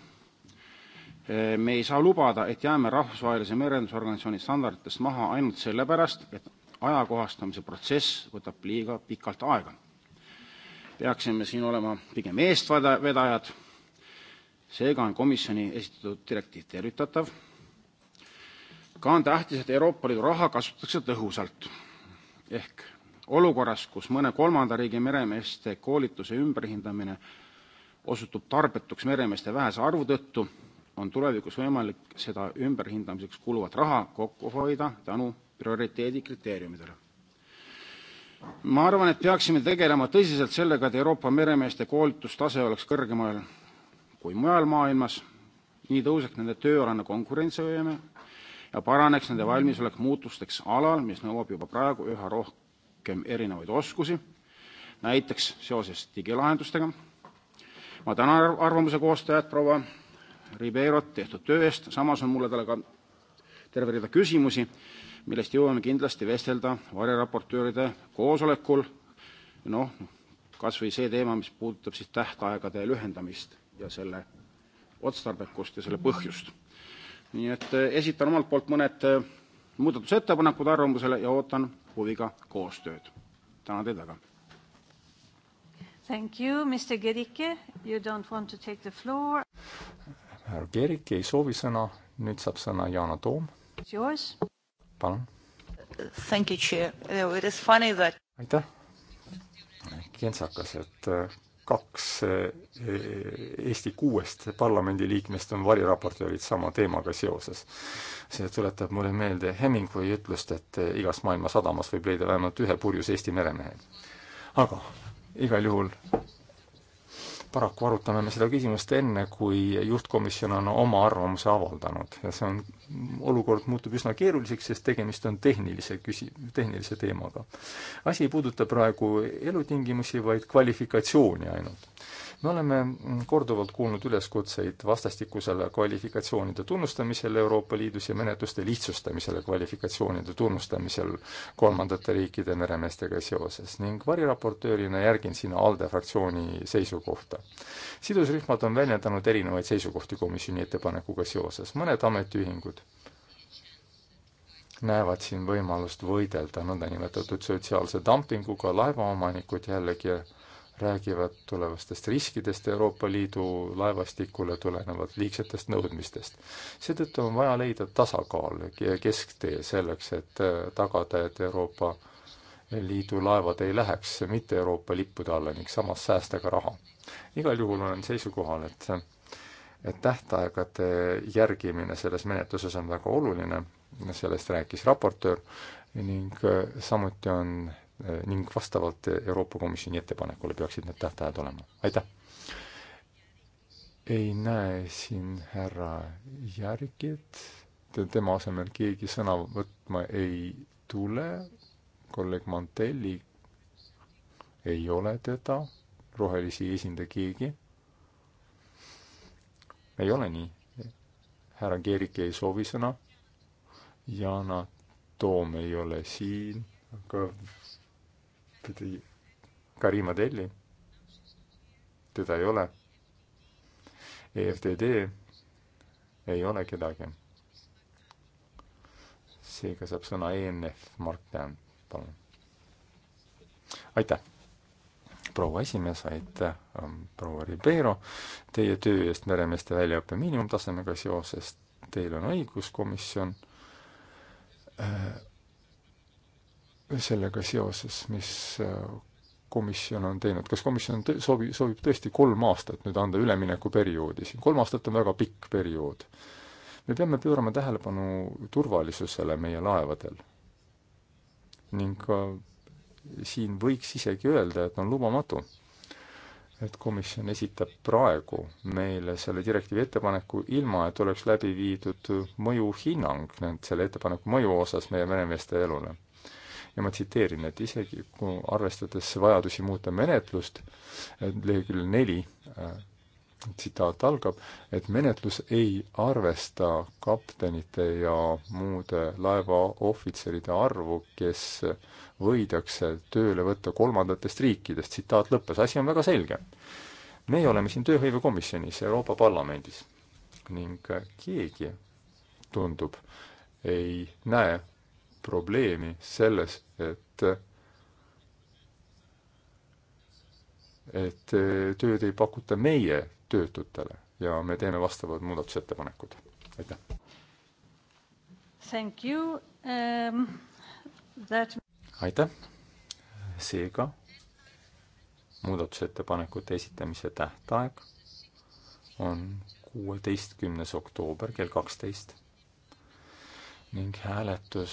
Speaker 3: me ei saa lubada, et jääme Rahvusvahelise Merendusorganisatsiooni standarditest maha ainult sellepärast, et ajakohastamise protsess võtab liiga pikalt aega. peaksime siin olema pigem eestvedajad, seega on komisjoni esitatud direktiiv tervitatav ka on tähtis et euroopa liidu raha kasutatakse tõhusalt ehk olukorras kus mõne kolmanda riigi meremeeste koolituse ümberhindamine osutub tarbetuks meremeeste vähese arvu tõttu on tulevikus võimalik seda ümberhindamiseks kuluvat raha kokku hoida tänu prioriteedikriteeriumidele. ma arvan et peaksime tegelema tõsiselt sellega et euroopa meremeeste koolitustase oleks kõrgemal kui mujal maailmas nii tõuseks nende tööalane konkurentsivõime ja paraneks nende valmisolek muutusteks alal mis nõuab juba praegu üha rohkem erinevaid oskusi näiteks seoses digilahendustega. ma tänan arvamuse koostajat proua ribeirot tehtud töö eest samas on mul talle ka terve rida küsimusi millest jõuame kindlasti vestelda variraportööride koosolekul noh kas või see teema mis puudutab siis tähtaegade lühendamist ja selle otstarbekust ja selle põhjust nii et eh, esitan omalt poolt mõned eh, muudatusettepanekud arvamusele ja ootan huviga koostööd. tänan teid väga.
Speaker 2: Thank you, Mr Gerike, you don't want to take the floor.
Speaker 1: härra Gerike ei soovi sõna, nüüd saab sõna Yana Toom. It's yours. palun.
Speaker 2: Thank you, chair, it is funny that
Speaker 1: aitäh, kentsakas, et eh, kaks eh, Eesti kuuest parlamendiliikmest on variraportöörid sama teemaga seoses. see tuletab mulle meelde Hemingway ütlust, et eh, igas maailma sadamas võib leida vähemalt ühe purjus Eesti meremehe. aga igal juhul paraku arutame me seda küsimust enne, kui juhtkomisjon on oma arvamuse avaldanud ja see on, olukord muutub üsna keeruliseks, sest tegemist on tehnilise küsi-, tehnilise teemaga. asi ei puuduta praegu elutingimusi, vaid kvalifikatsiooni ainult me oleme mm, korduvalt kuulnud üleskutseid vastastikusele kvalifikatsioonide tunnustamisele Euroopa Liidus ja menetluste lihtsustamisele kvalifikatsioonide tunnustamisel kolmandate riikide meremeestega seoses ning variraportöörina järgin siin ALDE fraktsiooni seisukohta. sidusrühmad on väljendanud erinevaid seisukohti komisjoni ettepanekuga seoses, mõned ametiühingud näevad siin võimalust võidelda nõndanimetatud sotsiaalse dumpinguga, laevaomanikud jällegi räägivad tulevastest riskidest Euroopa Liidu laevastikule tulenevalt liigsetest nõudmistest. seetõttu on vaja leida tasakaal ja kesktee selleks, et äh, tagada, et Euroopa Liidu laevad ei läheks mitte Euroopa lippude alla ning samas säästa ka raha. igal juhul olen seisukohal, et et tähtaegade järgimine selles menetluses on väga oluline, sellest rääkis raportöör, ning äh, samuti on Äh, ning vastavalt Euroopa Komisjoni ettepanekule peaksid need tähtajad olema, aitäh! ei näe siin härra Järgit, tema asemel keegi sõna võtma ei tule, kolleeg Mantelli ei ole teda, rohelisi ei esinda keegi. ei ole nii, härra Keerik ei soovi sõna, Yana Toom ei ole siin, aga tõi Karima Telli, teda ei ole. EFTD ei ole kedagi. seega saab sõna ENF Mart Tämm, palun. aitäh, proua esimees, aitäh, ähm, proua Ribeiro, teie töö eest meremeeste väljaõppe miinimumtasemega seoses, teil on õigus, komisjon äh, sellega seoses, mis äh, komisjon on teinud, kas komisjon tõ-, soovi, soovib tõesti kolm aastat nüüd anda üleminekuperioodi siin, kolm aastat on väga pikk periood. me peame pöörama tähelepanu turvalisusele meie laevadel. ning ka siin võiks isegi öelda, et on lubamatu, et komisjon esitab praegu meile selle direktiivi ettepaneku, ilma et oleks läbi viidud mõjuhinnang nüüd selle ettepaneku mõju osas meie meremeeste elule ja ma tsiteerin, et isegi kui arvestades vajadusi muuta menetlust, lehekülg neli äh, tsitaat algab, et menetlus ei arvesta kaptenite ja muude laevaohvitseride arvu, kes võidakse tööle võtta kolmandatest riikidest, tsitaat lõppes, asi on väga selge. meie oleme siin Tööhõivekomisjonis Euroopa Parlamendis ning keegi, tundub, ei näe probleemi selles, et et tööd ei pakuta meie töötutele ja me teeme vastavad muudatusettepanekud. aitäh!
Speaker 2: Thank you um,. That...
Speaker 1: aitäh! seega muudatusettepanekute esitamise tähtaeg on kuueteistkümnes oktoober kell kaksteist ning hääletus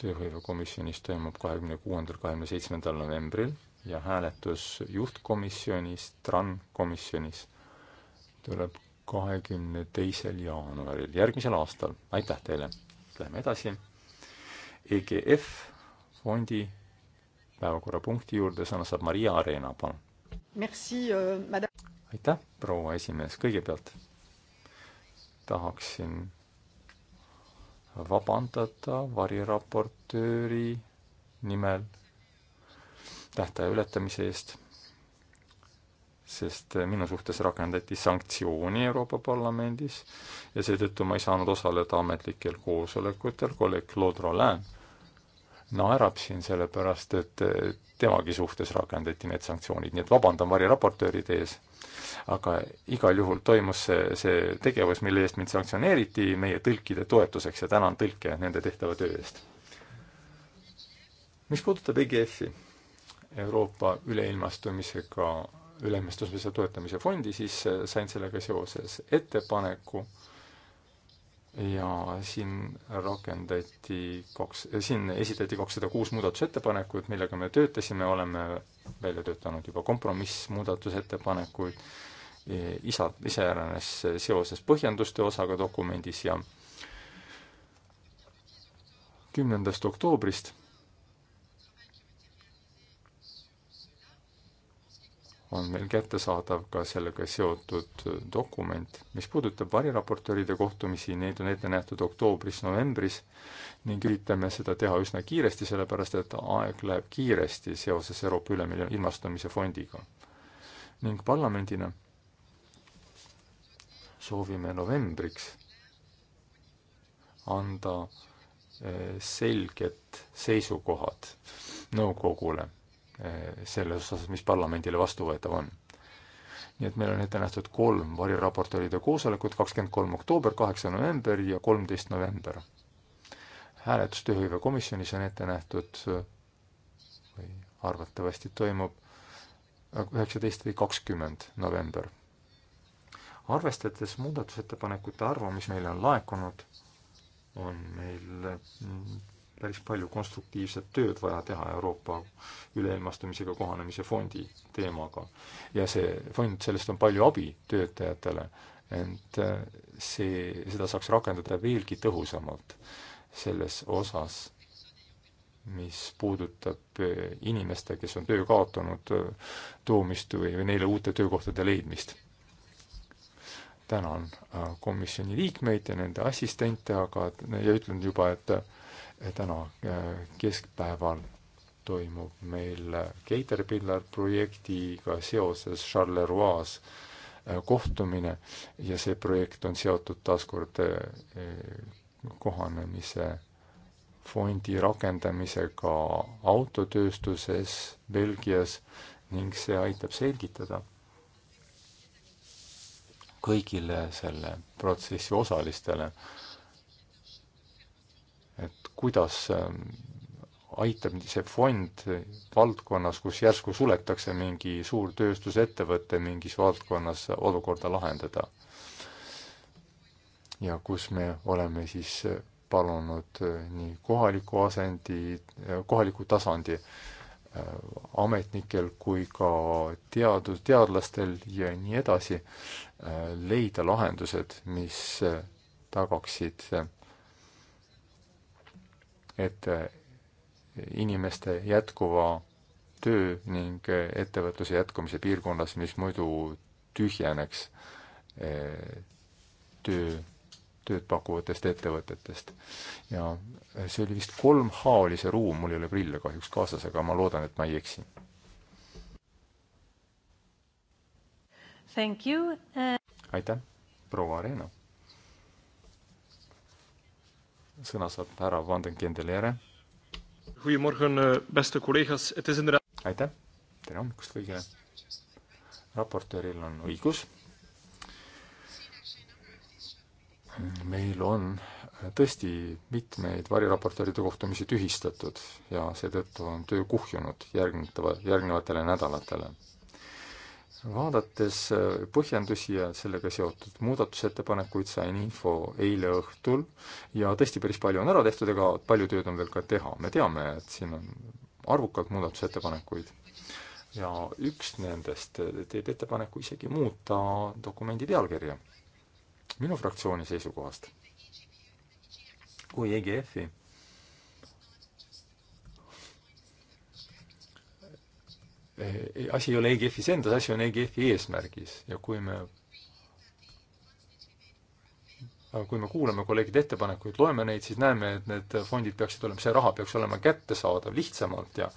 Speaker 1: tööhõivekomisjonis toimub kahekümne kuuendal, kahekümne seitsmendal novembril ja hääletus juhtkomisjonis, TRAN komisjonis tuleb kahekümne teisel jaanuaril järgmisel aastal. aitäh teile! Läheme edasi EGF fondi päevakorrapunkti juurde, sõna saab Maria Arena, palun.
Speaker 2: Euh,
Speaker 1: aitäh, proua esimees, kõigepealt tahaksin vabandada variraportööri nimel tähtaja ületamise eest, sest minu suhtes rakendati sanktsiooni Euroopa Parlamendis ja seetõttu ma ei saanud osaleda ametlikel koosolekutel, kolleeg Claude Rollin naerab siin, sellepärast et eh, temagi suhtes rakendati need sanktsioonid, nii et vabandan variraportööride ees, aga igal juhul toimus see, see tegevus, mille eest mind sanktsioneeriti, meie tõlkide toetuseks ja tänan tõlke nende tehtava töö eest. mis puudutab EGF-i, Euroopa üleilmastumisega, üleilmastumise toetamise fondi, siis eh, sain sellega seoses ettepaneku äh, ja siin rakendati kaks, eh, siin esitati kakssada kuus muudatusettepanekut, millega me töötasime, oleme välja töötanud juba kompromissmuudatusettepanekuid, e, isa, iseäranis seoses põhjenduste osaga dokumendis ja kümnendast oktoobrist on meil kättesaadav ka sellega seotud dokument, mis puudutab variraportööride kohtumisi, neid on ette nähtud oktoobris-novembris ning üritame seda teha üsna kiiresti, sellepärast et aeg läheb kiiresti seoses Euroopa Ülemilja ilmastumise fondiga. ning parlamendina soovime novembriks anda eh, selged seisukohad nõukogule Eh, selles osas, mis parlamendile vastuvõetav on. nii et meil on ette nähtud kolm variraportööride koosolekut, kakskümmend kolm oktoober, kaheksa november ja kolmteist november. hääletus tööhõivekomisjonis on ette nähtud või arvatavasti toimub üheksateist või kakskümmend november. arvestades muudatusettepanekute arvu, mis meile on laekunud, on meil päris palju konstruktiivset tööd vaja teha Euroopa üleilmastumisega kohanemise fondi teemaga. ja see fond, sellest on palju abi töötajatele, ent äh, see, seda saaks rakendada veelgi tõhusamalt selles osas, mis puudutab äh, inimeste, kes on töö kaotanud, äh, toomist või, või neile uute töökohtade leidmist tänan komisjoni liikmeid ja nende assistente, aga ja ütlen juba, et täna äh, keskpäeval toimub meil äh, Caterpillar projektiga seoses Charleroi äh, kohtumine ja see projekt on seotud taaskord kohanemise fondi rakendamisega autotööstuses Belgias ning see aitab selgitada kõigile selle protsessi osalistele äh, kuidas ähm, aitab see fond valdkonnas, kus järsku suletakse mingi suur tööstusettevõte mingis valdkonnas, olukorda lahendada. ja kus me oleme siis äh, palunud äh, nii kohaliku asendi, äh, kohaliku tasandi ametnikel kui ka teadus, teadlastel ja nii edasi leida lahendused, mis tagaksid et eh, inimeste jätkuva töö ning eh, ettevõtluse jätkumise piirkonnas, mis muidu tühjeneks eh, töö, tööd pakkuvatest ettevõtetest. ja see oli vist 3H oli see ruum, mul ei ole prille kahjuks kaasas, aga ma loodan, et ma ei eksi. aitäh, proua Arena sõna saab härra Vanden Kendelere. Eh, aitäh, tere hommikust kõigile. raportööril on õigus. meil on tõesti mitmeid variraportööride kohtumisi tühistatud ja seetõttu on töö kuhjunud järgneva, järgnevatele nädalatele vaadates äh, põhjendusi ja sellega seotud muudatusettepanekuid, sain info eile õhtul ja tõesti päris palju on ära tehtud, ega palju tööd on veel ka teha. me teame, et siin on arvukalt muudatusettepanekuid ja üks nendest äh, teeb ettepaneku isegi muuta dokumendi pealkirja minu fraktsiooni seisukohast. kui EGF-i Eh, asi ei ole EGF-is endas, asi on EGF-i eesmärgis ja kui me kui me kuulame kolleegide ettepanekuid, loeme neid, siis näeme, et need fondid peaksid olema, see raha peaks olema kättesaadav lihtsamalt ja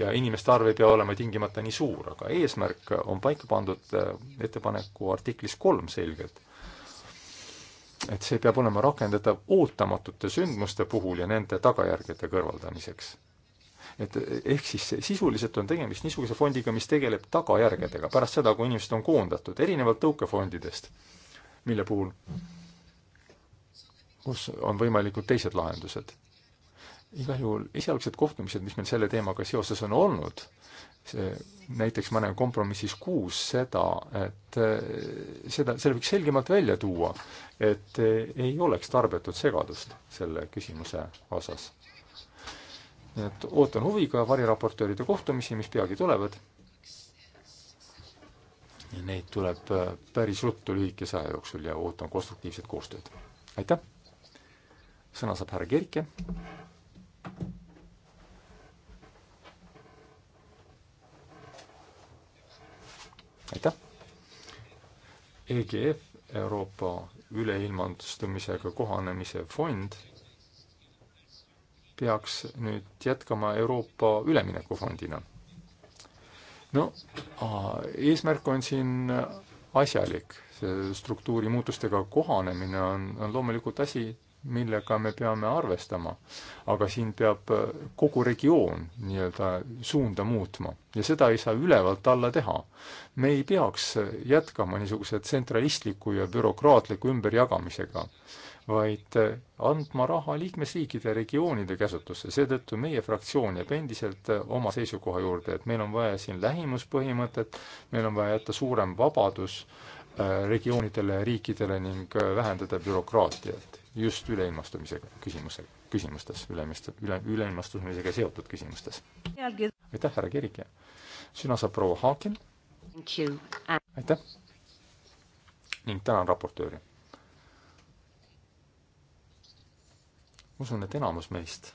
Speaker 1: ja inimeste arv ei pea olema tingimata nii suur, aga eesmärk on paika pandud eh, ettepaneku artiklis kolm selgelt. et see peab olema rakendatav ootamatute sündmuste puhul ja nende tagajärgede kõrvaldamiseks et ehk siis sisuliselt on tegemist niisuguse fondiga, mis tegeleb tagajärgedega pärast seda, kui inimesed on koondatud, erinevalt tõukefondidest, mille puhul, kus on võimalikud teised lahendused. igal juhul esialgsed kohtumised, mis meil selle teemaga seoses on olnud, see, näiteks ma näen kompromissis kuus seda, et eh, seda, selle võiks selgemalt välja tuua, et eh, ei oleks tarbetut segadust selle küsimuse osas nii et ootan huviga variraportööride kohtumisi, mis peagi tulevad. Neid tuleb äh, päris ruttu lühikese aja jooksul ja ootan konstruktiivset koostööd. aitäh! sõna saab härra Kerke. aitäh! EGF, Euroopa üleilmandustumisega kohanemise fond peaks nüüd jätkama Euroopa üleminekufondina. no eesmärk on siin asjalik, see struktuuri muutustega kohanemine on, on loomulikult asi, millega me peame arvestama. aga siin peab kogu regioon nii-öelda suunda muutma ja seda ei saa ülevalt alla teha. me ei peaks jätkama niisuguse tsentralistliku ja bürokraatliku ümberjagamisega vaid äh, andma raha liikmesriikide regioonide käsutusse, seetõttu meie fraktsioon jääb endiselt äh, oma seisukoha juurde, et meil on vaja siin lähimuspõhimõtet, meil on vaja jätta suurem vabadus äh, regioonidele ja riikidele ning vähendada bürokraatiat just üleilmastumisega küsimuse, küsimustes, üleilmast-, üle, üleilmastumisega seotud küsimustes. aitäh, härra Kirik ja sina saab proua Haakin. aitäh ning tänan raportööri usun, et enamus meist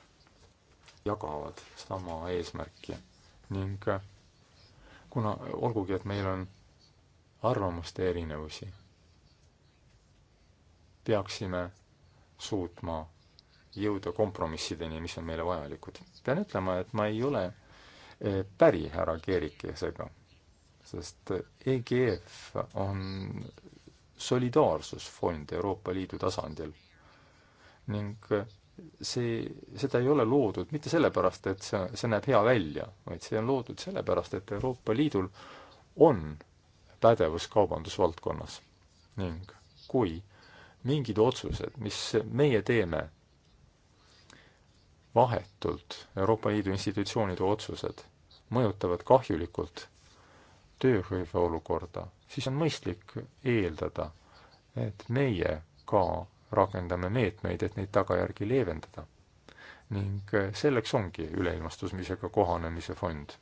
Speaker 1: jagavad sama eesmärki ning äh, kuna, olgugi et meil on arvamuste erinevusi, peaksime suutma jõuda kompromissideni, mis on meile vajalikud. pean ütlema, et ma ei ole äh, päri härra Keerikesega, sest EGF on solidaarsusfond Euroopa Liidu tasandil ning äh, see, seda ei ole loodud mitte sellepärast, et see, see näeb hea välja, vaid see on loodud sellepärast, et Euroopa Liidul on pädevus kaubandusvaldkonnas ning kui mingid otsused, mis meie teeme, vahetult Euroopa Liidu institutsioonide otsused mõjutavad kahjulikult tööhõive olukorda, siis on mõistlik eeldada, et meie ka rakendame meetmeid, et neid tagajärgi leevendada. ning äh, selleks ongi üleilmastumisega kohanemise fond.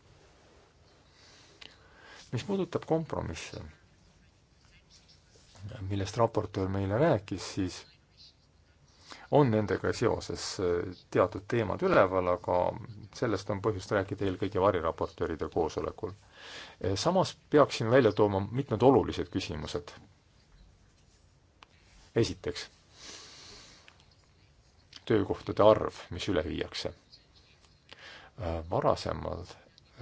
Speaker 1: mis puudutab kompromisse, millest raportöör meile rääkis, siis on nendega seoses äh, teatud teemad üleval, aga sellest on põhjust rääkida eelkõige variraportööride koosolekul. Äh, samas peaksin välja tooma mitmed olulised küsimused. esiteks töökohtade arv, mis üle viiakse. Äh, varasemal,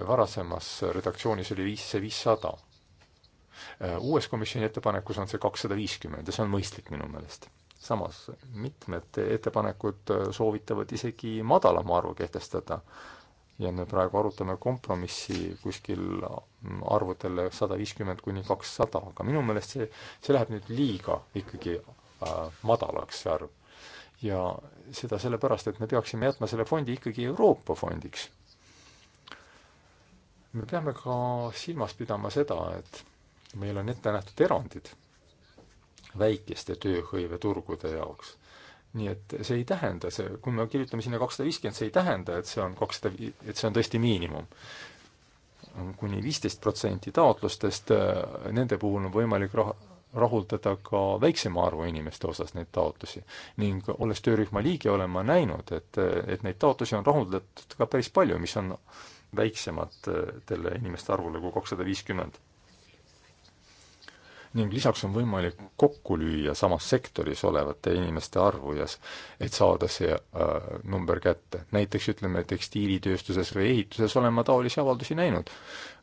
Speaker 1: varasemas redaktsioonis oli viis, see viissada. Äh, uues komisjoni ettepanekus on see kakssada viiskümmend ja see on mõistlik minu meelest samas mitmed ettepanekud äh, soovitavad isegi madalama arvu kehtestada ja me praegu arutame kompromissi kuskil arvudele sada viiskümmend kuni kakssada, aga minu meelest see, see läheb nüüd liiga ikkagi äh, madalaks, see arv ja seda sellepärast, et me peaksime jätma selle fondi ikkagi Euroopa fondiks. me peame ka silmas pidama seda, et meil on ette nähtud erandid väikeste tööhõiveturgude jaoks. nii et see ei tähenda, see, kui me kirjutame sinna kakssada viiskümmend, see ei tähenda, et see on kakssada, et see on tõesti miinimum kuni viisteist protsenti taotlustest, äh, nende puhul on võimalik raha, rahuldada ka väiksema arvu inimeste osas neid taotlusi. ning olles töörühma liige, olen ma näinud, et, et neid taotlusi on rahuldatud ka päris palju, mis on väiksematele eh, inimeste arvule kui kakssada viiskümmend. ning lisaks on võimalik kokku lüüa samas sektoris olevate inimeste arvu ja et saada see äh, number kätte. näiteks ütleme, tekstiilitööstuses või ehituses olen ma taolisi avaldusi näinud,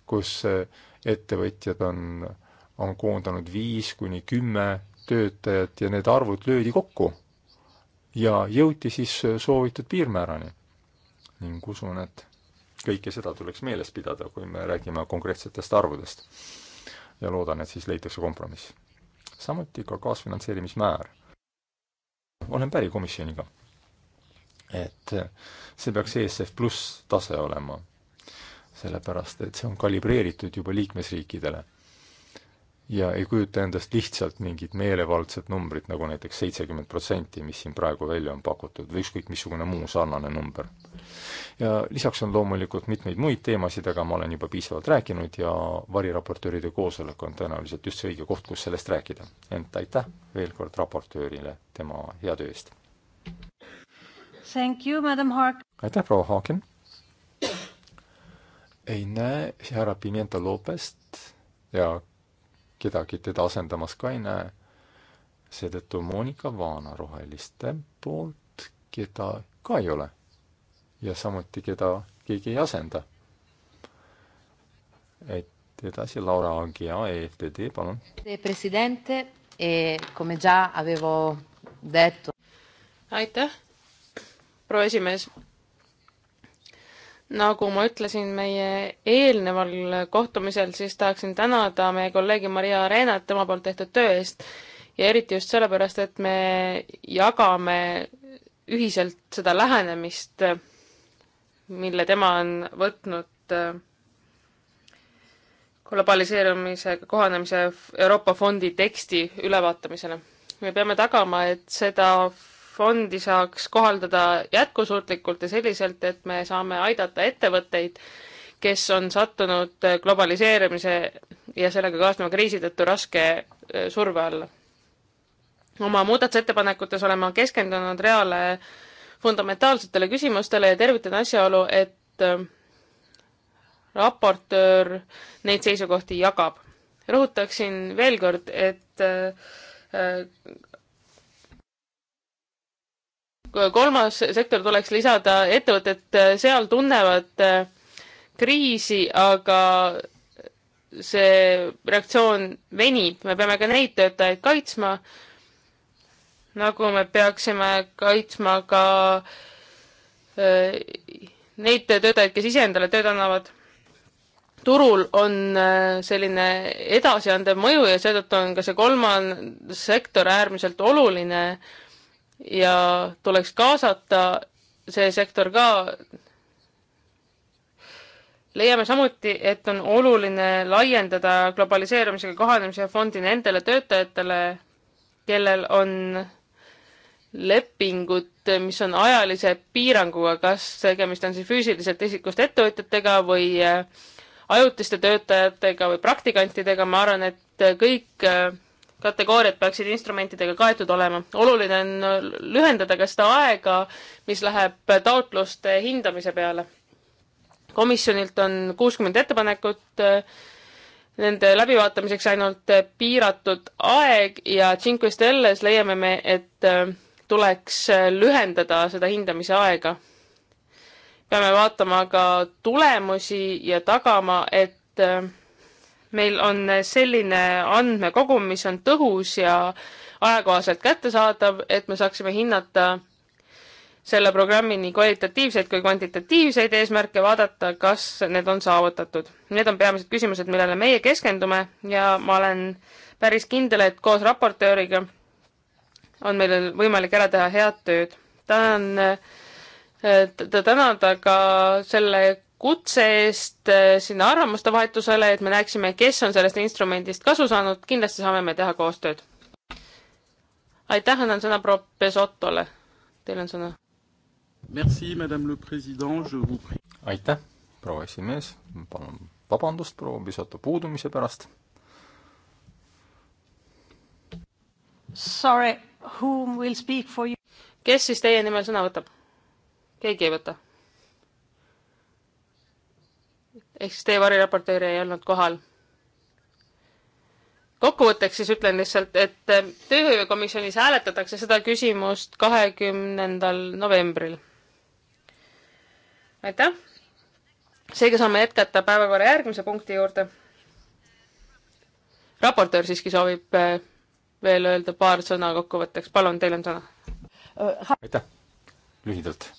Speaker 1: kus eh, ettevõtjad on äh, on koondanud viis kuni kümme töötajat ja need arvud löödi kokku ja jõuti siis soovitud piirmäärani. ning usun, et kõike seda tuleks meeles pidada, kui me räägime konkreetsetest arvudest. ja loodan, et siis leitakse kompromiss. samuti ka kaasfinantseerimismäär. olen päri komisjoniga, et see peaks ESF pluss tase olema, sellepärast et see on kalibreeritud juba liikmesriikidele ja ei kujuta endast lihtsalt mingit meelevaldset numbrit, nagu näiteks seitsekümmend protsenti, mis siin praegu välja on pakutud, või ükskõik missugune muu sarnane number. ja lisaks on loomulikult mitmeid muid teemasid, aga ma olen juba piisavalt rääkinud ja variraportööride koosolek on tõenäoliselt just see õige koht, kus sellest rääkida. ent aitäh veel kord raportöörile tema hea töö eest! aitäh, proua Haaken! ei näe härra Pimenta Lopest ja kedagi teda asendamas ka ei näe. seetõttu Monika Vaana roheliste poolt, keda ka ei ole. ja samuti, keda keegi ei asenda. et edasi Laura Agia EFTD, palun.
Speaker 4: presidente e come già avevo detto. aitäh, proua esimees nagu ma ütlesin meie eelneval kohtumisel, siis tahaksin tänada meie kolleegi Maria Reenat tema poolt tehtud töö eest ja eriti just sellepärast, et me jagame ühiselt seda lähenemist, mille tema on võtnud äh, globaliseerumisega kohanemise Euroopa Fondi teksti ülevaatamisele. me peame tagama, et seda fondi saaks kohaldada jätkusuutlikult ja selliselt, et me saame aidata ettevõtteid, kes on sattunud globaliseerimise ja sellega kaasneva kriisi tõttu raske surve alla. oma muudatusettepanekutes olen ma keskendunud reale fundamentaalsetele küsimustele ja tervitan asjaolu, et raportöör neid seisukohti jagab. rõhutaksin veel kord, et kolmas sektor tuleks lisada, ettevõtted äh, seal tunnevad äh, kriisi, aga see reaktsioon venib, me peame ka neid töötajaid kaitsma, nagu me peaksime kaitsma ka äh, neid töötajaid, kes ise endale tööd annavad. turul on selline edasiandev mõju ja seetõttu on ka see kolmas sektor äärmiselt oluline äh, ja tuleks kaasata see sektor ka. leiame samuti, et on oluline laiendada globaliseerumisega kohanemise fondi nendele töötajatele, kellel on lepingud, mis on ajalise piiranguga, kas tegemist on siis füüsiliselt isikust ettevõtjatega või äh, ajutiste töötajatega või praktikantidega, ma arvan, et kõik äh, kategooriad peaksid instrumentidega kaetud olema. oluline on lühendada ka seda aega, mis läheb taotluste hindamise peale. komisjonilt on kuuskümmend ettepanekut, nende läbivaatamiseks ainult piiratud aeg ja Cinque Stelles leiame me, et tuleks lühendada seda hindamise aega. peame vaatama ka tulemusi ja tagama, et meil on selline andmekogum, mis on tõhus ja ajakohaselt kättesaadav, et me saaksime hinnata selle programmi nii kvalitatiivseid kui kvantitatiivseid eesmärke, vaadata, kas need on saavutatud. Need on peamised küsimused, millele meie keskendume ja ma olen päris kindel, et koos raportööriga on meil võimalik ära teha head tööd. tänan äh, teda tänada ka selle kutse eest äh, sinna arvamuste vahetusele, et me näeksime, kes on sellest instrumendist kasu saanud, kindlasti saame me teha koostööd. aitäh, annan sõna proua Pesotole. Teil on sõna.
Speaker 1: aitäh, proua esimees, palun vabandust proua Pesoto puudumise pärast.
Speaker 4: Sorry, whom will speak for you? kes siis teie nimel sõna võtab? keegi ei võta ehk siis teie variraportöör ei olnud kohal. kokkuvõtteks siis ütlen lihtsalt, et eh, tööhõivekomisjonis hääletatakse seda küsimust kahekümnendal novembril. aitäh! seega saame jätkata päevakorra järgmise punkti juurde. raportöör siiski soovib eh, veel öelda paar sõna kokkuvõtteks, palun, teil on sõna. Äh, aitäh,
Speaker 1: lühidalt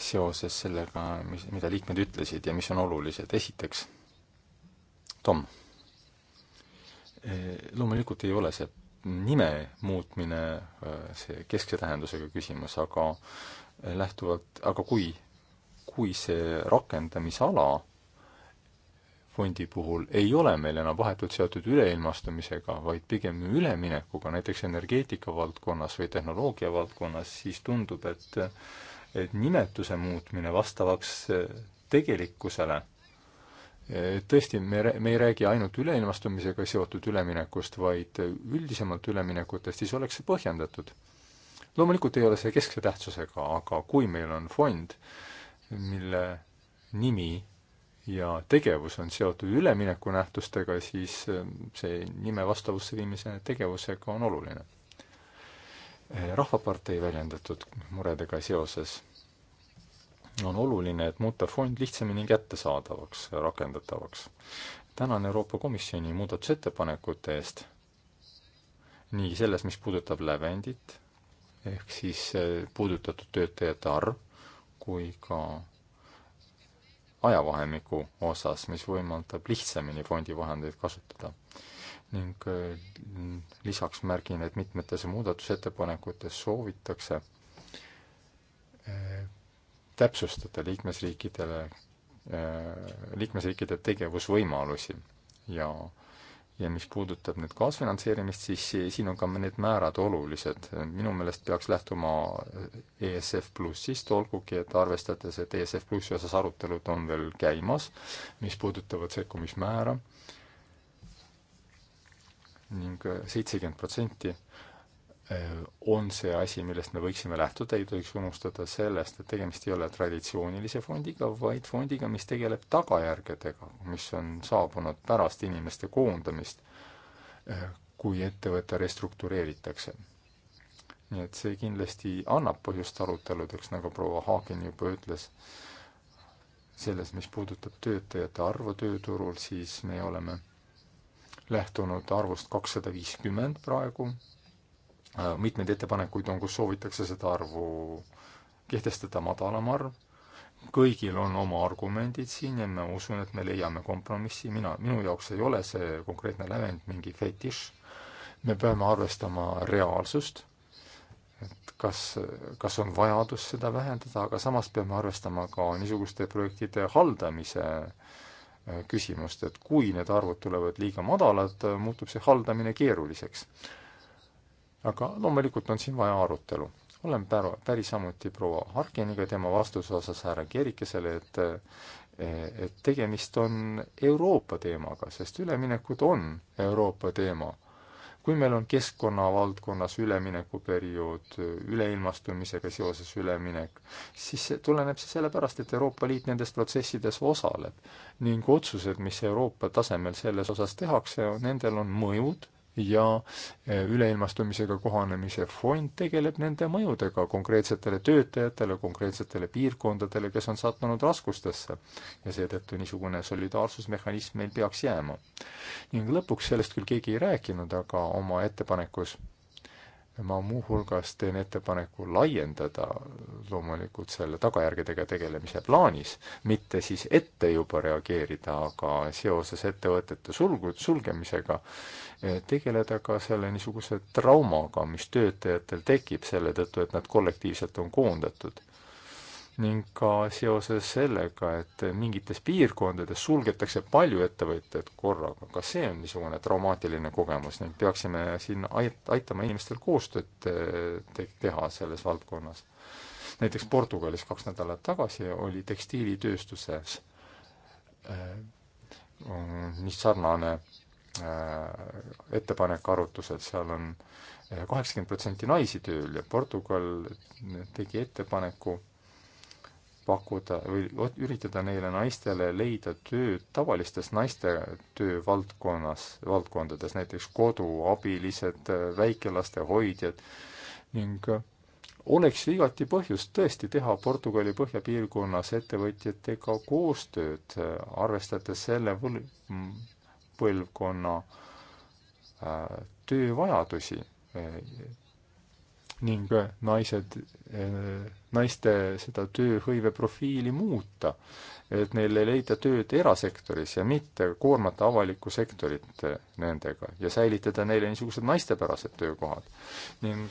Speaker 1: seoses sellega, mis, mida liikmed ütlesid ja mis on olulised. esiteks, Tom, e, loomulikult ei ole see nime muutmine e, see keskse tähendusega küsimus, aga e, lähtuvalt, aga kui, kui see rakendamisala fondi puhul ei ole meil enam vahetult seotud üleilmastumisega, vaid pigem üleminekuga, näiteks energeetika valdkonnas või tehnoloogia valdkonnas, siis tundub, et et nimetuse muutmine vastavaks eh, tegelikkusele eh, tõesti, me, me ei räägi ainult üleilmastumisega seotud üleminekust, vaid eh, üldisemalt üleminekutest, siis oleks see põhjendatud. loomulikult ei ole see keskse tähtsusega, aga kui meil on fond, mille nimi ja tegevus on seotud üleminekunähtustega, siis see nime vastavusse viimise tegevusega on oluline Eh, rahvapartei väljendatud muredega seoses on oluline, et muuta fond lihtsamini kättesaadavaks ja rakendatavaks. tänan Euroopa Komisjoni muudatusettepanekute eest, nii selles, mis puudutab lävendit, ehk siis eh, puudutatud töötajate arv, kui ka ajavahemiku osas, mis võimaldab lihtsamini fondi vahendeid kasutada ning äh, lisaks märgin, et mitmetes muudatusettepanekutes soovitakse äh, täpsustada liikmesriikidele, äh, liikmesriikide tegevusvõimalusi ja ja mis puudutab nüüd kaasfinantseerimist, siis siin on ka need määrad olulised. minu meelest peaks lähtuma ESF Plussist, olgugi et arvestades, et ESF Plussi osas arutelud on veel käimas, mis puudutavad sekkumismäära, ning äh, seitsekümmend protsenti äh, on see asi, millest me võiksime lähtuda, ei tohiks unustada sellest, et tegemist ei ole traditsioonilise fondiga, vaid fondiga, mis tegeleb tagajärgedega, mis on saabunud pärast inimeste koondamist, äh, kui ettevõte restruktureeritakse. nii et see kindlasti annab põhjust aruteludeks, nagu proua Haagen juba ütles, selles, mis puudutab töötajate arvu tööturul, siis me oleme lähtunud arvust kakssada viiskümmend praegu, äh, mitmeid ettepanekuid on, kus soovitakse seda arvu kehtestada madalam arv, kõigil on oma argumendid siin ja ma usun, et me leiame kompromissi, mina, minu jaoks ei ole see konkreetne lävend mingi fetiš, me peame arvestama reaalsust, et kas, kas on vajadus seda vähendada, aga samas peame arvestama ka niisuguste projektide haldamise äh, Äh, küsimust, et kui need arvud tulevad liiga madalad, äh, muutub see haldamine keeruliseks. aga loomulikult on siin vaja arutelu. olen pär-, päri samuti proua Harkiniga tema vastuse osas härra Kerikesele, et äh, et tegemist on Euroopa teemaga, sest üleminekud on Euroopa teema kui meil on keskkonna valdkonnas üleminekuperiood, üleilmastumisega seoses üleminek, siis see tuleneb see sellepärast, et Euroopa Liit nendes protsessides osaleb ning otsused, mis Euroopa tasemel selles osas tehakse, nendel on mõjud ja eh, üleilmastumisega kohanemise fond tegeleb nende mõjudega konkreetsetele töötajatele, konkreetsetele piirkondadele, kes on sattunud raskustesse. ja seetõttu niisugune solidaarsusmehhanism meil peaks jääma. ning lõpuks, sellest küll keegi ei rääkinud, aga oma ettepanekus ma muuhulgas teen ettepaneku laiendada loomulikult selle tagajärgedega tegelemise plaanis, mitte siis ette juba reageerida, aga seoses ettevõtete sulgu, sulgemisega eh, tegeleda ka selle niisuguse traumaga, mis töötajatel tekib selle tõttu, et nad kollektiivselt on koondatud ning ka seoses sellega, et mingites piirkondades sulgetakse palju ettevõtteid korraga, ka see on niisugune traumaatiline kogemus ning peaksime siin ait-, aitama inimestel koostööd te-, teha selles valdkonnas. näiteks Portugalis kaks nädalat tagasi oli tekstiilitööstuses äh, nii sarnane äh, ettepanek arutusel, seal on äh, kaheksakümmend protsenti naisi tööl ja Portugal tegi ettepaneku pakkuda või üritada neile naistele leida tööd tavalistes naiste töövaldkonnas, valdkondades, näiteks koduabilised, väikelastehoidjad ning äh, oleks ju igati põhjust tõesti teha Portugali põhjapiirkonnas ettevõtjatega koostööd, äh, arvestades selle võl-, põlvkonna äh, töövajadusi ning äh, naised, äh, naiste seda tööhõive profiili muuta, et neile leida tööd erasektoris ja mitte koormata avalikku sektorit äh, nendega ja säilitada neile niisugused naistepärased töökohad. ning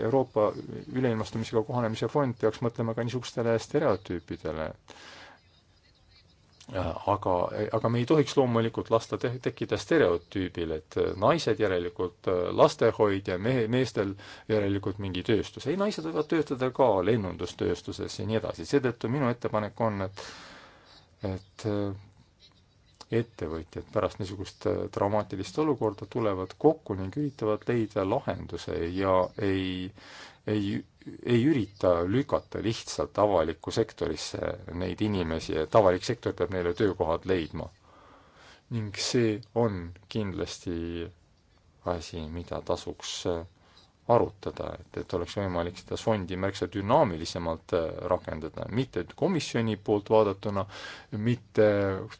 Speaker 1: Euroopa Üleilmastumisega Kohanemise Fond peaks mõtlema ka niisugustele stereotüüpidele, aga, aga me ei tohiks loomulikult lasta te-, tekkida stereotüübil, et äh, naised järelikult äh, lastehoid ja mehe, meestel järelikult mingi tööstus. ei, naised võivad töötada ka lennundustööstuses ja nii edasi, seetõttu minu ettepanek on, et et äh, ettevõtjad pärast niisugust dramaatilist olukorda tulevad kokku ning üritavad leida lahenduse ja ei äh, ei, ei ürita lükata lihtsalt avalikku sektorisse neid inimesi, et avalik sektor peab neile töökohad leidma. ning see on kindlasti asi, mida tasuks arutada, et, et oleks võimalik seda fondi märksa dünaamilisemalt äh, rakendada, mitte komisjoni poolt vaadatuna, mitte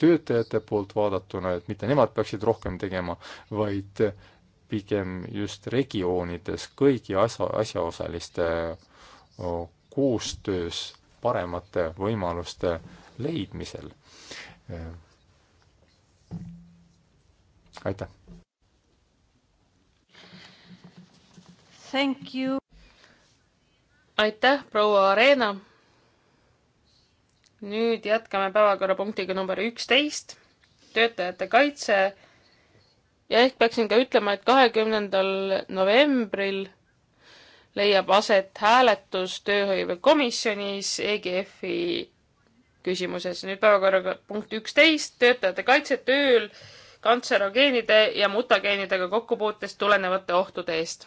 Speaker 1: töötajate poolt vaadatuna, et mitte nemad peaksid rohkem tegema, vaid pigem just regioonides kõigi asja, asjaosaliste koostöös paremate võimaluste leidmisel. aitäh!
Speaker 4: Thank you! aitäh, proua Areena! nüüd jätkame päevakorrapunktiga number üksteist, töötajate kaitse ja ehk peaksin ka ütlema, et kahekümnendal novembril leiab aset hääletus tööhõivekomisjonis EGF-i küsimuses. nüüd päevakorraga punkt üksteist, töötajate kaitse tööl kantserogeenide ja mutageenidega kokkupuutest tulenevate ohtude eest.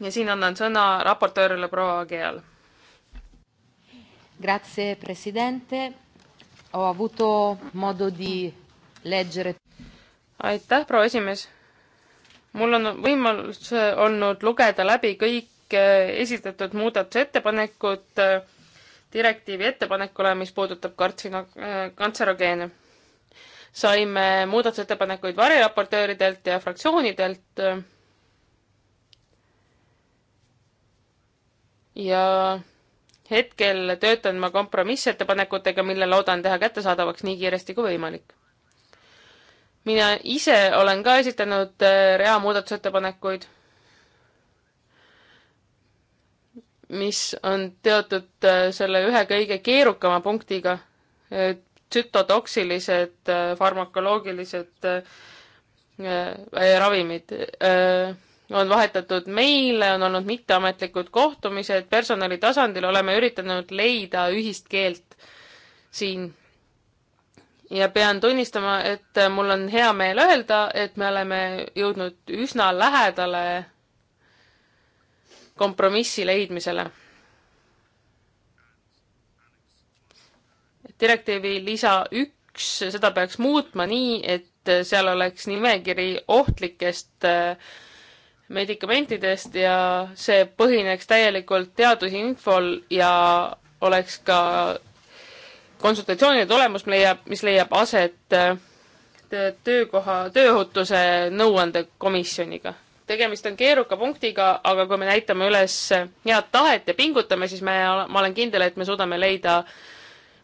Speaker 4: ja siin annan sõna raportöörile proua Ageal. Grazie presidente, ho avuto modo di leggere aitäh, proua esimees. mul on võimalus äh, olnud lugeda läbi kõik äh, esitatud muudatusettepanekud äh, direktiivi ettepanekule, mis puudutab kartsina-, kantserogeene. saime muudatusettepanekuid variraportööridelt ja fraktsioonidelt. ja hetkel töötan ma kompromissettepanekutega, mille loodan teha kättesaadavaks nii kiiresti kui võimalik mina ise olen ka esitanud äh, rea muudatusettepanekuid, mis on teatud äh, selle ühe kõige keerukama punktiga, äh, tsütotoksilised farmakoloogilised ravimid on vahetatud meile, on olnud mitteametlikud kohtumised personali tasandil, oleme üritanud leida ühist keelt siin ja pean tunnistama, et mul on hea meel öelda, et me oleme jõudnud üsna lähedale kompromissi leidmisele. direktiivi lisa üks, seda peaks muutma nii, et seal oleks nimekiri ohtlikest äh, medikamentidest ja see põhineks täielikult teadusinfol ja oleks ka konsultatsioonide tulemus leiab, mis leiab aset äh, töökoha, tööohutuse nõuandekomisjoniga. tegemist on keeruka punktiga, aga kui me näitame üles head tahet ja pingutame, siis me, ma olen kindel, et me suudame leida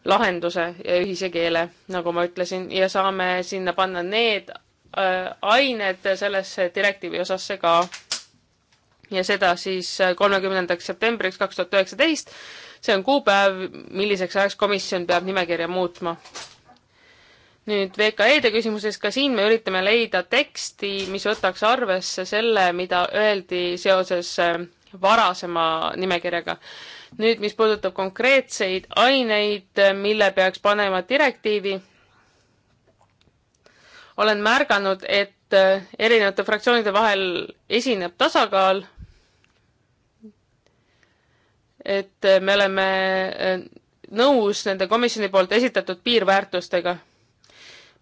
Speaker 4: lahenduse ja ühise keele, nagu ma ütlesin, ja saame sinna panna need äh, ained sellesse direktiivi osasse ka, ja seda siis äh, kolmekümnendaks septembriks kaks tuhat üheksateist. see on kuupäev, milliseks ajaks komisjon peab nimekirja muutma. nüüd VKE-de küsimuses, ka siin me üritame leida teksti, mis võtaks arvesse selle, mida öeldi seoses äh, varasema nimekirjaga. nüüd, mis puudutab konkreetseid aineid, mille peaks panema direktiivi, olen märganud, et äh, erinevate fraktsioonide vahel esineb tasakaal et me oleme eh, nõus nende komisjoni poolt esitatud piirväärtustega.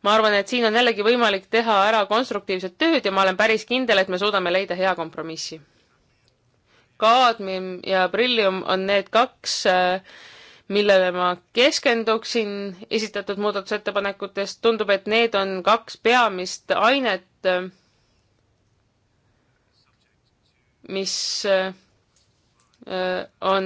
Speaker 4: ma arvan, et siin on jällegi võimalik teha ära konstruktiivset tööd ja ma olen päris kindel, et me suudame leida hea kompromissi. kaadmium ja prillium on need kaks, eh, millele ma keskenduksin esitatud muudatusettepanekutest. tundub, et need on kaks peamist ainet, eh, mis on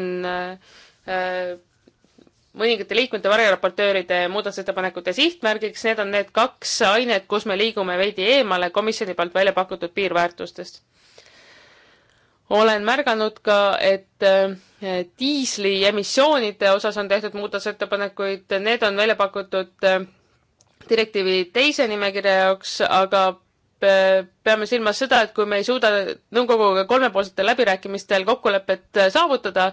Speaker 4: mõningate liikmete variraportööride muudatusettepanekute sihtmärgiks, need on need kaks ainet, kus me liigume veidi eemale komisjoni poolt välja pakutud piirväärtustest. olen märganud ka, et diisli emissioonide osas on tehtud muudatusettepanekuid, need on välja pakutud direktiivi teise nimekirja jaoks, aga Äh, peame silmas seda, et kui me ei suuda nõukoguga kolmepoolsetel läbirääkimistel kokkulepet äh, saavutada,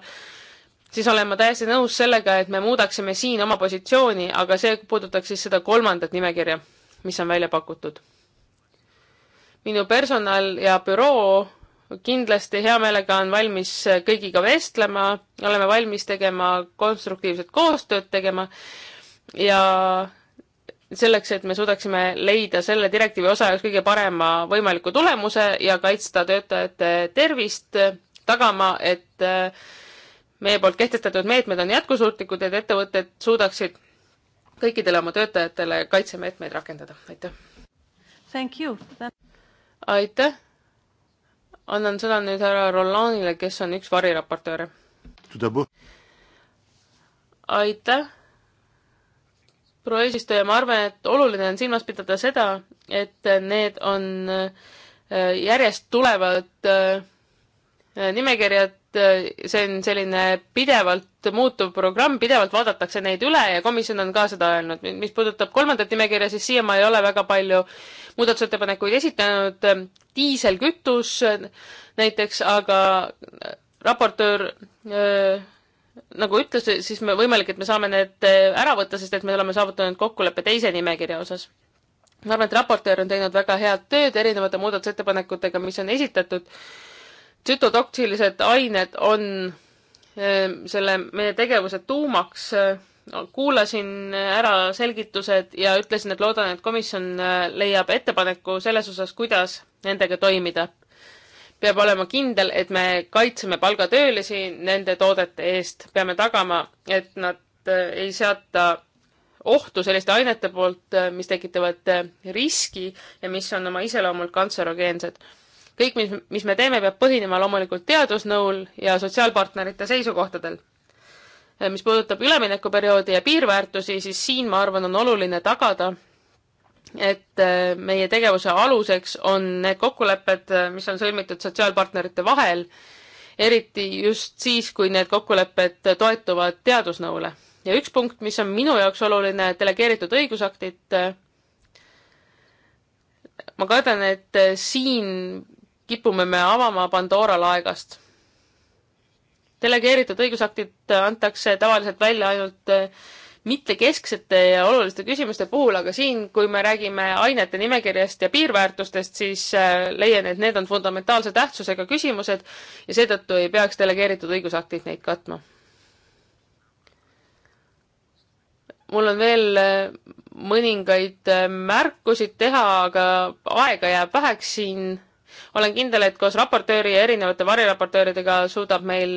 Speaker 4: siis olen ma täiesti nõus sellega, et me muudaksime siin oma positsiooni, aga see puudutaks siis seda kolmandat nimekirja, mis on välja pakutud. minu personal ja büroo kindlasti hea meelega on valmis äh, kõigiga vestlema, oleme valmis tegema konstruktiivset koostööd tegema ja selleks, et me suudaksime leida selle direktiivi osa jaoks kõige parema võimaliku tulemuse ja kaitsta töötajate tervist, tagama, et äh, meie poolt kehtestatud meetmed on jätkusuutlikud, et ettevõtted suudaksid kõikidele oma töötajatele kaitsemeetmeid rakendada. aitäh! aitäh! annan sõna nüüd härra Rolandile, kes on üks variraportööre. aitäh! proua eesistuja, ma arvan, et oluline on silmas pidada seda, et need on äh, järjest tulevad äh, nimekirjad, äh, see on selline pidevalt muutuv programm, pidevalt vaadatakse neid üle ja komisjon on ka seda öelnud. mis puudutab kolmandat nimekirja, siis siia ma ei ole väga palju muudatusettepanekuid esitanud. diiselkütus näiteks, aga raportöör nagu ütles, siis me võimalik, et me saame need äh, ära võtta, sest et me oleme saavutanud kokkuleppe teise nimekirja osas. ma arvan, et raportöör on teinud väga head tööd erinevate muudatusettepanekutega, mis on esitatud. tsütotoksilised ained on äh, selle meie tegevuse tuumaks. kuulasin ära selgitused ja ütlesin, et loodan, et komisjon äh, leiab ettepaneku selles osas, kuidas nendega toimida peab olema kindel, et me kaitseme palgatöölisi nende toodete eest, peame tagama, et nad äh, ei seata ohtu selliste ainete poolt, äh, mis tekitavad äh, riski ja mis on oma iseloomult kantserogeensed. kõik, mis, mis me teeme, peab põhinema loomulikult teadusnõul ja sotsiaalpartnerite seisukohtadel. mis puudutab üleminekuperioodi ja piirväärtusi, siis siin, ma arvan, on oluline tagada, et äh, meie tegevuse aluseks on need kokkulepped, äh, mis on sõlmitud sotsiaalpartnerite vahel, eriti just siis, kui need kokkulepped toetuvad teadusnõule. ja üks punkt, mis on minu jaoks oluline, delegeeritud õigusaktid. Äh, ma kardan, et siin kipume me avama Pandora laegast. delegeeritud õigusaktid antakse tavaliselt välja ainult mittekesksete ja oluliste küsimuste puhul, aga siin, kui me räägime ainete nimekirjast ja piirväärtustest, siis äh, leian, et need on fundamentaalse tähtsusega küsimused ja seetõttu ei peaks delegeeritud õigusaktid neid katma. mul on veel äh, mõningaid äh, märkusid teha, aga aega jääb väheks siin olen kindel, et koos raportööri ja erinevate variraportööridega suudab meil,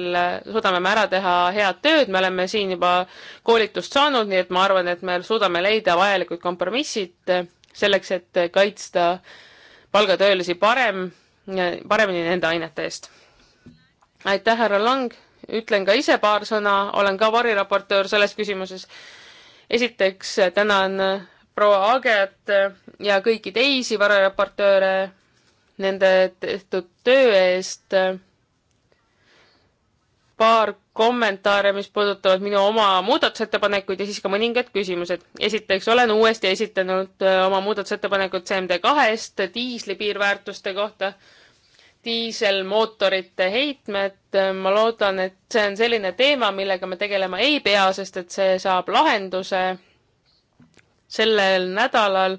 Speaker 4: suudame me ära teha head tööd, me oleme siin juba koolitust saanud, nii et ma arvan, et me suudame leida vajalikud kompromissid selleks, et kaitsta palgatöölisi parem, paremini nende ainete eest. aitäh, härra Lang, ütlen ka ise paar sõna, olen ka variraportöör selles küsimuses. esiteks tänan proua Aget ja kõiki teisi variraportööre nende tehtud töö eest. paar kommentaare, mis puudutavad minu oma muudatusettepanekuid ja siis ka mõningad küsimused. esiteks olen uuesti esitanud äh, oma muudatusettepanekud CMD kahest diisli piirväärtuste kohta, diiselmootorite heitmed. ma loodan, et see on selline teema, millega me tegelema ei pea, sest et see saab lahenduse sellel nädalal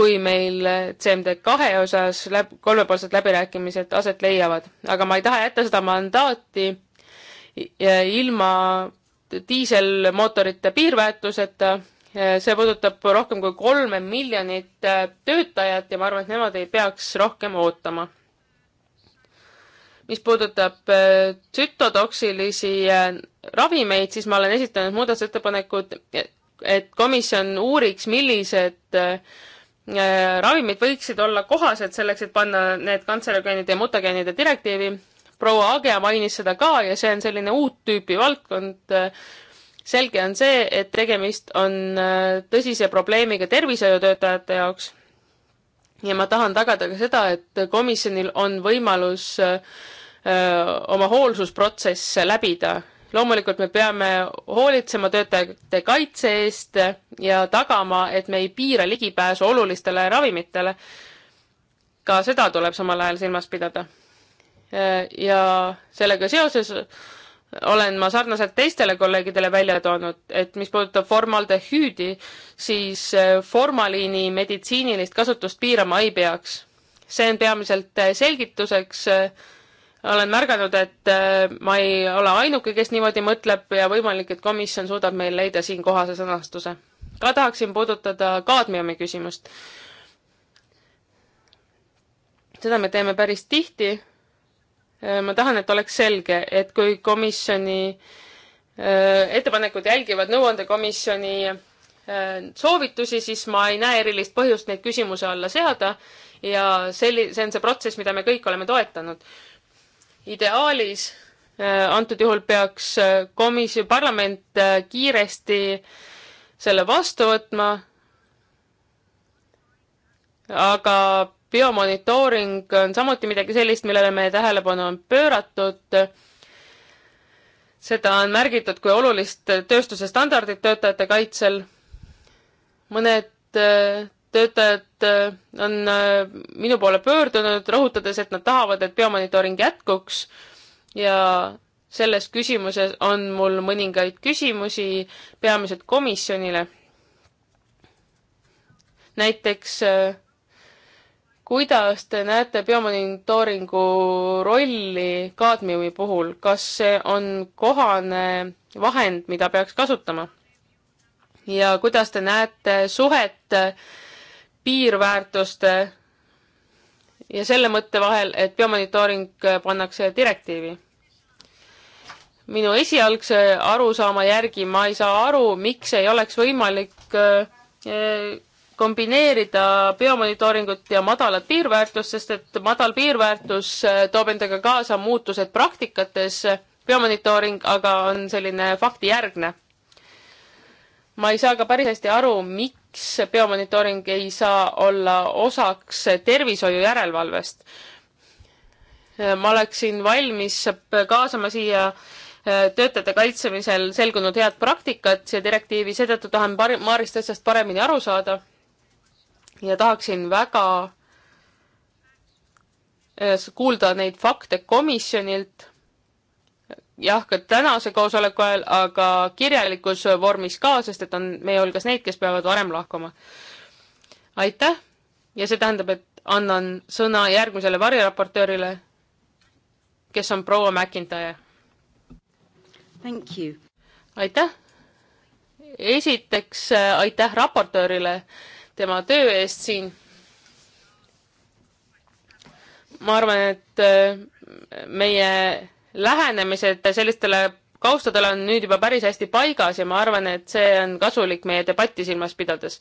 Speaker 4: kui meil CMD kahe osas läb-, kolmepoolsed läbirääkimised aset leiavad. aga ma ei taha jätta seda mandaati ilma diiselmootorite piirväärtuseta, see puudutab rohkem kui kolme miljonit töötajat ja ma arvan, et nemad ei peaks rohkem ootama. mis puudutab äh, tsütotoksilisi äh, ravimeid, siis ma olen esitanud muudatusettepanekud, et komisjon uuriks, millised äh, Äh, ravimid võiksid olla kohased selleks, et panna need kantserogeenide ja mutageenide direktiivi. proua Agea mainis seda ka ja see on selline uut tüüpi valdkond. Äh, selge on see, et tegemist on äh, tõsise probleemiga tervishoiutöötajate jaoks. ja ma tahan tagada ka seda, et komisjonil on võimalus öö, oma hoolsusprotsess läbida loomulikult me peame hoolitsema töötajate kaitse eest ja tagama, et me ei piira ligipääsu olulistele ravimitele. ka seda tuleb samal ajal silmas pidada. ja sellega seoses olen ma sarnaselt teistele kolleegidele välja toonud, et mis puudutab formaldehüüdi, siis formaliini meditsiinilist kasutust piirama ei peaks. see on peamiselt selgituseks äh, olen märganud, et äh, ma ei ole ainuke, kes niimoodi mõtleb ja võimalik, et komisjon suudab meil leida siin kohase sõnastuse. ka tahaksin puudutada kaadmiumi küsimust. seda me teeme päris tihti. Äh, ma tahan, et oleks selge, et kui komisjoni äh, ettepanekud jälgivad nõuandekomisjoni soovitusi, siis ma ei näe erilist põhjust neid küsimuse alla seada ja selli-, see on see protsess, mida me kõik oleme toetanud ideaalis äh, antud juhul peaks äh, komisjon, parlament äh, kiiresti selle vastu võtma. aga biomonitooring on samuti midagi sellist, millele meie tähelepanu on pööratud. seda on märgitud kui olulist tööstuse standardit töötajate kaitsel. mõned töötajad äh, on äh, minu poole pöördunud, rõhutades, et nad tahavad, et biomonitooring jätkuks ja selles küsimuses on mul mõningaid küsimusi peamiselt komisjonile. näiteks äh, kuidas te näete biomonitooringu rolli kaadmiumi puhul, kas see on kohane vahend, mida peaks kasutama? ja kuidas te näete suhet piirväärtuste ja selle mõtte vahel, et biomonitooring pannakse direktiivi. minu esialgse arusaama järgi ma ei saa aru, miks ei oleks võimalik eh, kombineerida biomonitooringut ja madalat piirväärtust, sest et madal piirväärtus eh, toob endaga kaasa muutused praktikates, biomonitooring aga on selline faktijärgne. ma ei saa ka päris hästi aru, miks miks biomonitooring ei saa olla osaks tervishoiu järelevalvest. ma oleksin valmis kaasama siia äh, töötajate kaitsemisel selgunud head praktikat siia direktiivi, seetõttu tahan pari-, Maarist asjast paremini aru saada. ja tahaksin väga äh, kuulda neid fakte komisjonilt jah, ka tänase koosoleku ajal, aga kirjalikus vormis ka, sest et on meie hulgas neid, kes peavad varem lahkuma. aitäh ja see tähendab, et annan sõna järgmisele variraportöörile, kes on proua McIntyre. aitäh. esiteks äh, aitäh raportöörile tema töö eest siin ma arvan, et äh, meie lähenemised sellistele kaustadel on nüüd juba päris hästi paigas ja ma arvan, et see on kasulik meie debatti silmas pidades.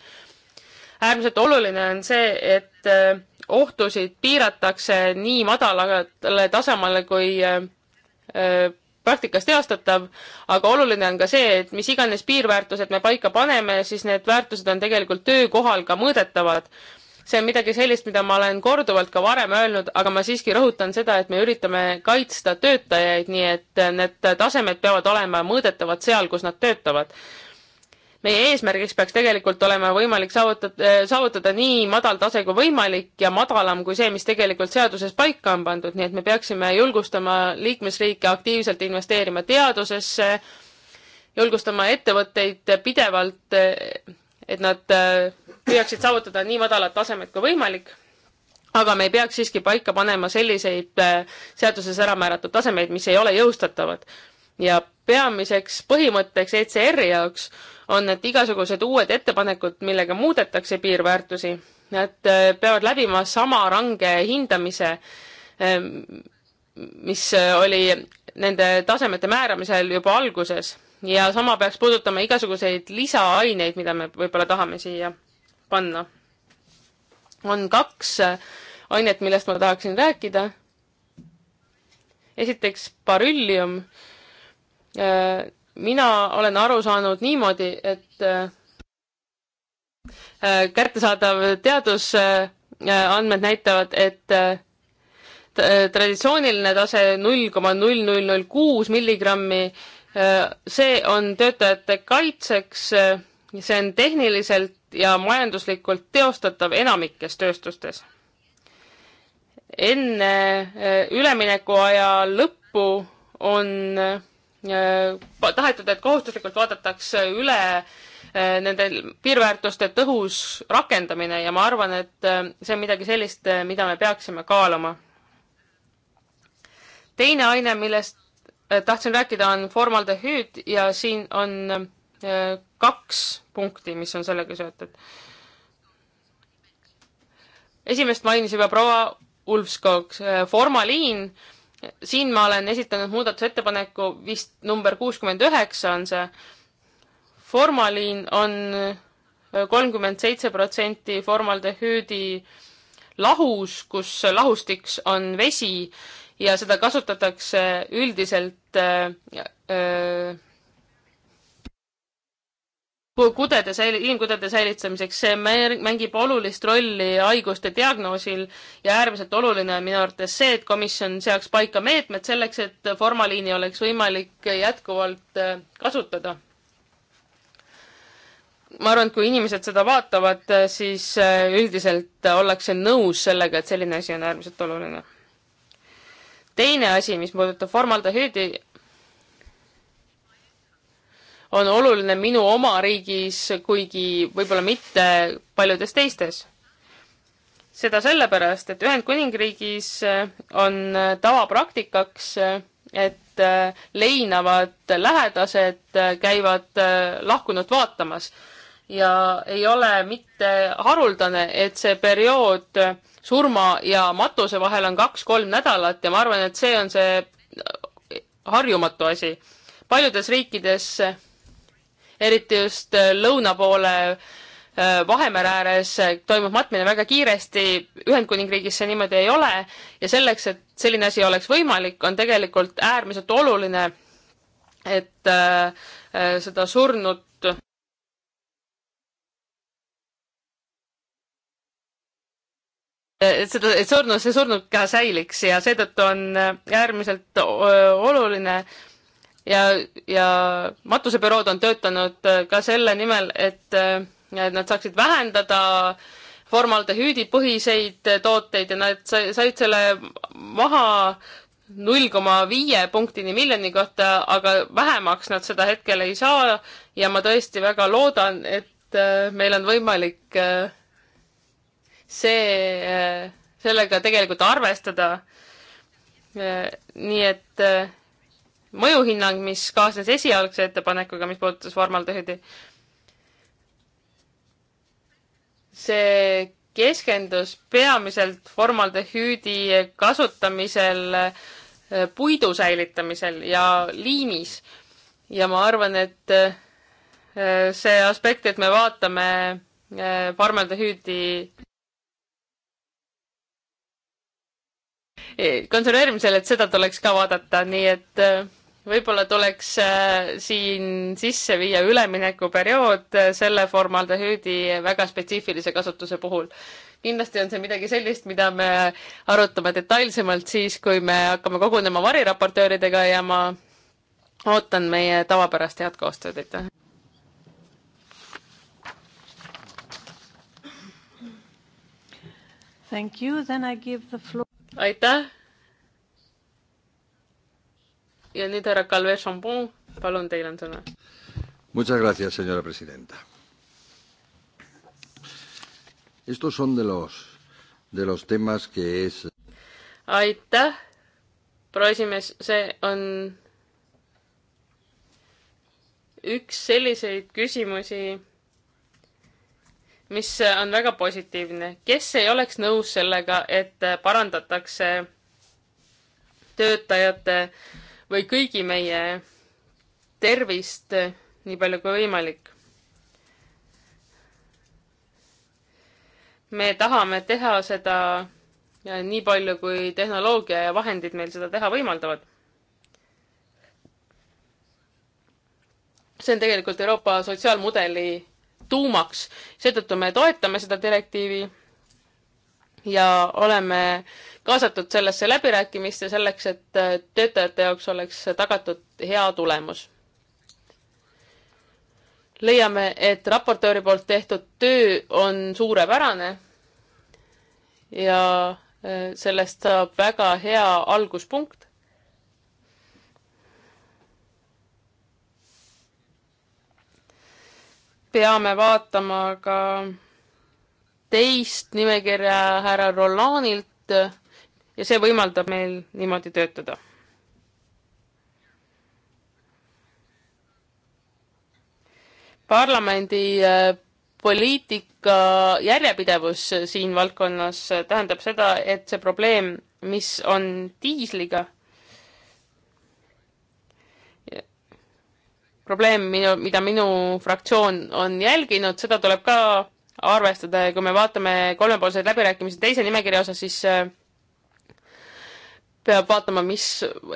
Speaker 4: äärmiselt oluline on see, et äh, ohtusid piiratakse nii madalale tasemele kui äh, äh, praktikas teostatav, aga oluline on ka see, et mis iganes piirväärtused me paika paneme, siis need väärtused on tegelikult töökohal ka mõõdetavad see on midagi sellist, mida ma olen korduvalt ka varem öelnud, aga ma siiski rõhutan seda, et me üritame kaitsta töötajaid, nii et need tasemed peavad olema mõõdetavad seal, kus nad töötavad meie eesmärgiks peaks tegelikult olema võimalik saavutada, saavutada nii madal tase kui võimalik ja madalam kui see, mis tegelikult seaduses paika on pandud, nii et me peaksime julgustama liikmesriike aktiivselt investeerima teadusesse, julgustama ettevõtteid pidevalt, et nad püüaksid saavutada nii madalat taset kui võimalik aga me ei peaks siiski paika panema selliseid äh, seaduses ära määratud tasemeid, mis ei ole jõustatavad. ja peamiseks põhimõtteks ECR-i jaoks on, et igasugused uued ettepanekud, millega muudetakse piirväärtusi, nad äh, peavad läbima sama range hindamise, ähm, mis äh, oli nende tasemete määramisel juba alguses ja sama peaks puudutama igasuguseid lisaaineid, mida me võib-olla tahame siia panna. on kaks ainet, millest ma tahaksin rääkida. esiteks barüllium. Äh, mina olen aru saanud niimoodi, et äh, kättesaadav teadusandmed äh, näitavad, et traditsiooniline tase null koma null null null kuus milligrammi, see on töötajate kaitseks, see on tehniliselt ja majanduslikult teostatav enamikes tööstustes. enne äh, üleminekuaja lõppu on äh, tahetud, et kohustuslikult vaadatakse üle äh, nende piirväärtuste tõhus rakendamine ja ma arvan, et see on midagi sellist, mida me peaksime kaaluma. teine aine, millest tahtsin rääkida, on formaldehüüd ja siin on kaks punkti, mis on sellega seotud. esimest mainis juba proua Ulfskog, formaliin, siin ma olen esitanud muudatusettepaneku, vist number kuuskümmend üheksa on see, formaliin on kolmkümmend seitse protsenti formaldehüüdi lahus, kus lahustiks on vesi ja seda kasutatakse üldiselt äh, äh, kudede säili-, inimkudede säilitamiseks, see mängib olulist rolli haiguste diagnoosil ja äärmiselt oluline on minu arvates see, et komisjon seaks paika meetmed selleks, et formaliini oleks võimalik jätkuvalt äh, kasutada. ma arvan, et kui inimesed seda vaatavad, äh, siis äh, üldiselt ollakse nõus sellega, et selline asi on äärmiselt oluline. teine asi, mis puudutab formaldehüüdi, on oluline minu oma riigis, kuigi võib-olla mitte paljudes teistes. seda sellepärast, et Ühendkuningriigis eh, on eh, tavapraktikaks, eh, et leinavad lähedased käivad lahkunut vaatamas ja ei ole mitte haruldane, et see periood surma ja matuse vahel on kaks-kolm nädalat ja ma arvan, et see on see harjumatu asi. paljudes riikides eriti just äh, lõuna poole äh, Vahemere ääres äh, toimub matmine väga kiiresti, Ühendkuningriigis see niimoodi ei ole ja selleks, et selline asi oleks võimalik, on tegelikult äärmiselt oluline, et äh, seda surnud et seda, et surnud, see surnud keha säiliks ja seetõttu on äärmiselt oluline äh, ja, ja matusebürood on töötanud äh, ka selle nimel, et, äh, et nad saaksid vähendada formaldehüüdi põhiseid äh, tooteid ja nad said selle maha null koma viie punktini miljoni kohta, aga vähemaks nad seda hetkel ei saa ja ma tõesti väga loodan, et meil on võimalik see, sellega tegelikult arvestada. nii et mõjuhinnang, mis kaasnes esialgse ettepanekuga, mis puudutas formaldehüüdi. see keskendus peamiselt formaldehüüdi kasutamisel eh, puidu säilitamisel ja liimis. ja ma arvan, et eh, see aspekt, et me vaatame formaldehüüdi eh, konserveerimisel, et seda tuleks ka vaadata, nii et võib-olla tuleks äh, siin sisse viia üleminekuperiood äh, selle formaldehüüdi väga spetsiifilise kasutuse puhul. kindlasti on see midagi sellist, mida me arutame detailsemalt siis, kui me hakkame kogunema variraportööridega ja ma ootan meie tavapärast head koostööd, aitäh.
Speaker 2: Thank you, then I give the floor. aitäh
Speaker 4: ja nüüd härra Calve Chambon, palun, teil on sõna.
Speaker 1: Muchas gracias, senora
Speaker 3: presidenta. Estos son de los, de los temas que es.
Speaker 4: aitäh, proua esimees, see on üks selliseid küsimusi, mis on väga positiivne. kes ei oleks nõus sellega, et parandatakse töötajate äh, või kõigi meie tervist nii palju kui võimalik. me tahame teha seda nii palju, kui tehnoloogia ja vahendid meil seda teha võimaldavad. see on tegelikult Euroopa sotsiaalmudeli tuumaks, seetõttu me toetame seda direktiivi ja oleme kaasatud sellesse läbirääkimisse selleks, et äh, töötajate jaoks oleks tagatud hea tulemus. leiame, et raportööri poolt tehtud töö on suurepärane ja äh, sellest saab väga hea alguspunkt. peame vaatama ka teist nimekirja härra Rolanilt ja see võimaldab meil niimoodi töötada. parlamendi äh, poliitika järjepidevus siin valdkonnas tähendab seda, et see probleem, mis on diisliga, probleem, mida minu fraktsioon on jälginud, seda tuleb ka arvestada ja kui me vaatame kolmepoolseid läbirääkimisi teise nimekirja osas, siis äh, peab vaatama, mis,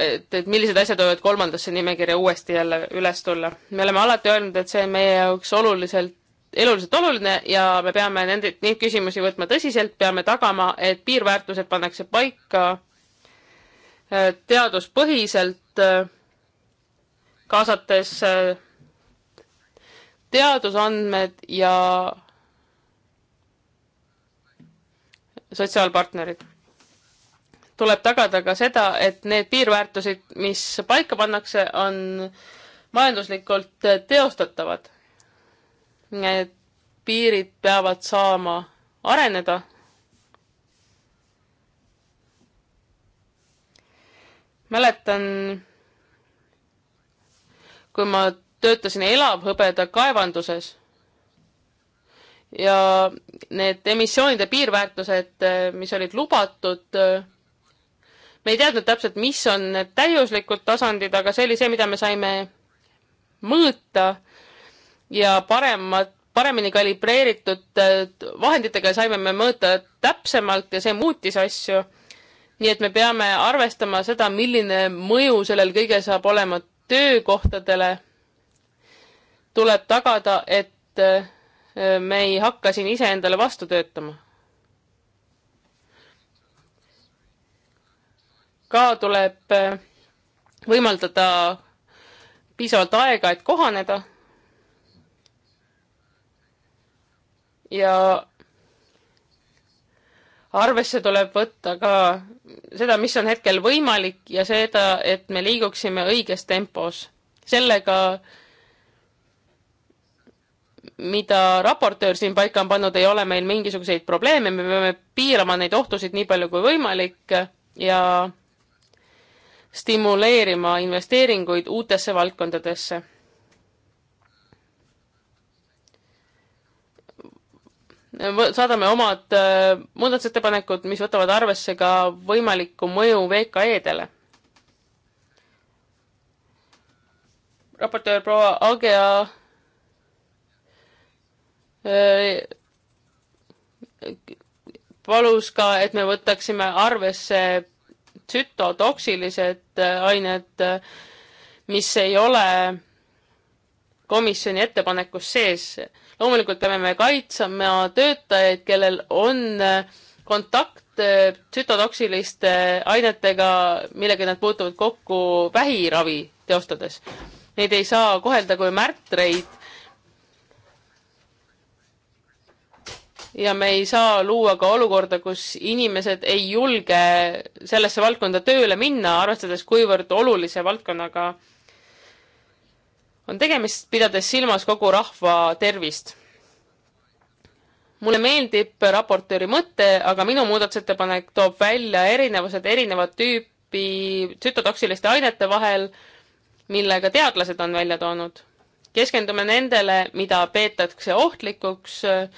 Speaker 4: et, et millised asjad võivad kolmandasse nimekirja uuesti jälle üles tulla. me oleme alati öelnud, et see on meie jaoks oluliselt, eluliselt oluline ja me peame nende, neid küsimusi võtma tõsiselt, peame tagama, et piirväärtused pannakse paika äh, teaduspõhiselt, äh, kaasates äh, teadusandmed ja sotsiaalpartnerid tuleb tagada ka seda, et need piirväärtused, mis paika pannakse, on majanduslikult teostatavad. Need piirid peavad saama areneda. mäletan, kui ma töötasin elavhõbeda kaevanduses ja need emissioonide piirväärtused, mis olid lubatud, me ei teadnud täpselt, mis on need täiuslikud tasandid, aga see oli see, mida me saime mõõta ja paremat, paremini kalibreeritud äh, vahenditega saime me mõõta täpsemalt ja see muutis asju. nii et me peame arvestama seda, milline mõju sellel kõigel saab olema töökohtadele. tuleb tagada, et äh, me ei hakka siin iseendale vastu töötama ka tuleb äh, võimaldada piisavalt aega, et kohaneda. ja arvesse tuleb võtta ka seda, mis on hetkel võimalik ja seda, et me liiguksime õiges tempos. sellega, mida raportöör siin paika on pannud, ei ole meil mingisuguseid probleeme, me peame piirama neid ohtusid nii palju kui võimalik ja stimuleerima investeeringuid uutesse valdkondadesse. saadame omad äh, muudatusettepanekud, mis võtavad arvesse ka võimalikku mõju VKE-dele. raportöör proua Agea äh, palus ka, et me võtaksime arvesse tsütotoksilised äh, ained, äh, mis ei ole komisjoni ettepanekus sees. loomulikult peame me kaitsema töötajaid, kellel on äh, kontakt tsütotoksiliste ainetega, millega nad puutuvad kokku vähiravi teostades. Neid ei saa kohelda kui märtreid ja me ei saa luua ka olukorda, kus inimesed ei julge sellesse valdkonda tööle minna, arvestades, kuivõrd olulise valdkonnaga on tegemist, pidades silmas kogu rahva tervist. mulle meeldib raportööri mõte, aga minu muudatusettepanek toob välja erinevused erinevat tüüpi tsütotoksiliste ainete vahel, millega teadlased on välja toonud. keskendume nendele, mida peetakse ohtlikuks äh,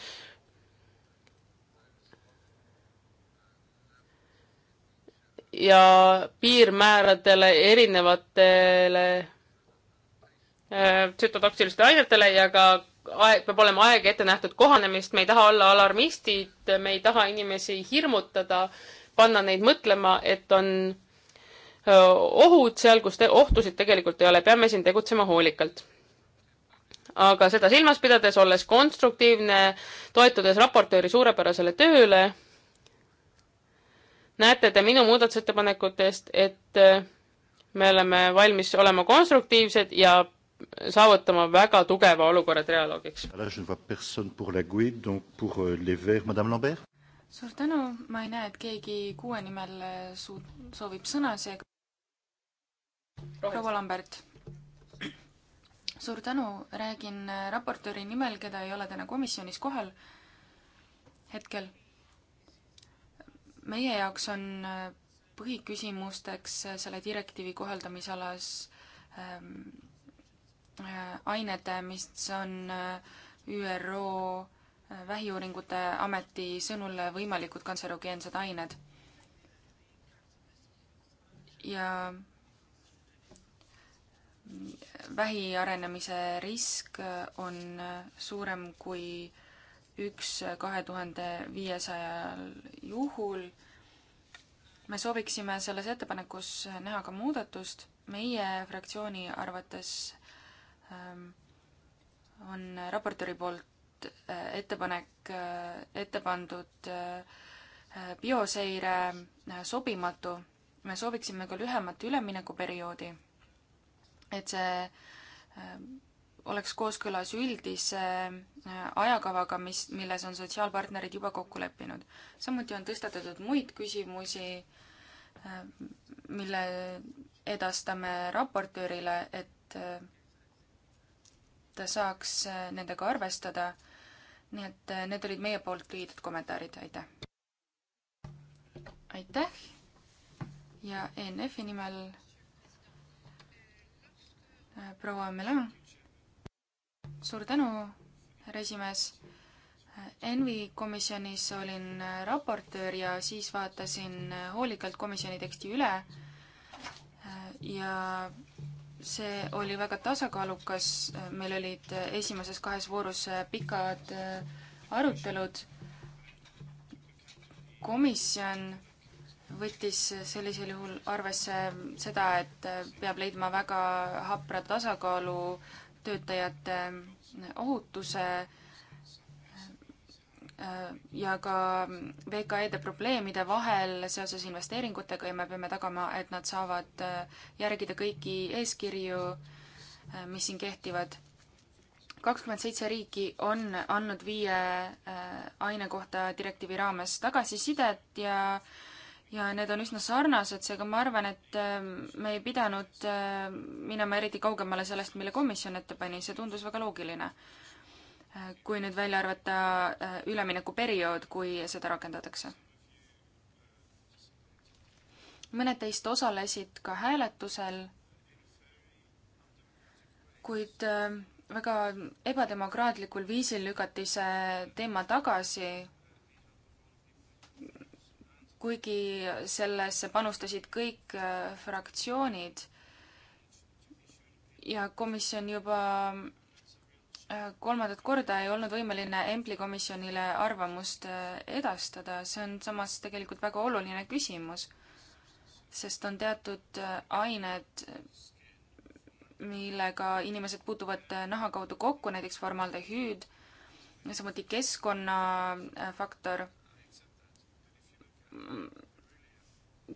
Speaker 4: ja piirmääradele erinevatele tsütotoksiliste äh, ainetele ja ka aeg, peab olema aeg ette nähtud kohanemist, me ei taha olla alarmistid, me ei taha inimesi hirmutada, panna neid mõtlema, et on ohud seal, kus te, ohtusid tegelikult ei ole, peame siin tegutsema hoolikalt. aga seda silmas pidades, olles konstruktiivne, toetudes raportööri suurepärasele tööle näete te minu muudatusettepanekutest, et äh, me oleme valmis olema konstruktiivsed ja saavutama väga tugeva olukorra trialoogiks.
Speaker 1: Ah euh,
Speaker 6: suur tänu, ma ei näe, et keegi kuue nimel äh, suu-, soovib sõna, seega proua Lambert. suur tänu, räägin äh, raportööri nimel, keda ei ole täna komisjonis kohal hetkel meie jaoks on äh, põhiküsimusteks äh, selle direktiivi kohaldamisalas ähm, äh, ained, mis on ÜRO Vähiuuringute Ameti sõnul võimalikud kantserogeensed ained. ja mm, vähi arenemise risk on suurem kui äh, üks kahe tuhande viiesajal juhul. me sooviksime selles ettepanekus näha ka muudatust. meie fraktsiooni arvates ähm, on raportööri poolt äh, ettepanek äh, ette pandud äh, bioseire sobimatu. me sooviksime ka lühemat üleminekuperioodi, et see oleks kooskõlas üldise äh, ajakavaga, mis, milles on sotsiaalpartnerid juba kokku leppinud. samuti on tõstatatud muid küsimusi, äh, mille edastame raportöörile, et äh, ta saaks nendega arvestada. nii et need olid meie poolt lühidad kommentaarid, aitäh! aitäh ja ENF-i nimel proua Melan suur tänu, härra esimees. Envi komisjonis olin raportöör ja siis vaatasin hoolikalt komisjoni teksti üle ja see oli väga tasakaalukas, meil olid esimeses kahes voorus pikad arutelud. komisjon võttis sellisel juhul arvesse seda, et peab leidma väga hapra tasakaalu töötajate äh, ohutuse äh, ja ka VKE-de probleemide vahel seoses investeeringutega ja me peame tagama, et nad saavad äh, järgida kõiki eeskirju, mis siin kehtivad. kakskümmend seitse riiki on andnud viie aine kohta direktiivi raames tagasisidet ja äh, ja need on üsna sarnased, seega ma arvan, et ähm, me ei pidanud ähm, minema eriti kaugemale sellest, mille komisjon ette pani, see tundus väga loogiline. Äh, kui nüüd välja arvata äh, üleminekuperiood, kui seda rakendatakse. mõned teist osalesid ka hääletusel, kuid ähm, väga ebademokraatlikul viisil lükati see teema tagasi kuigi sellesse panustasid kõik äh, fraktsioonid ja komisjon juba äh, kolmandat korda ei olnud võimeline Empli komisjonile arvamust äh, edastada, see on samas tegelikult väga oluline küsimus, sest on teatud ained, millega inimesed puutuvad naha kaudu kokku, näiteks formaldehüüd, samuti keskkonnafaktor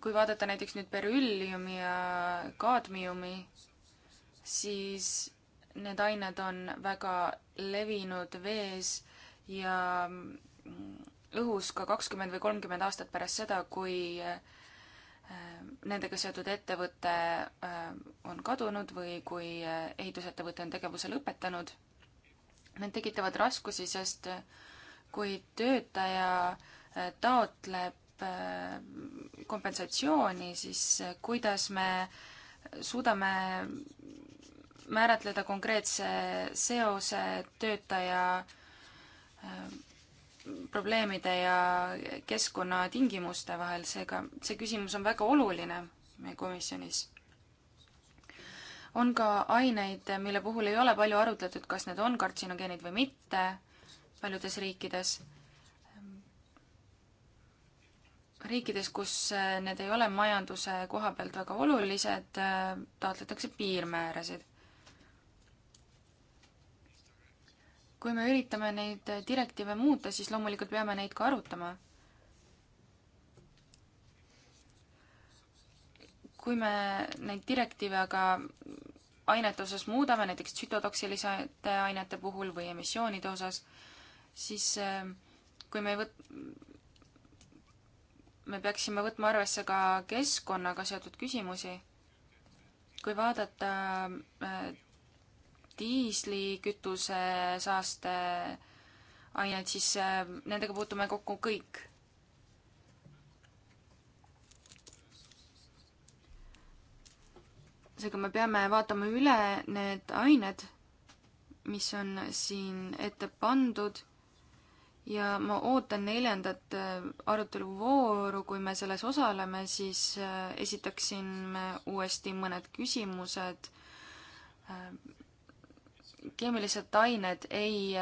Speaker 6: kui vaadata näiteks nüüd berülliumi ja kaadmiumi, siis need ained on väga levinud vees ja õhus ka kakskümmend või kolmkümmend aastat pärast seda, kui äh, nendega seotud ettevõte äh, on kadunud või kui äh, ehitusettevõte on tegevuse lõpetanud. Need tekitavad raskusi, sest kui töötaja taotleb Äh, kompensatsiooni, siis kuidas me suudame määratleda konkreetse seose töötaja äh, probleemide ja keskkonnatingimuste vahel, seega see küsimus on väga oluline meie komisjonis. on ka aineid, mille puhul ei ole palju arutletud, kas need on kartsinogeenid või mitte paljudes riikides riikides, kus äh, need ei ole majanduse koha pealt väga olulised, äh, taotletakse piirmäärasid. kui me üritame neid äh, direktiive muuta, siis loomulikult peame neid ka arutama. kui me neid direktiive aga ainete osas muudame, näiteks tsütotoksiliste ainete puhul või emissioonide osas, siis kui me ei võt-, me peaksime võtma arvesse ka keskkonnaga seotud küsimusi. kui vaadata äh, diislikütuse saasteaineid, siis äh, nendega puutume kokku kõik. seega me peame vaatama üle need ained, mis on siin ette pandud ja ma ootan neljandat äh, aruteluvooru, kui me selles osaleme, siis äh, esitaksin uuesti mõned küsimused. Äh, keemilised ained ei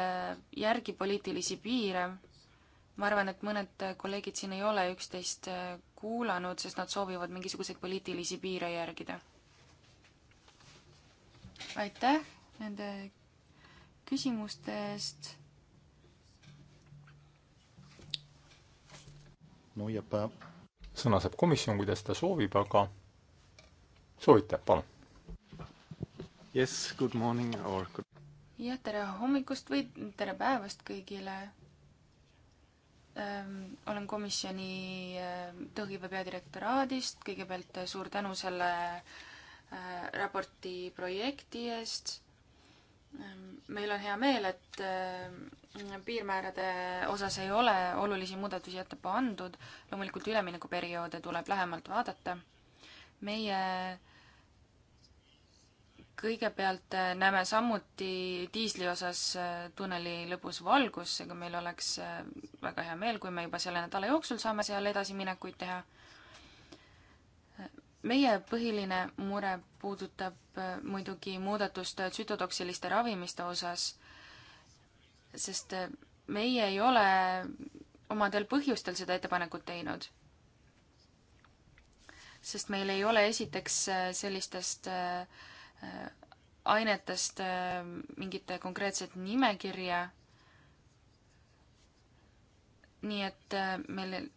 Speaker 6: järgi poliitilisi piire. ma arvan, et mõned kolleegid siin ei ole üksteist kuulanud, sest nad soovivad mingisuguseid poliitilisi piire järgida. aitäh nende küsimuste eest
Speaker 1: sõna saab komisjon, kui ta seda soovib, aga soovite, palun. Yes, good morning or good
Speaker 6: jah, tere hommikust või tere päevast kõigile ähm,. olen komisjoni äh, ehm, tõhjuvee peadirektoraadist, kõigepealt eh, suur tänu selle äh, raporti projekti eest ähm,. meil on hea meel, et äh, piirmäärade osas ei ole olulisi muudatusi ette pandud, loomulikult üleminekuperioode tuleb lähemalt vaadata. meie kõigepealt näeme samuti diisli osas äh, tunneli lõpus valgus, seega meil oleks äh, väga hea meel, kui me juba selle nädala jooksul saame seal edasiminekuid teha. meie põhiline mure puudutab äh, muidugi muudatust tsütotoksiliste ravimiste osas sest äh, meie ei ole omadel põhjustel seda ettepanekut teinud. sest meil ei ole esiteks äh, sellistest äh, ainetest mingit konkreetset nimekirja. nii et meil,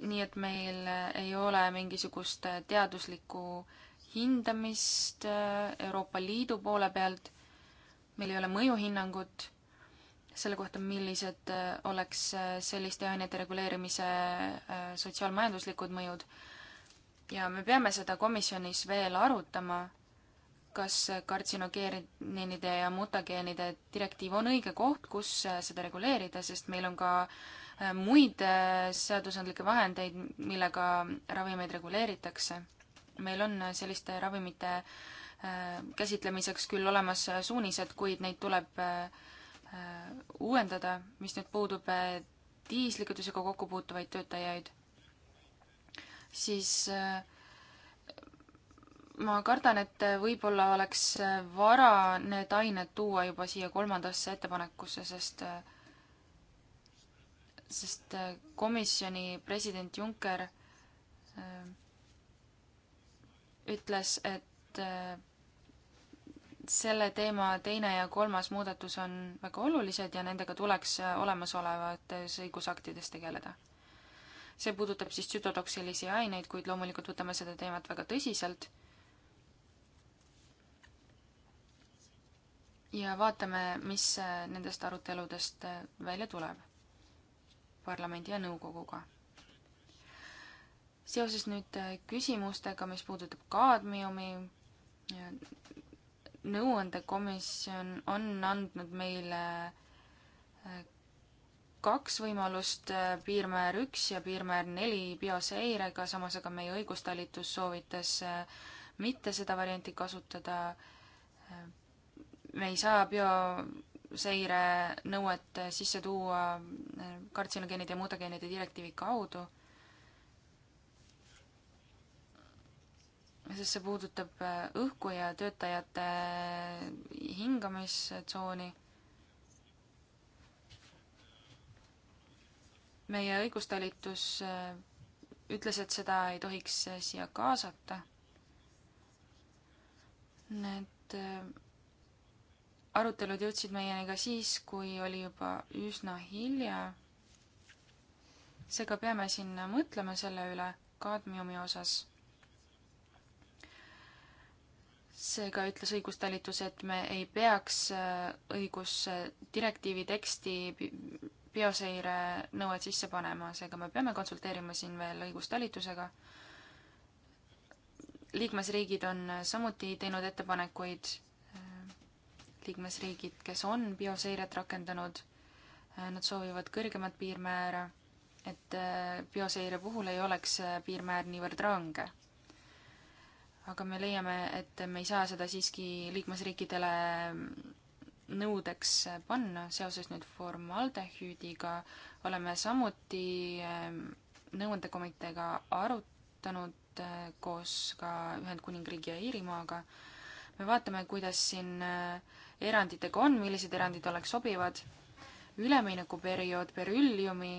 Speaker 6: nii et meil ei ole mingisugust teaduslikku hindamist Euroopa Liidu poole pealt meil ei ole mõjuhinnangut selle kohta, millised äh, oleks äh, selliste ainete reguleerimise äh, sotsiaalmajanduslikud mõjud. ja me peame seda komisjonis veel arutama, kas kartsinogeenide ja mutageenide direktiiv on õige koht, kus seda reguleerida, sest meil on ka muid seadusandlikke vahendeid, millega ravimeid reguleeritakse. meil on selliste ravimite äh, Äh, käsitlemiseks küll olemas suunised, kuid neid tuleb äh, äh, uuendada, mis nüüd puudub diislikütusega kokku puutuvaid töötajaid, siis ma kardan, et võib-olla oleks vara need ained tuua juba siia kolmandasse ettepanekusse, sest sest komisjoni president Juncker ütles, et selle teema teine ja kolmas muudatus on väga olulised ja nendega tuleks äh, olemasolevates õigusaktides tegeleda. see puudutab siis tsütotoksilisi aineid, kuid loomulikult võtame seda teemat väga tõsiselt. ja vaatame, mis äh, nendest aruteludest äh, välja tuleb parlamendi ja nõukoguga. seoses nüüd küsimustega, mis puudutab kaadmiumi nõuandekomisjon on andnud meile äh, kaks võimalust, äh, piirmäär üks ja piirmäär neli bioseirega, samas aga meie õigustalitus soovitas äh, mitte seda varianti kasutada. me ei saa bioseire nõuet sisse tuua kartsinogeenide ja mutageenide direktiivi kaudu sest see puudutab äh, õhku ja töötajate äh, hingamistsooni. meie õigustalitus äh, ütles, et seda ei tohiks siia kaasata. Need arutelud jõudsid meieni ka siis, kui oli juba üsna hilja. seega peame siin mõtlema selle üle kaadmiumi osas seega ütles õigustalitus, et me ei peaks äh, õigusdirektiivi äh, teksti bioseire nõuet sisse panema, seega me peame konsulteerima siin veel õigustalitusega. liikmesriigid on äh, samuti teinud ettepanekuid, liikmesriigid, kes on bioseiret rakendanud, nad soovivad kõrgemat piirmäära, et bioseire puhul ei oleks piirmäär niivõrd range aga me leiame, et me ei saa seda siiski liikmesriikidele nõudeks panna, seoses nüüd formaldehüüdiga oleme samuti ähm, nõuandekomiteega arutanud äh, koos ka Ühendkuningriigi ja Iirimaaga. me vaatame, kuidas siin äh, eranditega on, millised erandid oleks sobivad. üleminekuperiood Berylliumi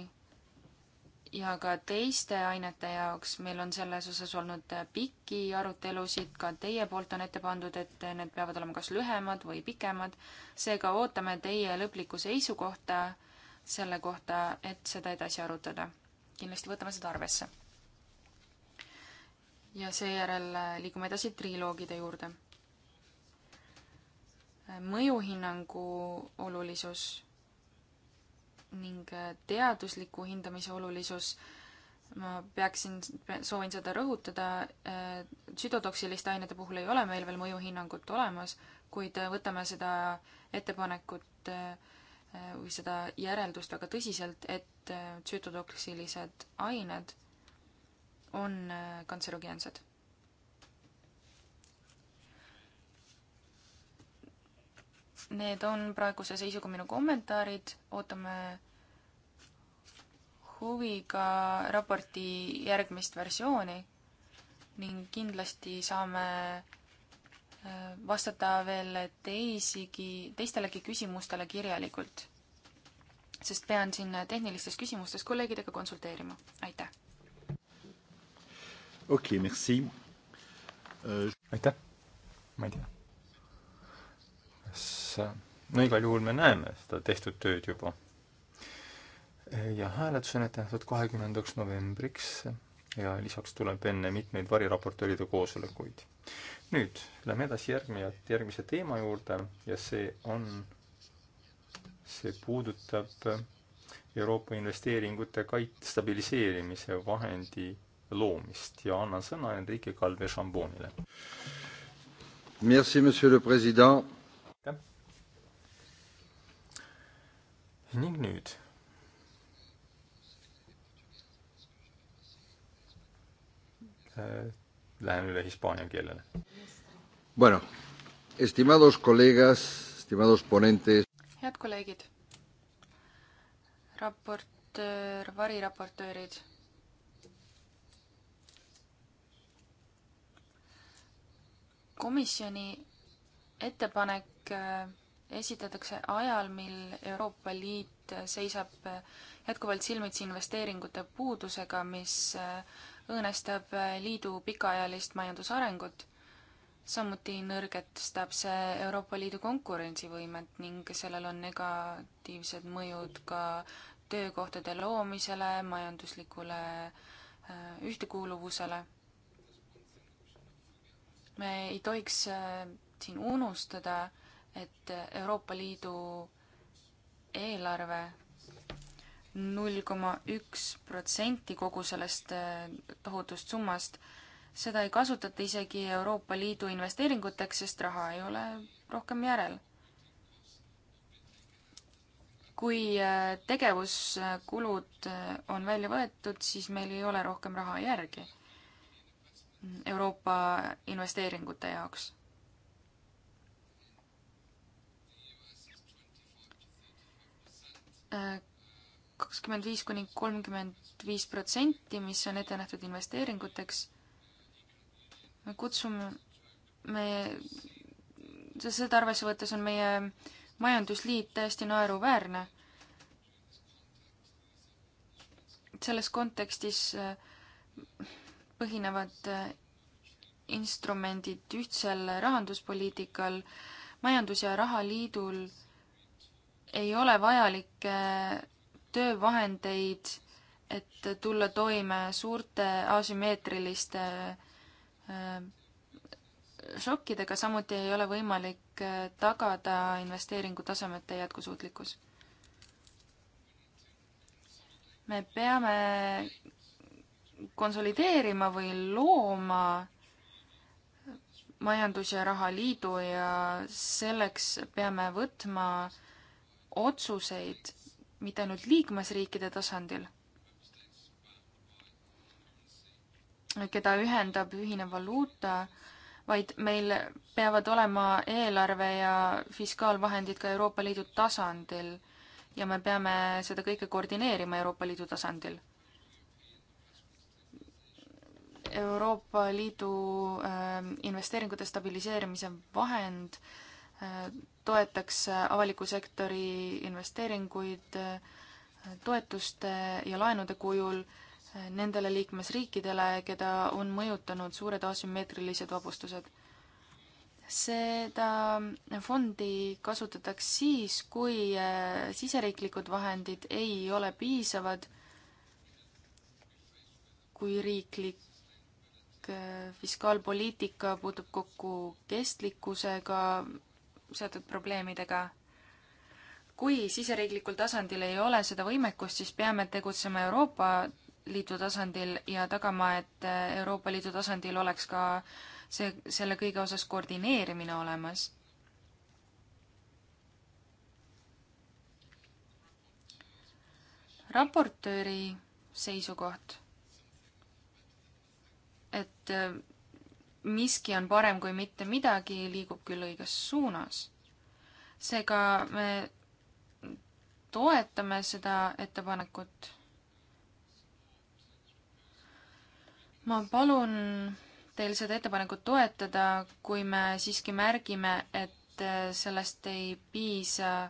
Speaker 6: ja ka teiste ainete jaoks. meil on selles osas olnud äh, pikki arutelusid, ka teie poolt on ette pandud, et äh, need peavad olema kas lühemad või pikemad. seega ootame teie lõplikku seisukohta selle kohta, et seda edasi arutada. kindlasti võtame seda arvesse. ja seejärel äh, liigume edasi triloogide juurde. mõjuhinnangu olulisus ning äh, teadusliku hindamise olulisus, ma peaksin, soovin seda rõhutada, äh, südotoksiliste ainete puhul ei ole meil veel mõjuhinnangut olemas, kuid äh, võtame seda ettepanekut või seda järeldust väga tõsiselt, et tsütotoksilised ained on kantserogeensed Need on praeguse seisuga minu kommentaarid, ootame huviga raporti järgmist versiooni ning kindlasti saame äh, vastata veel teisigi, teistelegi küsimustele kirjalikult, sest pean siin tehnilistes küsimustes kolleegidega konsulteerima, aitäh!
Speaker 3: okei okay,, merci!
Speaker 1: Euh, aitäh, ma ei tea no igal juhul me näeme seda tehtud tööd juba. ja hääletus on ette nähtud kahekümnendaks novembriks ja lisaks tuleb enne mitmeid variraportööride koosolekuid. nüüd lähme edasi järgmine, järgmise teema juurde ja see on, see puudutab Euroopa investeeringute kait-, stabiliseerimise vahendi loomist ja annan sõna Enrique Calve Šambonile. Merci, monsieur le president ning nüüd äh, lähen üle hispaania keelele. Bueno, estimados colegas, estimados ponentes.
Speaker 6: head kolleegid, raportöör, variraportöörid. komisjoni ettepanek äh, esitatakse ajal, mil Euroopa Liit seisab jätkuvalt silmitsi investeeringute puudusega, mis äh, õõnestab äh, liidu pikaajalist majandusarengut. samuti nõrgestab see Euroopa Liidu konkurentsivõimet ning sellel on negatiivsed mõjud ka töökohtade loomisele, majanduslikule äh, ühtekuuluvusele. me ei tohiks siin unustada et Euroopa Liidu eelarve null koma üks protsenti kogu sellest äh, tohutust summast, seda ei kasutata isegi Euroopa Liidu investeeringuteks, sest raha ei ole rohkem järel. kui äh, tegevuskulud äh, on välja võetud, siis meil ei ole rohkem raha järgi Euroopa investeeringute jaoks kakskümmend viis kuni kolmkümmend viis protsenti, mis on ette nähtud investeeringuteks. me kutsume, me, seda arvesse võttes on meie majandusliit täiesti naeruväärne. selles kontekstis äh, põhinevad äh, instrumendid ühtsel rahanduspoliitikal, majandus- ja rahaliidul ei ole vajalikke töövahendeid, et tulla toime suurte asümmeetriliste äh, šokkidega, samuti ei ole võimalik äh, tagada investeeringutasemete jätkusuutlikkus. me peame konsolideerima või looma majandus- ja rahaliidu ja selleks peame võtma äh, otsuseid mitte ainult liikmesriikide tasandil, keda ühendab ühine valuuta, vaid meil peavad olema eelarve ja fiskaalvahendid ka Euroopa Liidu tasandil ja me peame seda kõike koordineerima Euroopa Liidu tasandil. Euroopa Liidu ähm, investeeringute stabiliseerimise vahend äh, toetaks avaliku sektori investeeringuid toetuste ja laenude kujul nendele liikmesriikidele, keda on mõjutanud suured asümmeetrilised vabustused. seda fondi kasutatakse siis, kui äh, siseriiklikud vahendid ei ole piisavad, kui riiklik äh, fiskaalpoliitika puutub kokku kestlikkusega, seotud probleemidega. kui siseriiklikul tasandil ei ole seda võimekust, siis peame tegutsema Euroopa Liidu tasandil ja tagama, et Euroopa Liidu tasandil oleks ka see, selle kõige osas koordineerimine olemas. raportööri seisukoht, et miski on parem kui mitte midagi, liigub küll õiges suunas. seega me toetame seda ettepanekut. ma palun teil seda ettepanekut toetada, kui me siiski märgime, et äh, sellest ei piisa,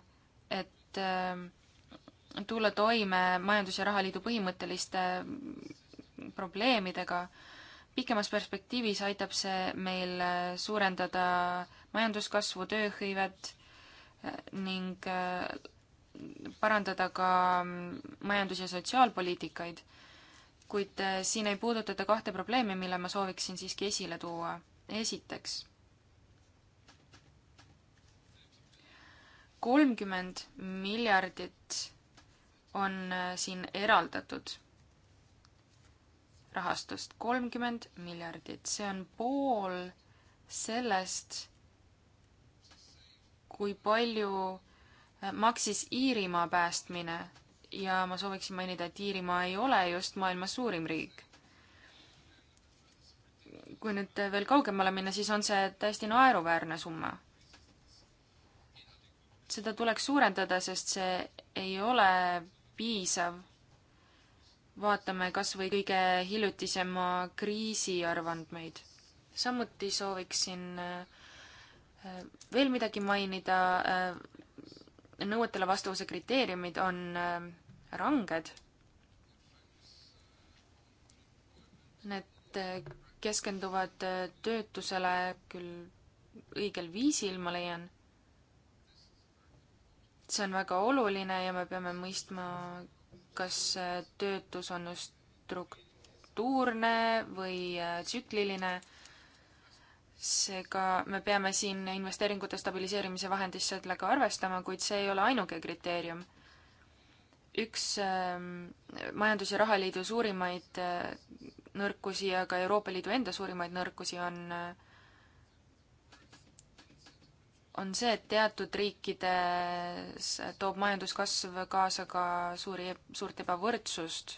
Speaker 6: et äh, tulla toime Majandus- ja Rahaliidu põhimõtteliste mm, probleemidega pikemas perspektiivis aitab see meil äh, suurendada majanduskasvu, tööhõivet äh, ning äh, parandada ka mm, majandus- ja sotsiaalpoliitikaid, kuid siin ei puudutata kahte probleemi, mille ma sooviksin siiski esile tuua. esiteks, kolmkümmend miljardit on siin eraldatud rahastust kolmkümmend miljardit, see on pool sellest, kui palju äh, maksis Iirimaa päästmine ja ma sooviksin mainida, et Iirimaa ei ole just maailma suurim riik. kui nüüd veel kaugemale minna, siis on see täiesti naeruväärne summa. seda tuleks suurendada, sest see ei ole piisav vaatame kas või kõige hiljutisema kriisi arvandmeid. samuti sooviksin äh, veel midagi mainida, äh, nõuetele vastavuse kriteeriumid on äh, ranged. Need keskenduvad töötusele küll õigel viisil, ma leian. see on väga oluline ja me peame mõistma kas äh, töötus on struktuurne või äh, tsükliline. seega me peame siin investeeringute stabiliseerimise vahendis sellega arvestama, kuid see ei ole ainuke kriteerium. üks ähm, Majandus- ja Rahaliidu suurimaid äh, nõrkusi ja ka Euroopa Liidu enda suurimaid nõrkusi on äh, on see, et teatud riikides toob majanduskasv kaasa ka suuri, suurt ebavõrdsust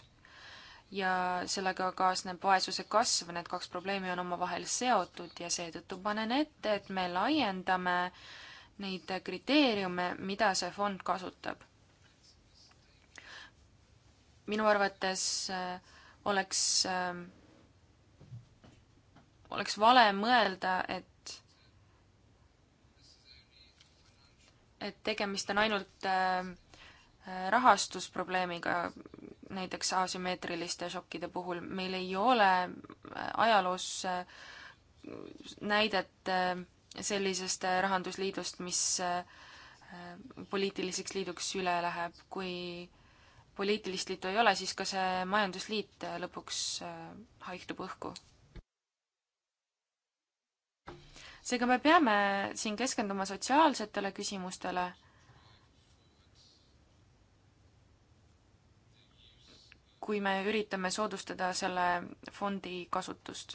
Speaker 6: ja sellega kaasneb vaesuse kasv, need kaks probleemi on omavahel seotud ja seetõttu panen ette, et me laiendame neid kriteeriume, mida see fond kasutab. minu arvates äh, oleks, äh, oleks vale mõelda, et et tegemist on ainult äh, äh, rahastusprobleemiga, näiteks asümmeetriliste šokkide puhul, meil ei ole äh, ajaloos näidet sellisest rahandusliidust, mis poliitiliseks liiduks üle läheb, kui poliitilist liitu ei ole, siis ka see majandusliit lõpuks haihtub õhku seega me peame siin keskenduma sotsiaalsetele küsimustele. kui me üritame soodustada selle fondi kasutust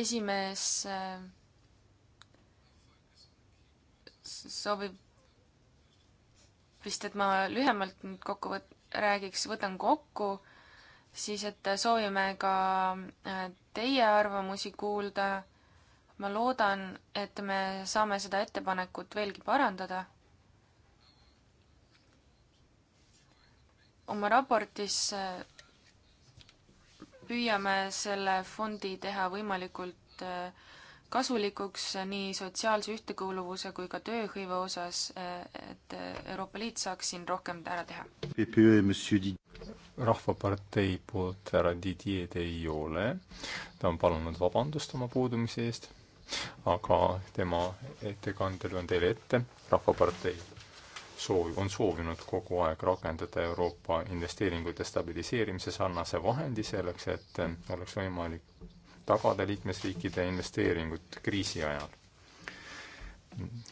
Speaker 6: esimees äh, soovib vist, et ma lühemalt nüüd kokku võt-, räägiks, võtan kokku, siis et soovime ka äh, teie arvamusi kuulda. ma loodan, et me saame seda ettepanekut veelgi parandada oma raportis äh, püüame selle fondi teha võimalikult äh, kasulikuks nii sotsiaalse ühtekuuluvuse kui ka tööhõive osas, et Euroopa Liit saaks siin rohkem ära teha.
Speaker 3: E,
Speaker 1: rahvapartei poolt härra Didier'd ei ole, ta on palunud vabandust oma puudumise eest, aga tema ettekande loen teile ette, Rahvapartei soovi, on soovinud kogu aeg rakendada Euroopa investeeringute stabiliseerimise sarnase vahendi selleks, et oleks võimalik tagada liikmesriikide investeeringud kriisi ajal.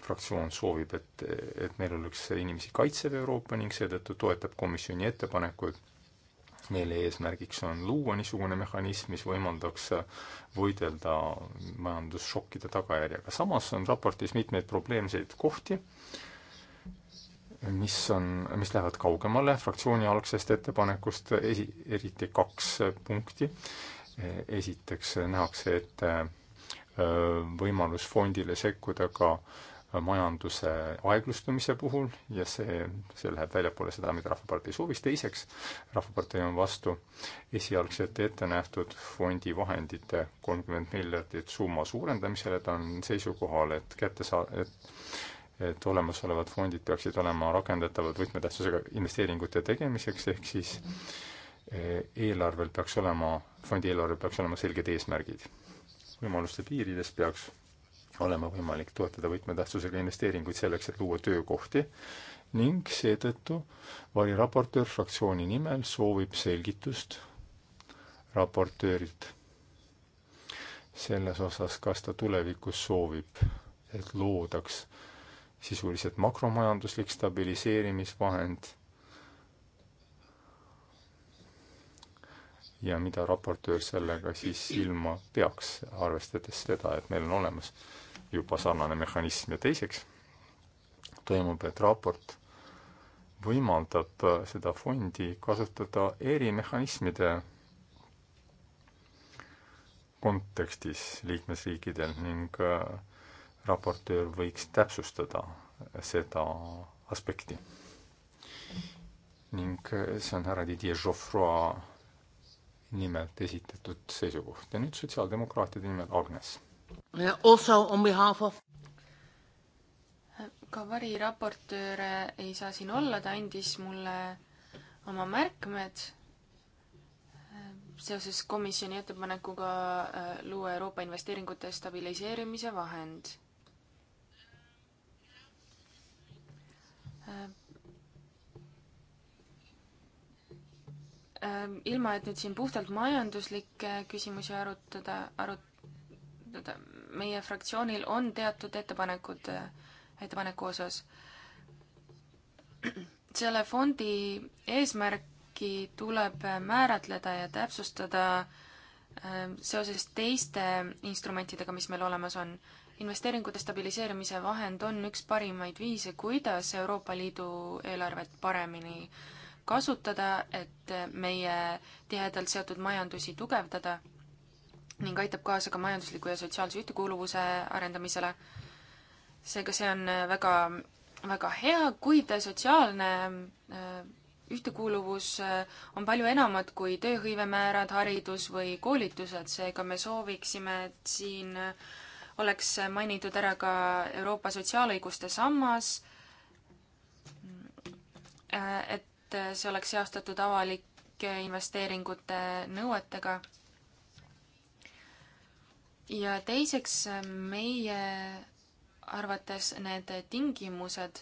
Speaker 1: fraktsioon soovib, et, et meil oleks inimesi kaitsev Euroopa ning seetõttu toetab komisjoni ettepanekuid, mille eesmärgiks on luua niisugune mehhanism, mis võimaldaks võidelda majandusšokkide tagajärjega. samas on raportis mitmeid probleemseid kohti, mis on, mis lähevad kaugemale fraktsiooni algsest ettepanekust, esi, eriti kaks punkti, Eh, esiteks eh, nähakse ette eh, võimalus fondile sekkuda ka majanduse aeglustumise puhul ja see, see läheb väljapoole seda, mida Rahvapartei soovis, teiseks Rahvapartei on vastu esialgselt ette nähtud fondi vahendite kolmkümmend miljardit summa suurendamisele, ta on seisukohal, et kätte saa-, et et olemasolevad fondid peaksid olema rakendatavad võtmetähtsusega investeeringute tegemiseks, ehk siis mm -hmm Eh, eelarvel peaks olema, fondi eelarvel peaks olema selged eesmärgid. võimaluste piirides peaks olema võimalik toetada võtmetähtsusega investeeringuid selleks, et luua töökohti ning seetõttu variraportöör fraktsiooni nimel soovib selgitust raportöörilt selles osas, kas ta tulevikus soovib, et loodaks sisuliselt makromajanduslik stabiliseerimisvahend ja mida raportöör sellega siis ilma peaks, arvestades seda, et meil on olemas juba sarnane mehhanism ja teiseks toimub, et raport võimaldab seda fondi kasutada erimehhanismide kontekstis liikmesriikidel ning äh, raportöör võiks täpsustada seda aspekti. ning äh, see on härra Didier Geoffroy nimelt esitatud seisukoht ja nüüd sotsiaaldemokraatide nimel Agnes.
Speaker 2: Also on behalf of
Speaker 6: ka variraportöör ei saa siin olla, ta andis mulle oma märkmed äh, seoses komisjoni ettepanekuga äh, luua Euroopa investeeringute stabiliseerimise vahend äh, Ähm, ilma, et nüüd siin puhtalt majanduslikke küsimusi arutada, arutada, meie fraktsioonil on teatud ettepanekud äh, ettepaneku osas. selle fondi eesmärki tuleb määratleda ja täpsustada ähm, seoses teiste instrumentidega, mis meil olemas on. investeeringute stabiliseerimise vahend on üks parimaid viise, kuidas Euroopa Liidu eelarvet paremini äh, kasutada, et meie tihedalt seotud majandusi tugevdada ning aitab kaasa ka majandusliku ja sotsiaalse ühtekuuluvuse arendamisele. seega see on väga, väga hea, kuid sotsiaalne äh, ühtekuuluvus äh, on palju enamat kui tööhõivemäärad, haridus või koolitused, seega me sooviksime, et siin äh, oleks mainitud ära ka Euroopa sotsiaalõiguste sammas, et et see oleks seostatud avalike investeeringute nõuetega. ja teiseks, meie arvates need tingimused,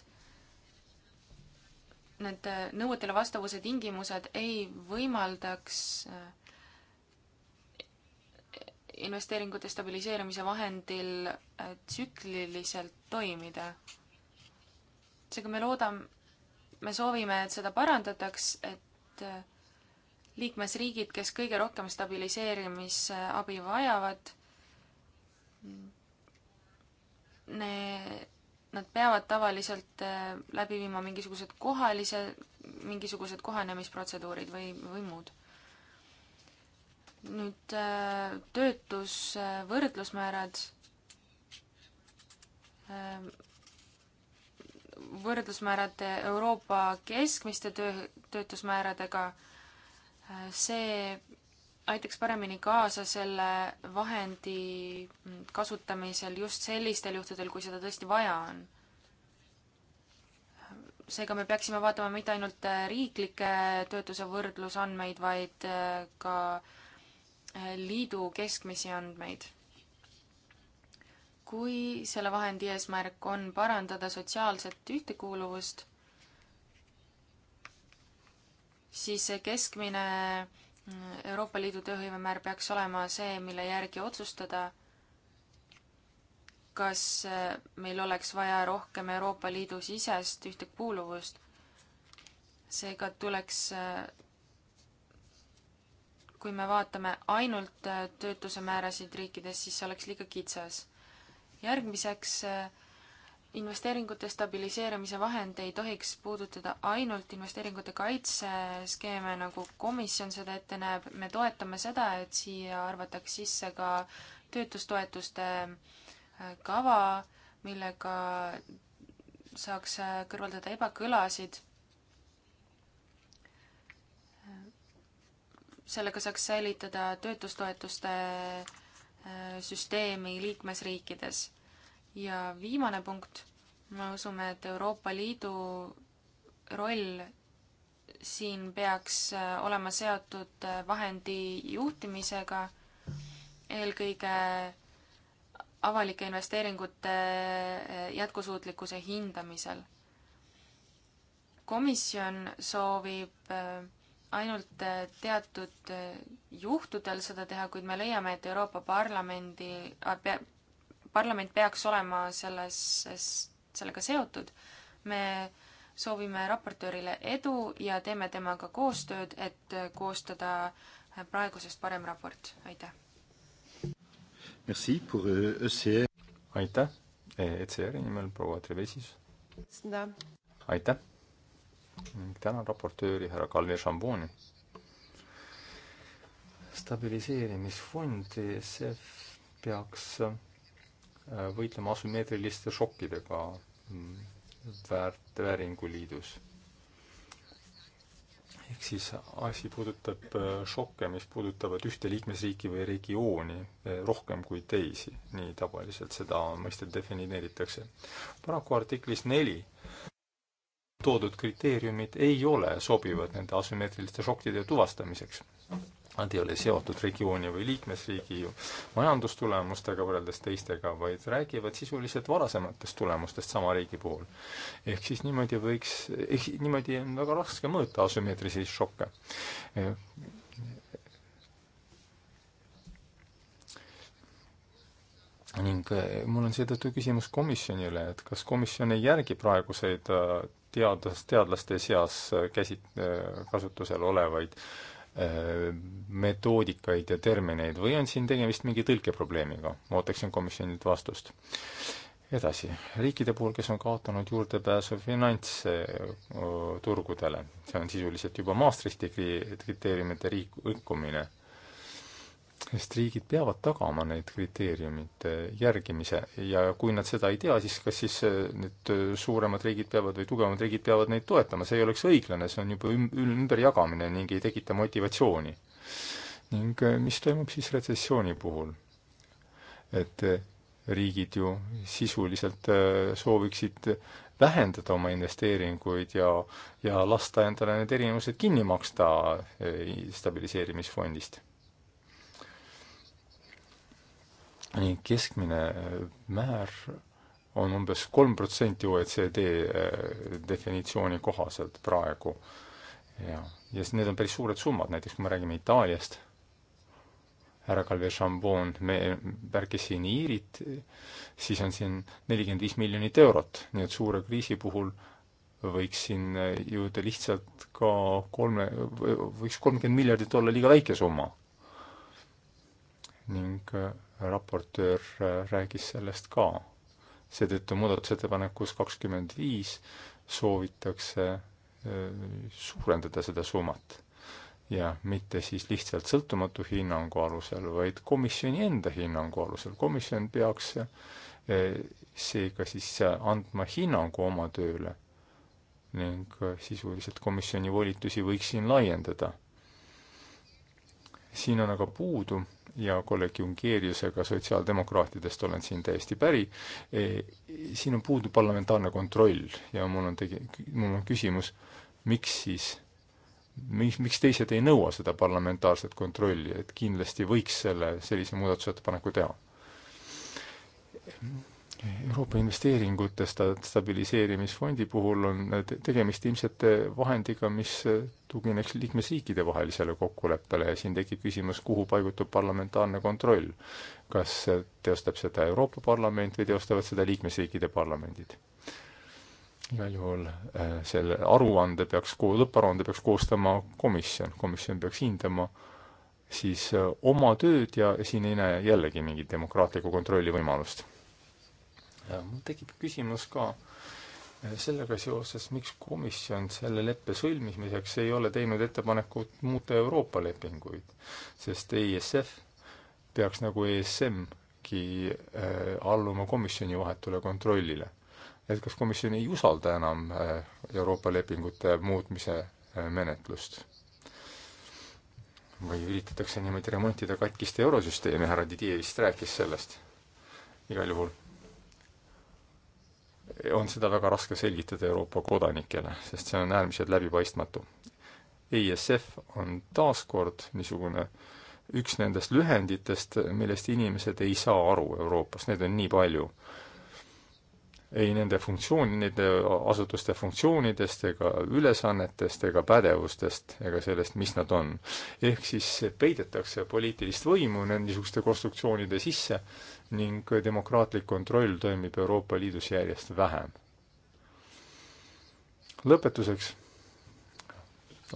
Speaker 6: need nõuetele vastavuse tingimused ei võimaldaks äh, investeeringute stabiliseerimise vahendil äh, tsükliliselt toimida. seega me loodame, me soovime, et seda parandataks, et äh, liikmesriigid, kes kõige rohkem stabiliseerimisabi vajavad, ne-, nad peavad tavaliselt äh, läbi viima mingisugused kohalise, mingisugused kohanemisprotseduurid või, või muud. nüüd äh, töötus, võrdlusmäärad võrdlusmäärad Euroopa keskmiste töö, töötusmääradega, see aitaks paremini kaasa selle vahendi kasutamisel just sellistel juhtudel, kui seda tõesti vaja on. seega me peaksime vaatama mitte ainult riiklikke töötuse võrdlusandmeid, vaid ka liidu keskmisi andmeid kui selle vahendi eesmärk on parandada sotsiaalset ühtekuuluvust, siis keskmine mm, Euroopa Liidu tööhõivemäär peaks olema see, mille järgi otsustada, kas eh, meil oleks vaja rohkem Euroopa Liidu sisest ühtekuuluvust. seega tuleks, eh, kui me vaatame ainult eh, töötuse määrasid riikides, siis see oleks liiga kitsas järgmiseks, äh, investeeringute stabiliseerimise vahend ei tohiks puudutada ainult investeeringute kaitseskeeme, nagu komisjon seda ette näeb. me toetame seda, et siia arvataks sisse ka töötustoetuste äh, kava, millega saaks äh, kõrvaldada ebakõlasid. sellega saaks säilitada töötustoetuste süsteemi liikmesriikides ja viimane punkt, me usume, et Euroopa Liidu roll siin peaks äh, olema seotud äh, vahendi juhtimisega, eelkõige avalike investeeringute äh, jätkusuutlikkuse hindamisel. komisjon soovib ainult teatud juhtudel seda teha, kuid me leiame, et Euroopa Parlamendi, parlament peaks olema selles, sellega seotud. me soovime raportöörile edu ja teeme temaga koostööd, et koostada praegusest parem raport, aitäh!
Speaker 1: Merci pour ECR. Euh, e aitäh, ECR-i nimel proua Trevesis. aitäh ning tänan raportööri härra Kalvi Šamboni. stabiliseerimisfond ESF peaks Äh, võitlema asümmeetriliste šokkidega mm, väärt, vääringu liidus. ehk siis asi puudutab äh, šokke, mis puudutavad ühte liikmesriiki või regiooni äh, rohkem kui teisi, nii tavaliselt seda mõistet defineeritakse. paraku artiklis neli toodud kriteeriumid ei ole sobivad nende asümmeetriliste šokkide tuvastamiseks Nad ei ole seotud regiooni või liikmesriigi majandustulemustega võrreldes teistega, vaid räägivad sisuliselt varasematest tulemustest sama riigi puhul. ehk siis niimoodi võiks, ehk niimoodi on väga raske mõõta asümmeetrilisi šokke. ning eh, mul on seetõttu küsimus komisjonile, et kas komisjon ei järgi praeguseid eh, teadlas, teadlaste seas eh, käsit-, kasutusel olevaid äh, Äh, metoodikaid ja termineid või on siin tegemist mingi tõlkeprobleemiga? ma ootaksin komisjonilt vastust. edasi, riikide puhul, kes on kaotanud juurdepääsu finantsturgudele, see on sisuliselt juba Maastrichti kriteeriumite riik-, rikkumine sest riigid peavad tagama neid kriteeriumite järgimise ja kui nad seda ei tea, siis kas siis äh, need äh, suuremad riigid peavad või tugevamad riigid peavad neid toetama, see ei oleks õiglane, see on juba üm-, ümberjagamine ning ei tekita motivatsiooni. ning äh, mis toimub siis retsessiooni puhul? et riigid ju sisuliselt sooviksid vähendada oma investeeringuid ja, ja lasta endale need erinevused kinni maksta stabiliseerimisfondist ning keskmine äh, määr on umbes kolm protsenti OECD äh, definitsiooni kohaselt praegu. ja, ja siis need on päris suured summad, näiteks kui me räägime Itaaliast, härra Calvi Chambon, me märkis siin Iirit, siis on siin nelikümmend viis miljonit eurot, nii et suure kriisi puhul võiks siin äh, jõuda lihtsalt ka kolme, võiks kolmkümmend miljardit olla liiga väike summa. ning raportöör räägis sellest ka. seetõttu muudatusettepanekus kakskümmend viis soovitakse suurendada seda summat ja mitte siis lihtsalt sõltumatu hinnangu alusel, vaid komisjoni enda hinnangu alusel. komisjon peaks seega siis andma hinnangu oma tööle ning sisuliselt komisjoni volitusi võiks siin laiendada. siin on aga puudu ja kolleeg Jungeeriusega sotsiaaldemokraatidest olen siin täiesti päri, e, siin on puudu parlamentaarne kontroll ja mul on tegi-, mul on küsimus, miks siis, miks, miks teised ei nõua seda parlamentaarset kontrolli, et kindlasti võiks selle, sellise muudatusettepaneku teha? Euroopa investeeringute stabiliseerimisfondi puhul on tegemist ilmselt vahendiga, mis tugineks liikmesriikide vahelisele kokkuleppele ja siin tekib küsimus, kuhu paigutub parlamentaarne kontroll. kas teostab seda Euroopa Parlament või teostavad seda liikmesriikide parlamendid? igal juhul äh, selle aruande peaks, lõpparuande peaks koostama komisjon, komisjon peaks hindama siis äh, oma tööd ja siin ei näe jällegi mingit demokraatlikku kontrolli võimalust ja mul tekib küsimus ka äh, sellega seoses, miks komisjon selle leppe sõlmimiseks ei ole teinud ettepanekut muuta Euroopa lepinguid, sest EISF peaks nagu ESM-gi äh, alluma komisjoni vahetule kontrollile. et kas komisjon ei usalda enam äh, Euroopa lepingute muutmise menetlust? või üritatakse niimoodi remontida katkist eurosüsteemi, härra Didier vist rääkis sellest igal juhul on seda väga raske selgitada Euroopa kodanikele, sest see on äärmiselt läbipaistmatu. ESF on taaskord niisugune üks nendest lühenditest, millest inimesed ei saa aru Euroopas, neid on nii palju. ei nende funktsiooni, nende asutuste funktsioonidest ega ülesannetest ega pädevustest ega sellest, mis nad on. ehk siis peidetakse poliitilist võimu niisuguste konstruktsioonide sisse ning demokraatlik kontroll toimib Euroopa Liidus järjest vähem. lõpetuseks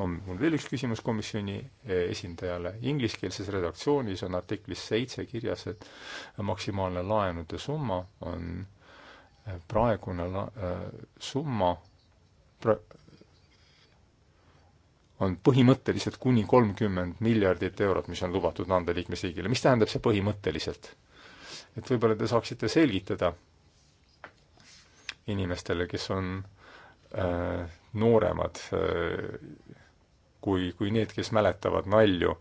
Speaker 1: on mul veel üks küsimus komisjoni eh, esindajale. Ingliskeelses redaktsioonis on artiklis seitse kirjas, et maksimaalne laenude summa on eh, praegune la-, eh, summa pra-, on põhimõtteliselt kuni kolmkümmend miljardit eurot, mis on lubatud anda liikmesriigile. mis tähendab see põhimõtteliselt? et võib-olla te saaksite selgitada inimestele, kes on äh, nooremad äh, kui, kui need, kes mäletavad nalju,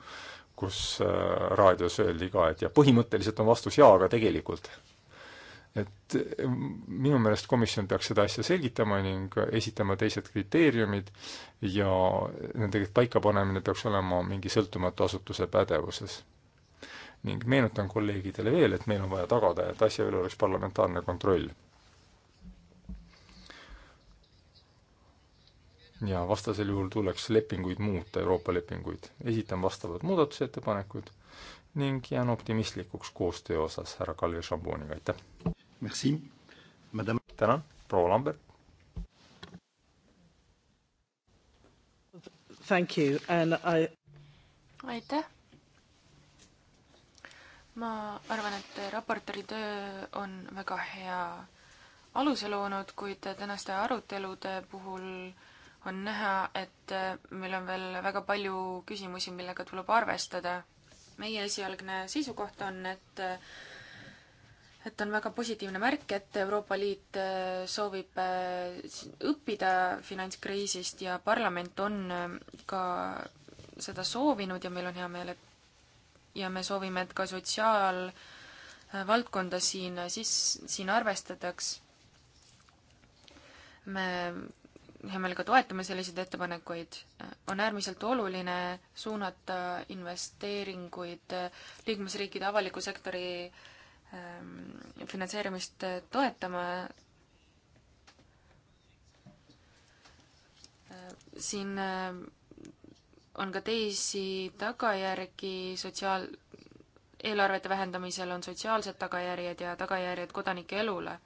Speaker 1: kus äh, raadios öeldi ka, et ja põhimõtteliselt on vastus jaa, aga tegelikult et äh, minu meelest komisjon peaks seda asja selgitama ning esitama teised kriteeriumid ja nende paikapanemine peaks olema mingi sõltumatu asutuse pädevuses ning meenutan kolleegidele veel, et meil on vaja tagada, et asja üle oleks parlamentaarne kontroll. ja vastasel juhul tuleks lepinguid muuta, Euroopa lepinguid. esitan vastavad muudatusettepanekud ning jään optimistlikuks koostöö osas härra Kalvi Šamboniga, aitäh! tänan,
Speaker 2: proua Lambert! Thank you and I
Speaker 6: aitäh! ma arvan, et raportööri töö on väga hea aluse loonud, kuid tänaste arutelude puhul on näha, et meil on veel väga palju küsimusi, millega tuleb arvestada. meie esialgne seisukoht on, et et on väga positiivne märk, et Euroopa Liit soovib õppida finantskriisist ja parlament on ka seda soovinud ja meil on hea meel, et ja me soovime, et ka sotsiaalvaldkonda siin siis, siin arvestataks. me hea meelega toetame selliseid ettepanekuid. on äärmiselt oluline suunata investeeringuid liikmesriikide avaliku sektori ähm, finantseerimist toetama. siin äh, on ka teisi tagajärgi sotsiaal, eelarvete vähendamisel on sotsiaalsed tagajärjed ja tagajärjed kodanike elule.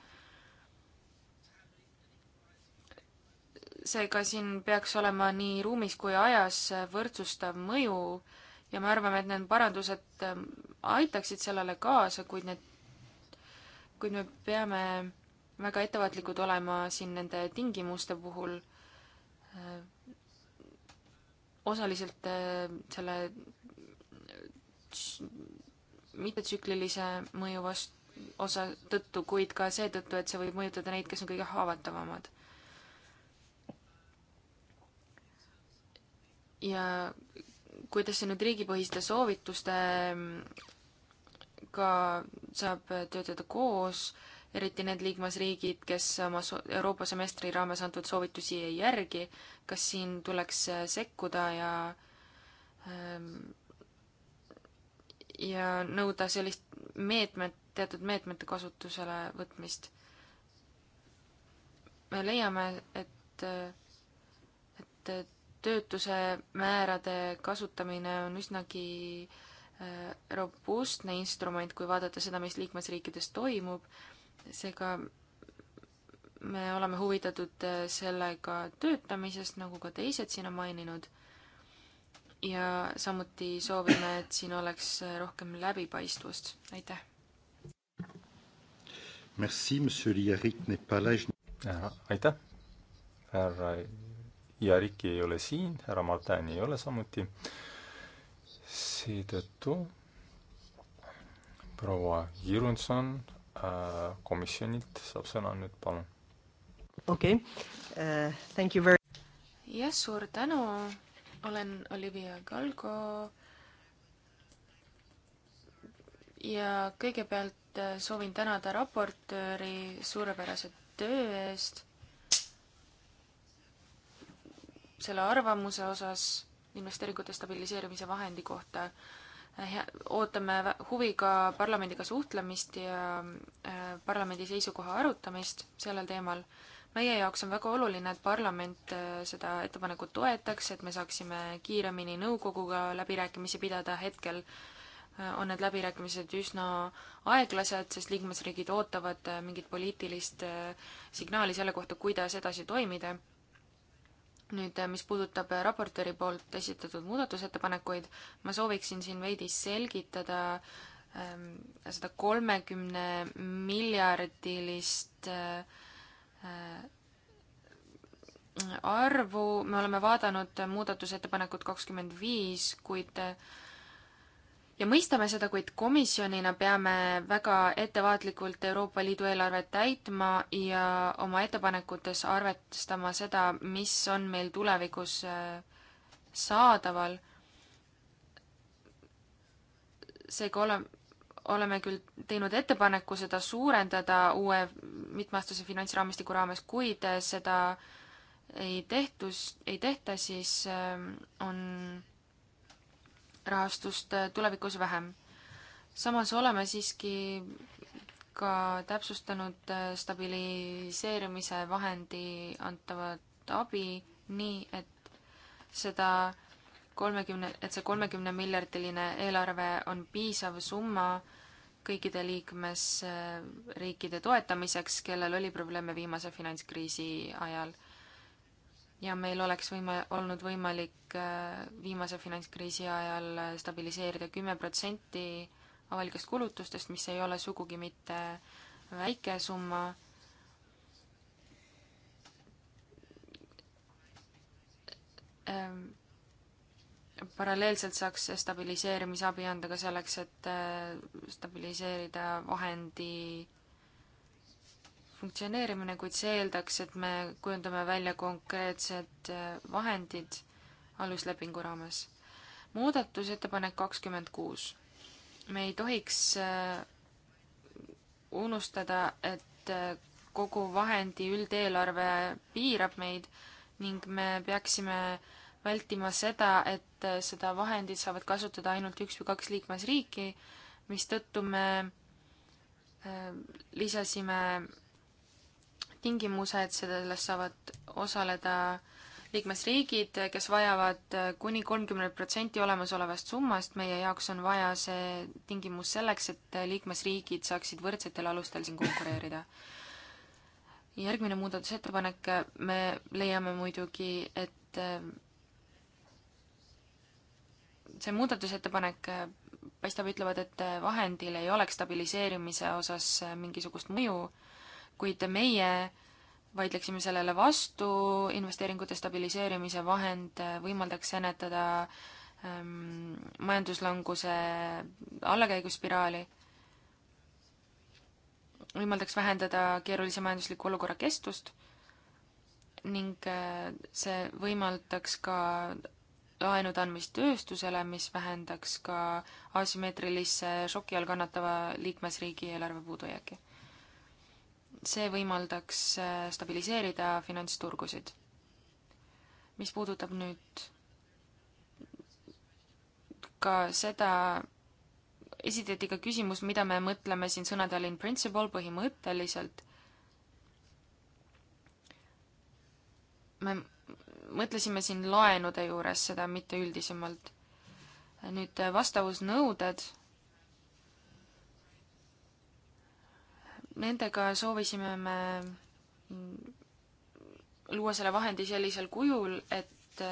Speaker 6: seega siin peaks olema nii ruumis kui ajas võrdsustav mõju ja me arvame, et need parandused ähm, aitaksid sellele kaasa, kuid need, kuid me peame väga ettevaatlikud olema siin nende tingimuste puhul äh, osaliselt äh, selle mittetsüklilise mõju vastu, osa tõttu, kuid ka seetõttu, et see võib mõjutada neid, kes on kõige haavatavamad. ja kuidas see nüüd riigipõhiste soovitustega saab töötada koos äh, eriti need liikmesriigid, kes oma Euroopa semestri raames antud soovitusi ei järgi, kas siin tuleks äh, sekkuda ja ähm, ja nõuda sellist meetmet, teatud meetmete kasutusele võtmist. me leiame, et, äh, et äh, töötuse määrade kasutamine on üsnagi robustne instrument, kui vaadata seda, mis liikmesriikides toimub seega me oleme huvitatud äh, sellega töötamisest, nagu ka teised siin on maininud, ja samuti soovime, et siin oleks äh, rohkem läbipaistvust, aitäh!
Speaker 1: Merci, monsieur Liarik n'est pas là. Äh, aitäh, härra Jariki ei ole siin, härra Martani ei ole samuti. seetõttu proua Jirunson Äh, komisjonilt saab sõna nüüd, palun.
Speaker 2: okei okay. uh,, äh, thank you very
Speaker 6: jah, suur tänu, olen Olivia Kalgo ja kõigepealt äh, soovin tänada raportööri suurepärase töö eest selle arvamuse osas investeeringute stabiliseerimise vahendi kohta Äh, ootame huviga parlamendiga suhtlemist ja äh, parlamendi seisukoha arutamist sellel teemal. meie jaoks on väga oluline, et parlament äh, seda ettepanekut toetaks, et me saaksime kiiremini nõukoguga läbirääkimisi pidada, hetkel on need läbirääkimised üsna aeglased, sest liikmesriigid ootavad mingit poliitilist signaali selle kohta, kuidas edasi toimida nüüd, äh, mis puudutab äh, raportööri poolt esitatud muudatusettepanekuid, ma sooviksin siin veidi selgitada ähm, seda kolmekümne miljardilist äh, äh arvu, me oleme vaadanud muudatusettepanekut kakskümmend viis, kuid äh, ja mõistame seda, kuid komisjonina peame väga ettevaatlikult Euroopa Liidu eelarvet täitma ja oma ettepanekutes arvestama seda, mis on meil tulevikus äh, saadaval. seega ole, oleme küll teinud ettepaneku seda suurendada uue mitmeaastase finantsraamistiku raames, kuid äh, seda ei tehtus, ei tehta, siis äh, on rahastust äh, tulevikus vähem. samas oleme siiski ka täpsustanud äh, stabiliseerimise vahendi antavat abi nii, et seda kolmekümne, et see kolmekümne miljardiline eelarve on piisav summa kõikide liikmesriikide toetamiseks, kellel oli probleeme viimase finantskriisi ajal ja meil oleks võima-, olnud võimalik äh, viimase finantskriisi ajal stabiliseerida kümme protsenti avalikest kulutustest, mis ei ole sugugi mitte väike summa, ähm, paralleelselt saaks stabiliseerimisabi anda ka selleks, et äh, stabiliseerida vahendi funktsioneerimine, kuid see eeldaks, et me kujundame välja konkreetsed äh, vahendid aluslepingu raames. muudatusettepanek kakskümmend kuus. me ei tohiks äh, unustada, et äh, kogu vahendi üldeelarve piirab meid ning me peaksime vältima seda, et seda vahendit saavad kasutada ainult üks või kaks liikmesriiki, mistõttu me lisasime tingimused, sellest saavad osaleda liikmesriigid, kes vajavad kuni kolmkümmend protsenti olemasolevast summast, meie jaoks on vaja see tingimus selleks, et liikmesriigid saaksid võrdsetel alustel siin konkureerida. järgmine muudatusettepanek, me leiame muidugi, et äh, see muudatusettepanek äh, paistab, ütlevad, et äh, vahendil ei oleks stabiliseerimise osas mingisugust mõju kuid meie vaidleksime sellele vastu, investeeringute stabiliseerimise vahend äh, võimaldaks ennetada ähm, majanduslanguse allakäiguspiraali, võimaldaks vähendada keerulise majandusliku olukorra kestust ning äh, see võimaldaks ka laenude andmist tööstusele, mis vähendaks ka asümmeetrilisse šoki all kannatava liikmesriigi eelarve puudujääki see võimaldaks äh, stabiliseerida finantsturgusid. mis puudutab nüüd ka seda, esitati ka küsimus, mida me mõtleme siin sõnadel in principle põhimõtteliselt. me mõtlesime siin laenude juures seda, mitte üldisemalt. nüüd äh, vastavusnõuded Nendega soovisime me luua selle vahendi sellisel kujul, et,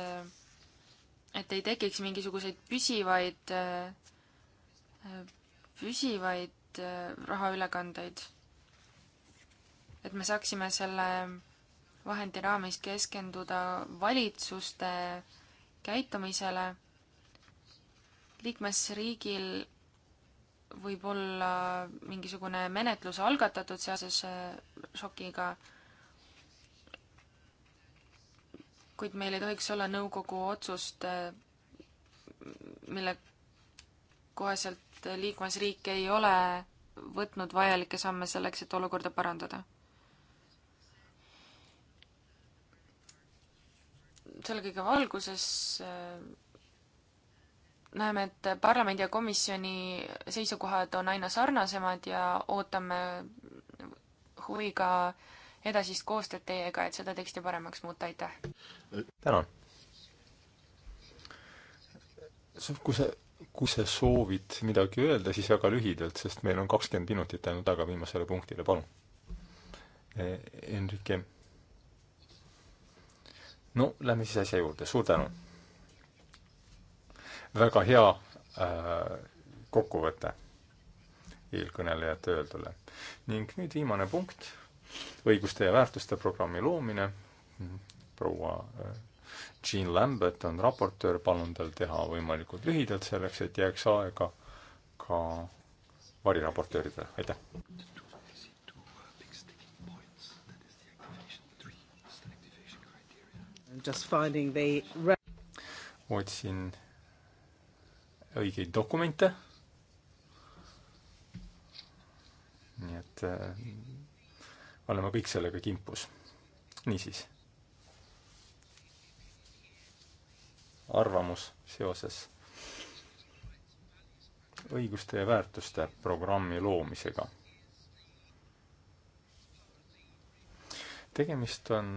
Speaker 6: et ei tekiks mingisuguseid püsivaid, püsivaid rahaülekandeid. et me saaksime selle vahendi raames keskenduda valitsuste käitumisele, liikmesriigil võib olla mingisugune menetlus algatatud seoses äh, šokiga, kuid meil ei tohiks olla nõukogu otsust, äh, mille koheselt liikmesriik ei ole võtnud vajalikke samme selleks, et olukorda parandada. selle kõige valguses äh, näeme, et parlamendi ja komisjoni seisukohad on aina sarnasemad ja ootame huviga edasist koostööd teiega, et seda teksti paremaks muuta, aitäh!
Speaker 1: tänan! kui sa, kui sa soovid midagi öelda, siis väga lühidalt, sest meil on kakskümmend minutit ainult aega viimasele punktile, palun! E, Enrique. no lähme siis asja juurde, suur tänu mm! -hmm väga hea äh, kokkuvõte eelkõnelejate öeldule. ning nüüd viimane punkt, õiguste ja väärtuste programmi loomine, proua äh, Jean Lambert on raportöör, palun tal teha võimalikult lühidalt selleks, et jääks aega ka variraportööridele, aitäh! otsin õigeid dokumente. nii et äh, oleme kõik sellega kimpus. niisiis. arvamus seoses õiguste ja väärtuste programmi loomisega. tegemist on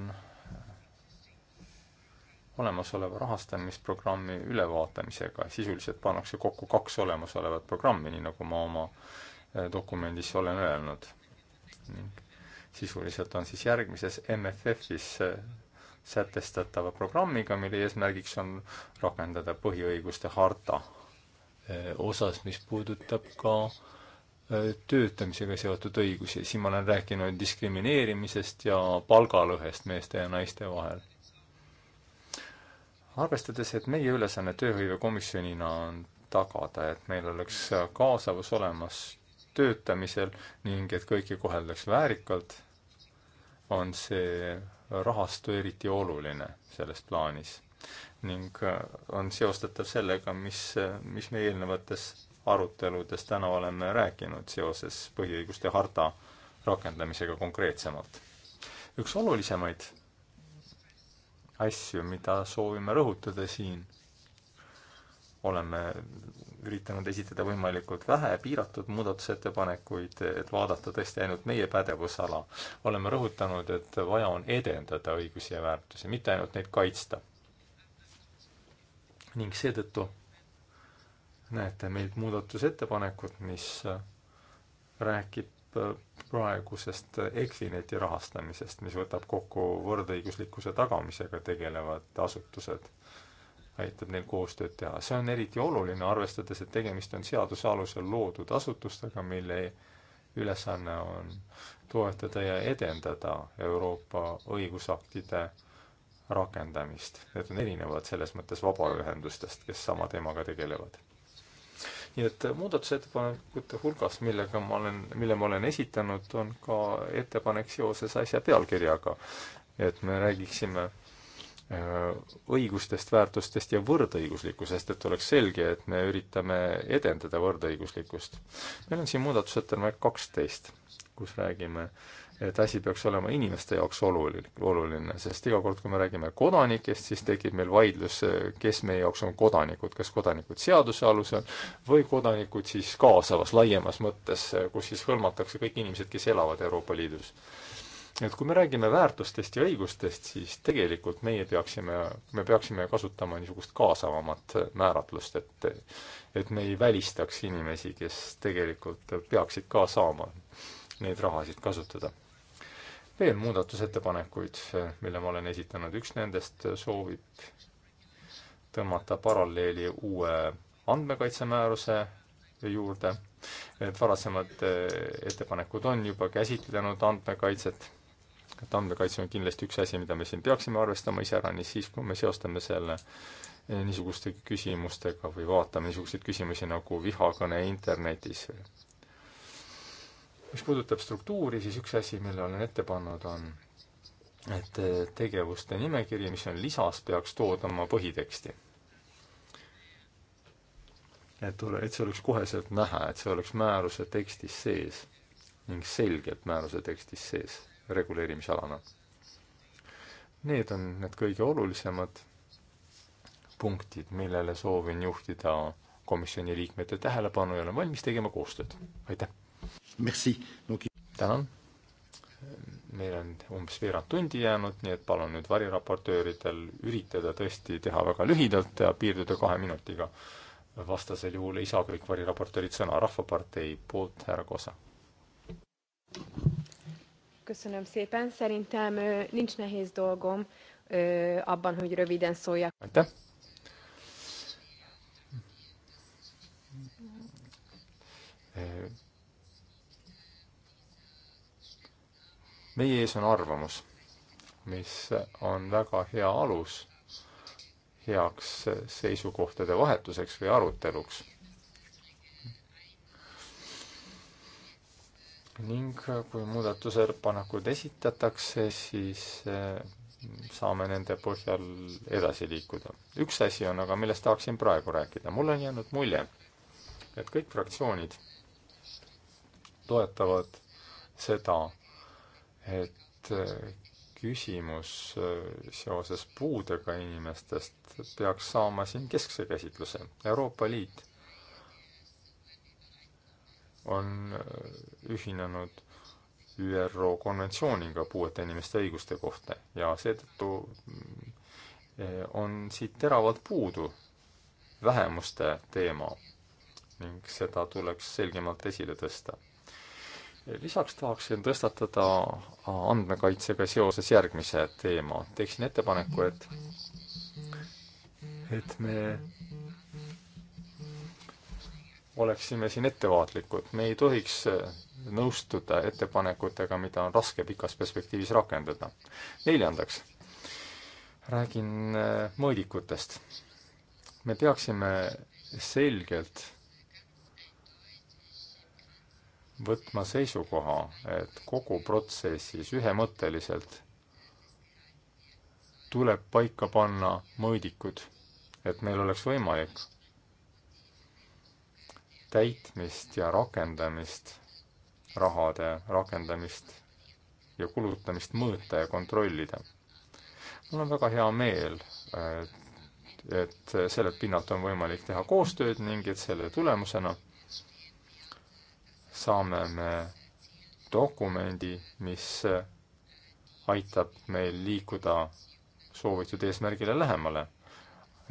Speaker 1: olemasoleva rahastamisprogrammi ülevaatamisega, sisuliselt pannakse kokku kaks olemasolevat programmi, nii nagu ma oma äh, dokumendis olen öelnud. ning sisuliselt on siis järgmises MFF-is äh, sätestatava programmiga, mille eesmärgiks on rakendada põhiõiguste harta äh, osas, mis puudutab ka töötamisega seotud õigusi, siin ma olen rääkinud diskrimineerimisest ja palgalõhest meeste ja naiste vahel arvestades, et meie ülesanne tööhõivekomisjonina on tagada, et meil oleks kaasavus olemas töötamisel ning et kõiki koheldaks väärikalt, on see rahastu eriti oluline selles plaanis ning äh, on seostatav sellega, mis, äh, mis me eelnevates aruteludes täna oleme rääkinud seoses põhiõiguste harta rakendamisega konkreetsemalt. üks olulisemaid asju, mida soovime rõhutada siin. oleme üritanud esitada võimalikult vähe piiratud muudatusettepanekuid, et vaadata tõesti ainult meie pädevusala. oleme rõhutanud, et vaja on edendada õigusi ja väärtusi, mitte ainult neid kaitsta. ning seetõttu näete meilt muudatusettepanekut, mis räägib Äh, praegusest Exineti rahastamisest, mis võtab kokku võrdõiguslikkuse tagamisega tegelevad asutused, aitab neil koostööd teha. see on eriti oluline, arvestades, et tegemist on seaduse alusel loodud asutustega, mille ülesanne on toetada ja edendada Euroopa õigusaktide rakendamist. Need on erinevad selles mõttes vabaühendustest, kes sama teemaga tegelevad nii et muudatusettepanekute hulgas, millega ma olen, mille ma olen esitanud, on ka ettepanek seoses asja pealkirjaga. et me räägiksime äh, õigustest, väärtustest ja võrdõiguslikkusest, et oleks selge, et me üritame edendada võrdõiguslikkust. meil on siin muudatusettepanek kaksteist, kus räägime äh, et asi peaks olema inimeste jaoks oluline, oluline, sest iga kord, kui me räägime kodanikest, siis tekib meil vaidlus, kes meie jaoks on kodanikud, kas kodanikud seaduse alusel või kodanikud siis kaasavas, laiemas mõttes, kus siis hõlmatakse kõik inimesed, kes elavad Euroopa Liidus. et kui me räägime väärtustest ja õigustest, siis tegelikult meie peaksime, me peaksime kasutama niisugust kaasavamat määratlust, et et me ei välistaks inimesi, kes tegelikult peaksid ka saama neid rahasid kasutada veel muudatusettepanekuid, mille ma olen esitanud, üks nendest soovib tõmmata paralleeli uue andmekaitsemääruse juurde, et varasemad eh, ettepanekud on juba käsitlenud andmekaitset, et andmekaitse on kindlasti üks asi, mida me siin peaksime arvestama iseäranis siis, kui me seostame selle eh, niisuguste küsimustega või vaatame niisuguseid küsimusi nagu vihakõne internetis mis puudutab struktuuri, siis üks asi, mille olen ette pannud, on et tegevuste nimekiri, mis on lisas, peaks toodama põhiteksti. et ole, et see oleks koheselt näha, et see oleks määruse tekstis sees ning selgelt määruse tekstis sees reguleerimisalana. Need on need kõige olulisemad punktid, millele soovin juhtida komisjoni liikmete tähelepanu ja olen valmis tegema koostööd. aitäh! tänan. meil on umbes veerand tundi jäänud, nii et palun nüüd variraportööridel üritada tõesti teha väga lühidalt ja piirduda kahe minutiga. vastasel juhul ei saa kõik variraportöörid sõna. rahvapartei poolt
Speaker 6: härra Kosa. Köszönöm szépen, szerintem nincs nehéz dolgom abban, hogy röviden szóljak.
Speaker 5: Aitäh!
Speaker 1: meie ees on arvamus, mis on väga hea alus heaks seisukohtade vahetuseks või aruteluks ning kui muudatusettepanekud esitatakse, siis eh, saame nende põhjal edasi liikuda. üks asi on aga, millest tahaksin praegu rääkida. mul on jäänud mulje, et kõik fraktsioonid toetavad seda et äh, küsimus äh, seoses puudega inimestest peaks saama siin keskse käsitluse. Euroopa Liit on äh, ühinenud ÜRO konventsiooniga puuete inimeste õiguste kohta ja seetõttu on siit teravalt puudu vähemuste teema ning seda tuleks selgemalt esile tõsta lisaks tahaksin tõstatada andmekaitsega seoses järgmise teema. teeksin ettepaneku, et et me oleksime siin ettevaatlikud, me ei tohiks nõustuda ettepanekutega, mida on raske pikas perspektiivis rakendada. neljandaks, räägin mõõdikutest. me peaksime selgelt võtma seisukoha, et kogu protsessis ühemõtteliselt tuleb paika panna mõõdikud, et meil oleks võimalik täitmist ja rakendamist, rahade rakendamist ja kulutamist mõõta ja kontrollida. mul on väga hea meel, et sellelt pinnalt on võimalik teha koostööd ning et selle tulemusena saame me dokumendi, mis aitab meil liikuda soovitud eesmärgile lähemale.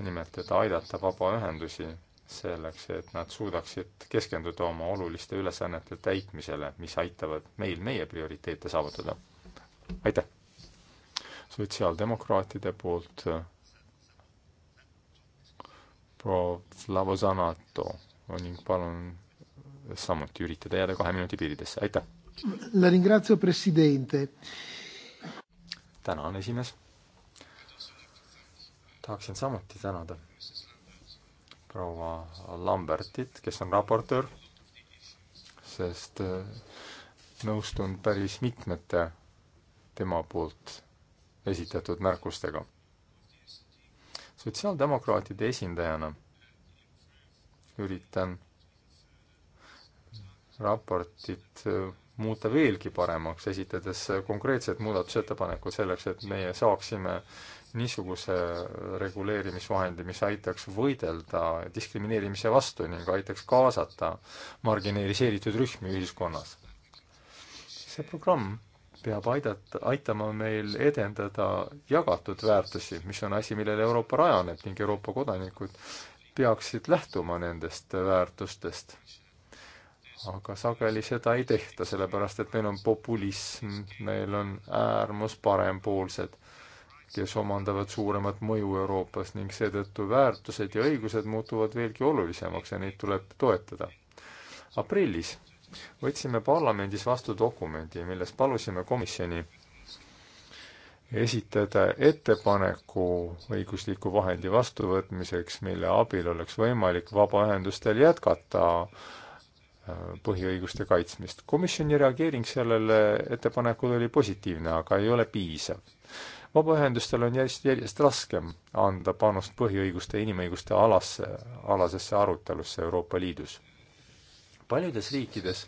Speaker 1: nimelt, et aidata vabaühendusi selleks, et nad suudaksid keskenduda oma oluliste ülesannete täitmisele, mis aitavad meil meie prioriteete saavutada. aitäh! sotsiaaldemokraatide poolt äh, proua Slavozanato ning palun samuti üritada jääda kahe minuti piiridesse, aitäh! tänan, esimees! tahaksin samuti tänada proua Lambertit, kes on raportöör, sest äh, nõustun päris mitmete tema poolt esitatud märkustega. sotsiaaldemokraatide esindajana üritan raportit äh, muuta veelgi paremaks, esitades konkreetsed muudatusettepanekud selleks, et meie saaksime niisuguse reguleerimisvahendi, mis aitaks võidelda diskrimineerimise vastu ning aitaks kaasata marginaliseeritud rühmi ühiskonnas. see programm peab aidata, aitama meil edendada jagatud väärtusi, mis on asi, millele Euroopa rajaneb ning Euroopa kodanikud peaksid lähtuma nendest väärtustest aga sageli seda ei tehta, sellepärast et meil on populism, meil on äärmus parempoolsed, kes omandavad suuremat mõju Euroopas ning seetõttu väärtused ja õigused muutuvad veelgi olulisemaks ja neid tuleb toetada. aprillis võtsime parlamendis vastu dokumendi, milles palusime komisjoni esitada ettepaneku õigusliku vahendi vastuvõtmiseks, mille abil oleks võimalik vabaühendustel jätkata äh, põhiõiguste kaitsmist. komisjoni reageering sellele ettepanekule oli positiivne, aga ei ole piisav. vabaühendustel on järjest, järjest raskem anda panust põhiõiguste ja inimõiguste alasse, alasesse arutelusse Euroopa Liidus. paljudes riikides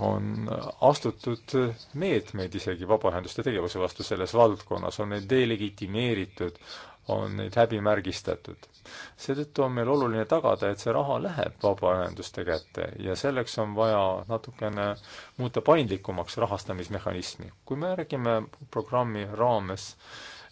Speaker 1: on astutud meetmeid isegi vabaühenduste tegevuse vastu selles valdkonnas, on neid delegitimeeritud, on neid häbimärgistatud. seetõttu on meil oluline tagada, et see raha läheb vabaühenduste kätte ja selleks on vaja natukene muuta paindlikumaks rahastamismehhanismi. kui me räägime programmi raames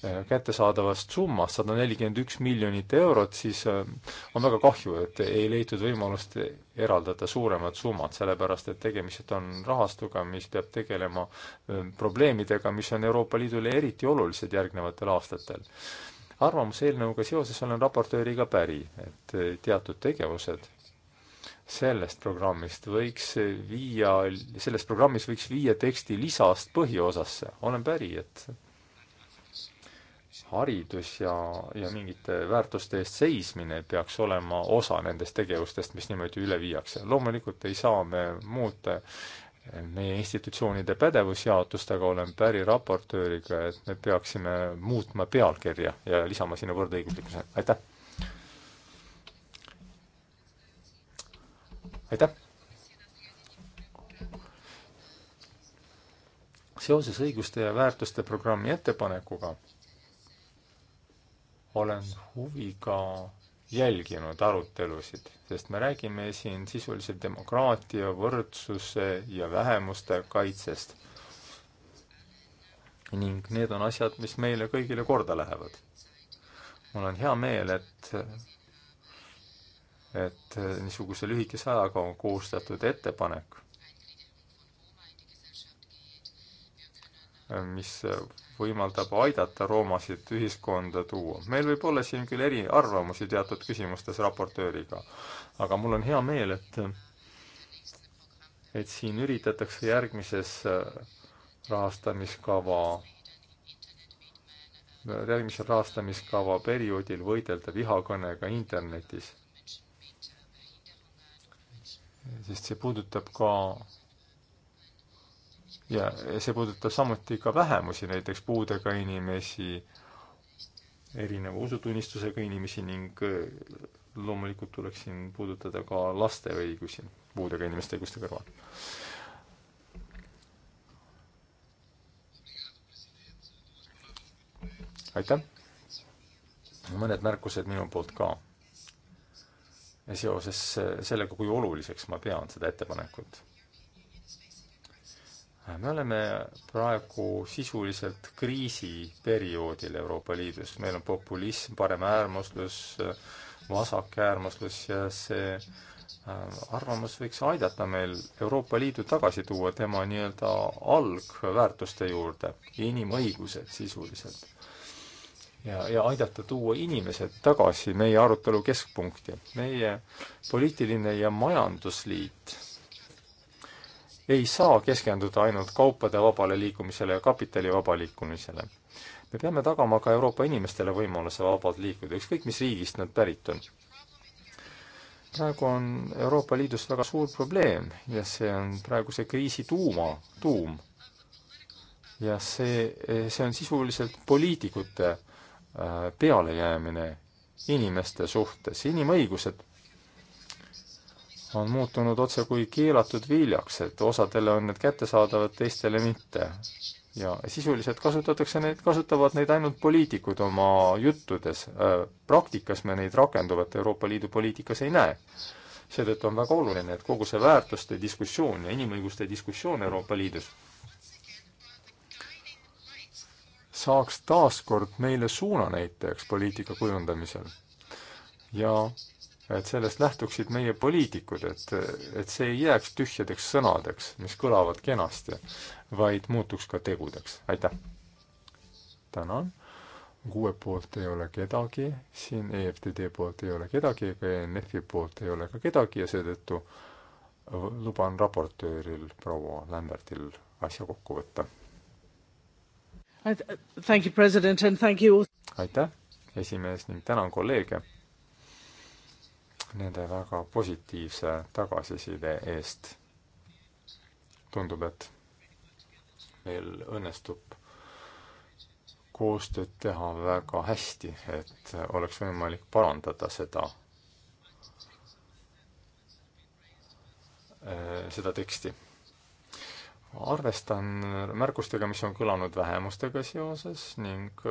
Speaker 1: eh, kättesaadavast summast sada nelikümmend üks miljonit eurot, siis eh, on väga kahju, et ei leitud võimalust eraldada suuremat summat, sellepärast et tegemist on rahastuga, mis peab tegelema eh, probleemidega, mis on Euroopa Liidule eriti olulised järgnevatel aastatel arvamuseelnõuga seoses olen raportööriga päri, et eh, teatud tegevused sellest programmist võiks viia, selles programmis võiks viia teksti lisast põhiosasse, olen päri, et haridus ja, ja mingite väärtuste eest seismine peaks olema osa nendest tegevustest, mis niimoodi üle viiakse. loomulikult ei saa me muuta meie institutsioonide pädevusjaotust, aga olen päri raportööriga, et me peaksime muutma pealkirja ja lisama sinna võrdõiguslikkuse, aitäh! aitäh! seoses õiguste ja väärtuste programmi ettepanekuga olen huviga jälginud arutelusid, sest me räägime siin sisuliselt demokraatia, võrdsuse ja vähemuste kaitsest. ning need on asjad, mis meile kõigile korda lähevad. mul on hea meel, et et niisuguse lühikese ajaga on koostatud ettepanek mis võimaldab aidata roomasid ühiskonda tuua. meil võib olla siin küll eriarvamusi teatud küsimustes raportööriga, aga mul on hea meel, et et siin üritatakse järgmises äh, rahastamiskava, järgmise rahastamiskava perioodil võidelda vihakõnega internetis. sest see puudutab ka ja see puudutab samuti ka vähemusi, näiteks puudega inimesi, erineva usutunnistusega inimesi ning äh, loomulikult tuleks siin puudutada ka laste õigusi puudega inimeste õiguste kõrval. aitäh! mõned märkused minu poolt ka. seoses äh, sellega, kui oluliseks ma pean seda ettepanekut me oleme praegu sisuliselt kriisiperioodil Euroopa Liidus, meil on populism, paremäärmuslus, vasakäärmuslus ja see äh, arvamus võiks aidata meil Euroopa Liidu tagasi tuua tema nii-öelda algväärtuste juurde, inimõigused sisuliselt. ja, ja aidata tuua inimesed tagasi meie arutelu keskpunkti. meie poliitiline ja majandusliit ei saa keskenduda ainult kaupade vabale liikumisele ja kapitali vaba liikumisele. me peame tagama ka Euroopa inimestele võimaluse vabalt liikuda, ükskõik mis riigist nad pärit on. praegu on Euroopa Liidus väga suur probleem ja see on praeguse kriisi tuuma, tuum. ja see, see on sisuliselt poliitikute äh, pealejäämine inimeste suhtes, inimõigused on muutunud otsekui keelatud viljaks, et osadele on need kättesaadavad, teistele mitte. ja sisuliselt kasutatakse neid, kasutavad neid ainult poliitikud oma juttudes. Äh, praktikas me neid rakenduvat Euroopa Liidu poliitikas ei näe. seetõttu on väga oluline, et kogu see väärtuste diskussioon ja inimõiguste diskussioon Euroopa Liidus saaks taaskord meile suunanäitajaks poliitika kujundamisel ja et sellest lähtuksid meie poliitikud, et, et see ei jääks tühjadeks sõnadeks, mis kõlavad kenasti, vaid muutuks ka tegudeks. aitäh! tänan! kuue poolt ei ole kedagi, siin EFTD poolt ei ole kedagi ega ENF-i poolt ei ole ka kedagi ja seetõttu luban raportööril proua Lämbertil asja kokku võtta. aitäh, esimees, ning tänan kolleege nende väga positiivse tagasiside eest. tundub, et meil õnnestub koostööd teha väga hästi, et oleks võimalik parandada seda, seda teksti. arvestan märkustega, mis on kõlanud vähemustega seoses ning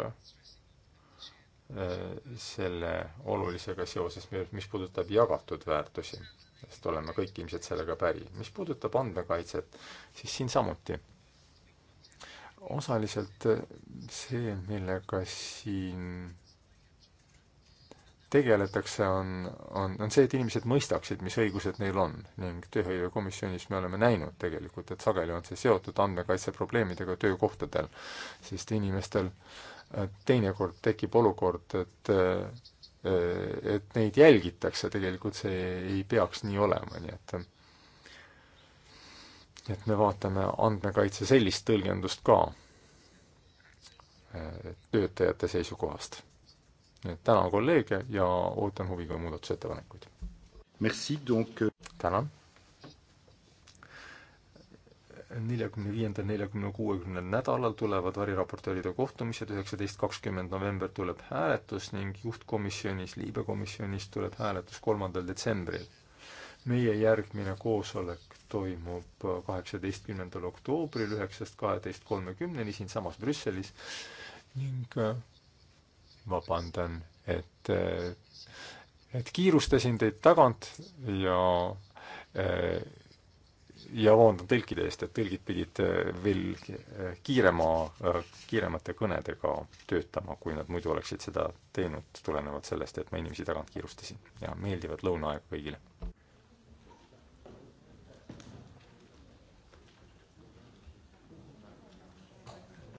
Speaker 1: Äh, selle olulisega seoses, mis puudutab jagatud väärtusi, sest oleme kõik ilmselt sellega päri. mis puudutab andmekaitset, siis siin samuti osaliselt äh, see, millega siin tegeletakse, on, on, on see, et inimesed mõistaksid, mis õigused neil on ning tööhõivekomisjonis me oleme näinud tegelikult, et sageli on see seotud andmekaitse probleemidega töökohtadel, sest inimestel äh, teinekord tekib olukord, et, eh, et neid jälgitakse, tegelikult see ei peaks nii olema, nii et et me vaatame andmekaitse sellist tõlgendust ka eh, töötajate seisukohast. nii et tänan kolleege ja ootan huviga muudatusettepanekuid. Euh, tänan neljakümne viiendal, neljakümne kuuekümnel nädalal tulevad variraportööride kohtumised, üheksateist, kakskümmend november tuleb hääletus ning juhtkomisjonis, liibekomisjonis tuleb hääletus kolmandal detsembril. meie järgmine koosolek toimub kaheksateistkümnendal oktoobril üheksast kaheteist kolmekümneni siinsamas Brüsselis ning äh, vabandan, et, äh, et kiirustasin teid tagant ja äh, ja vabandan tõlkide eest, et tõlgid pidid eh, veel eh, kiirema, eh, kiiremate kõnedega töötama, kui nad muidu oleksid seda teinud, tulenevalt sellest, et ma inimesi tagant kiirustasin. ja meeldivat lõunaaega kõigile!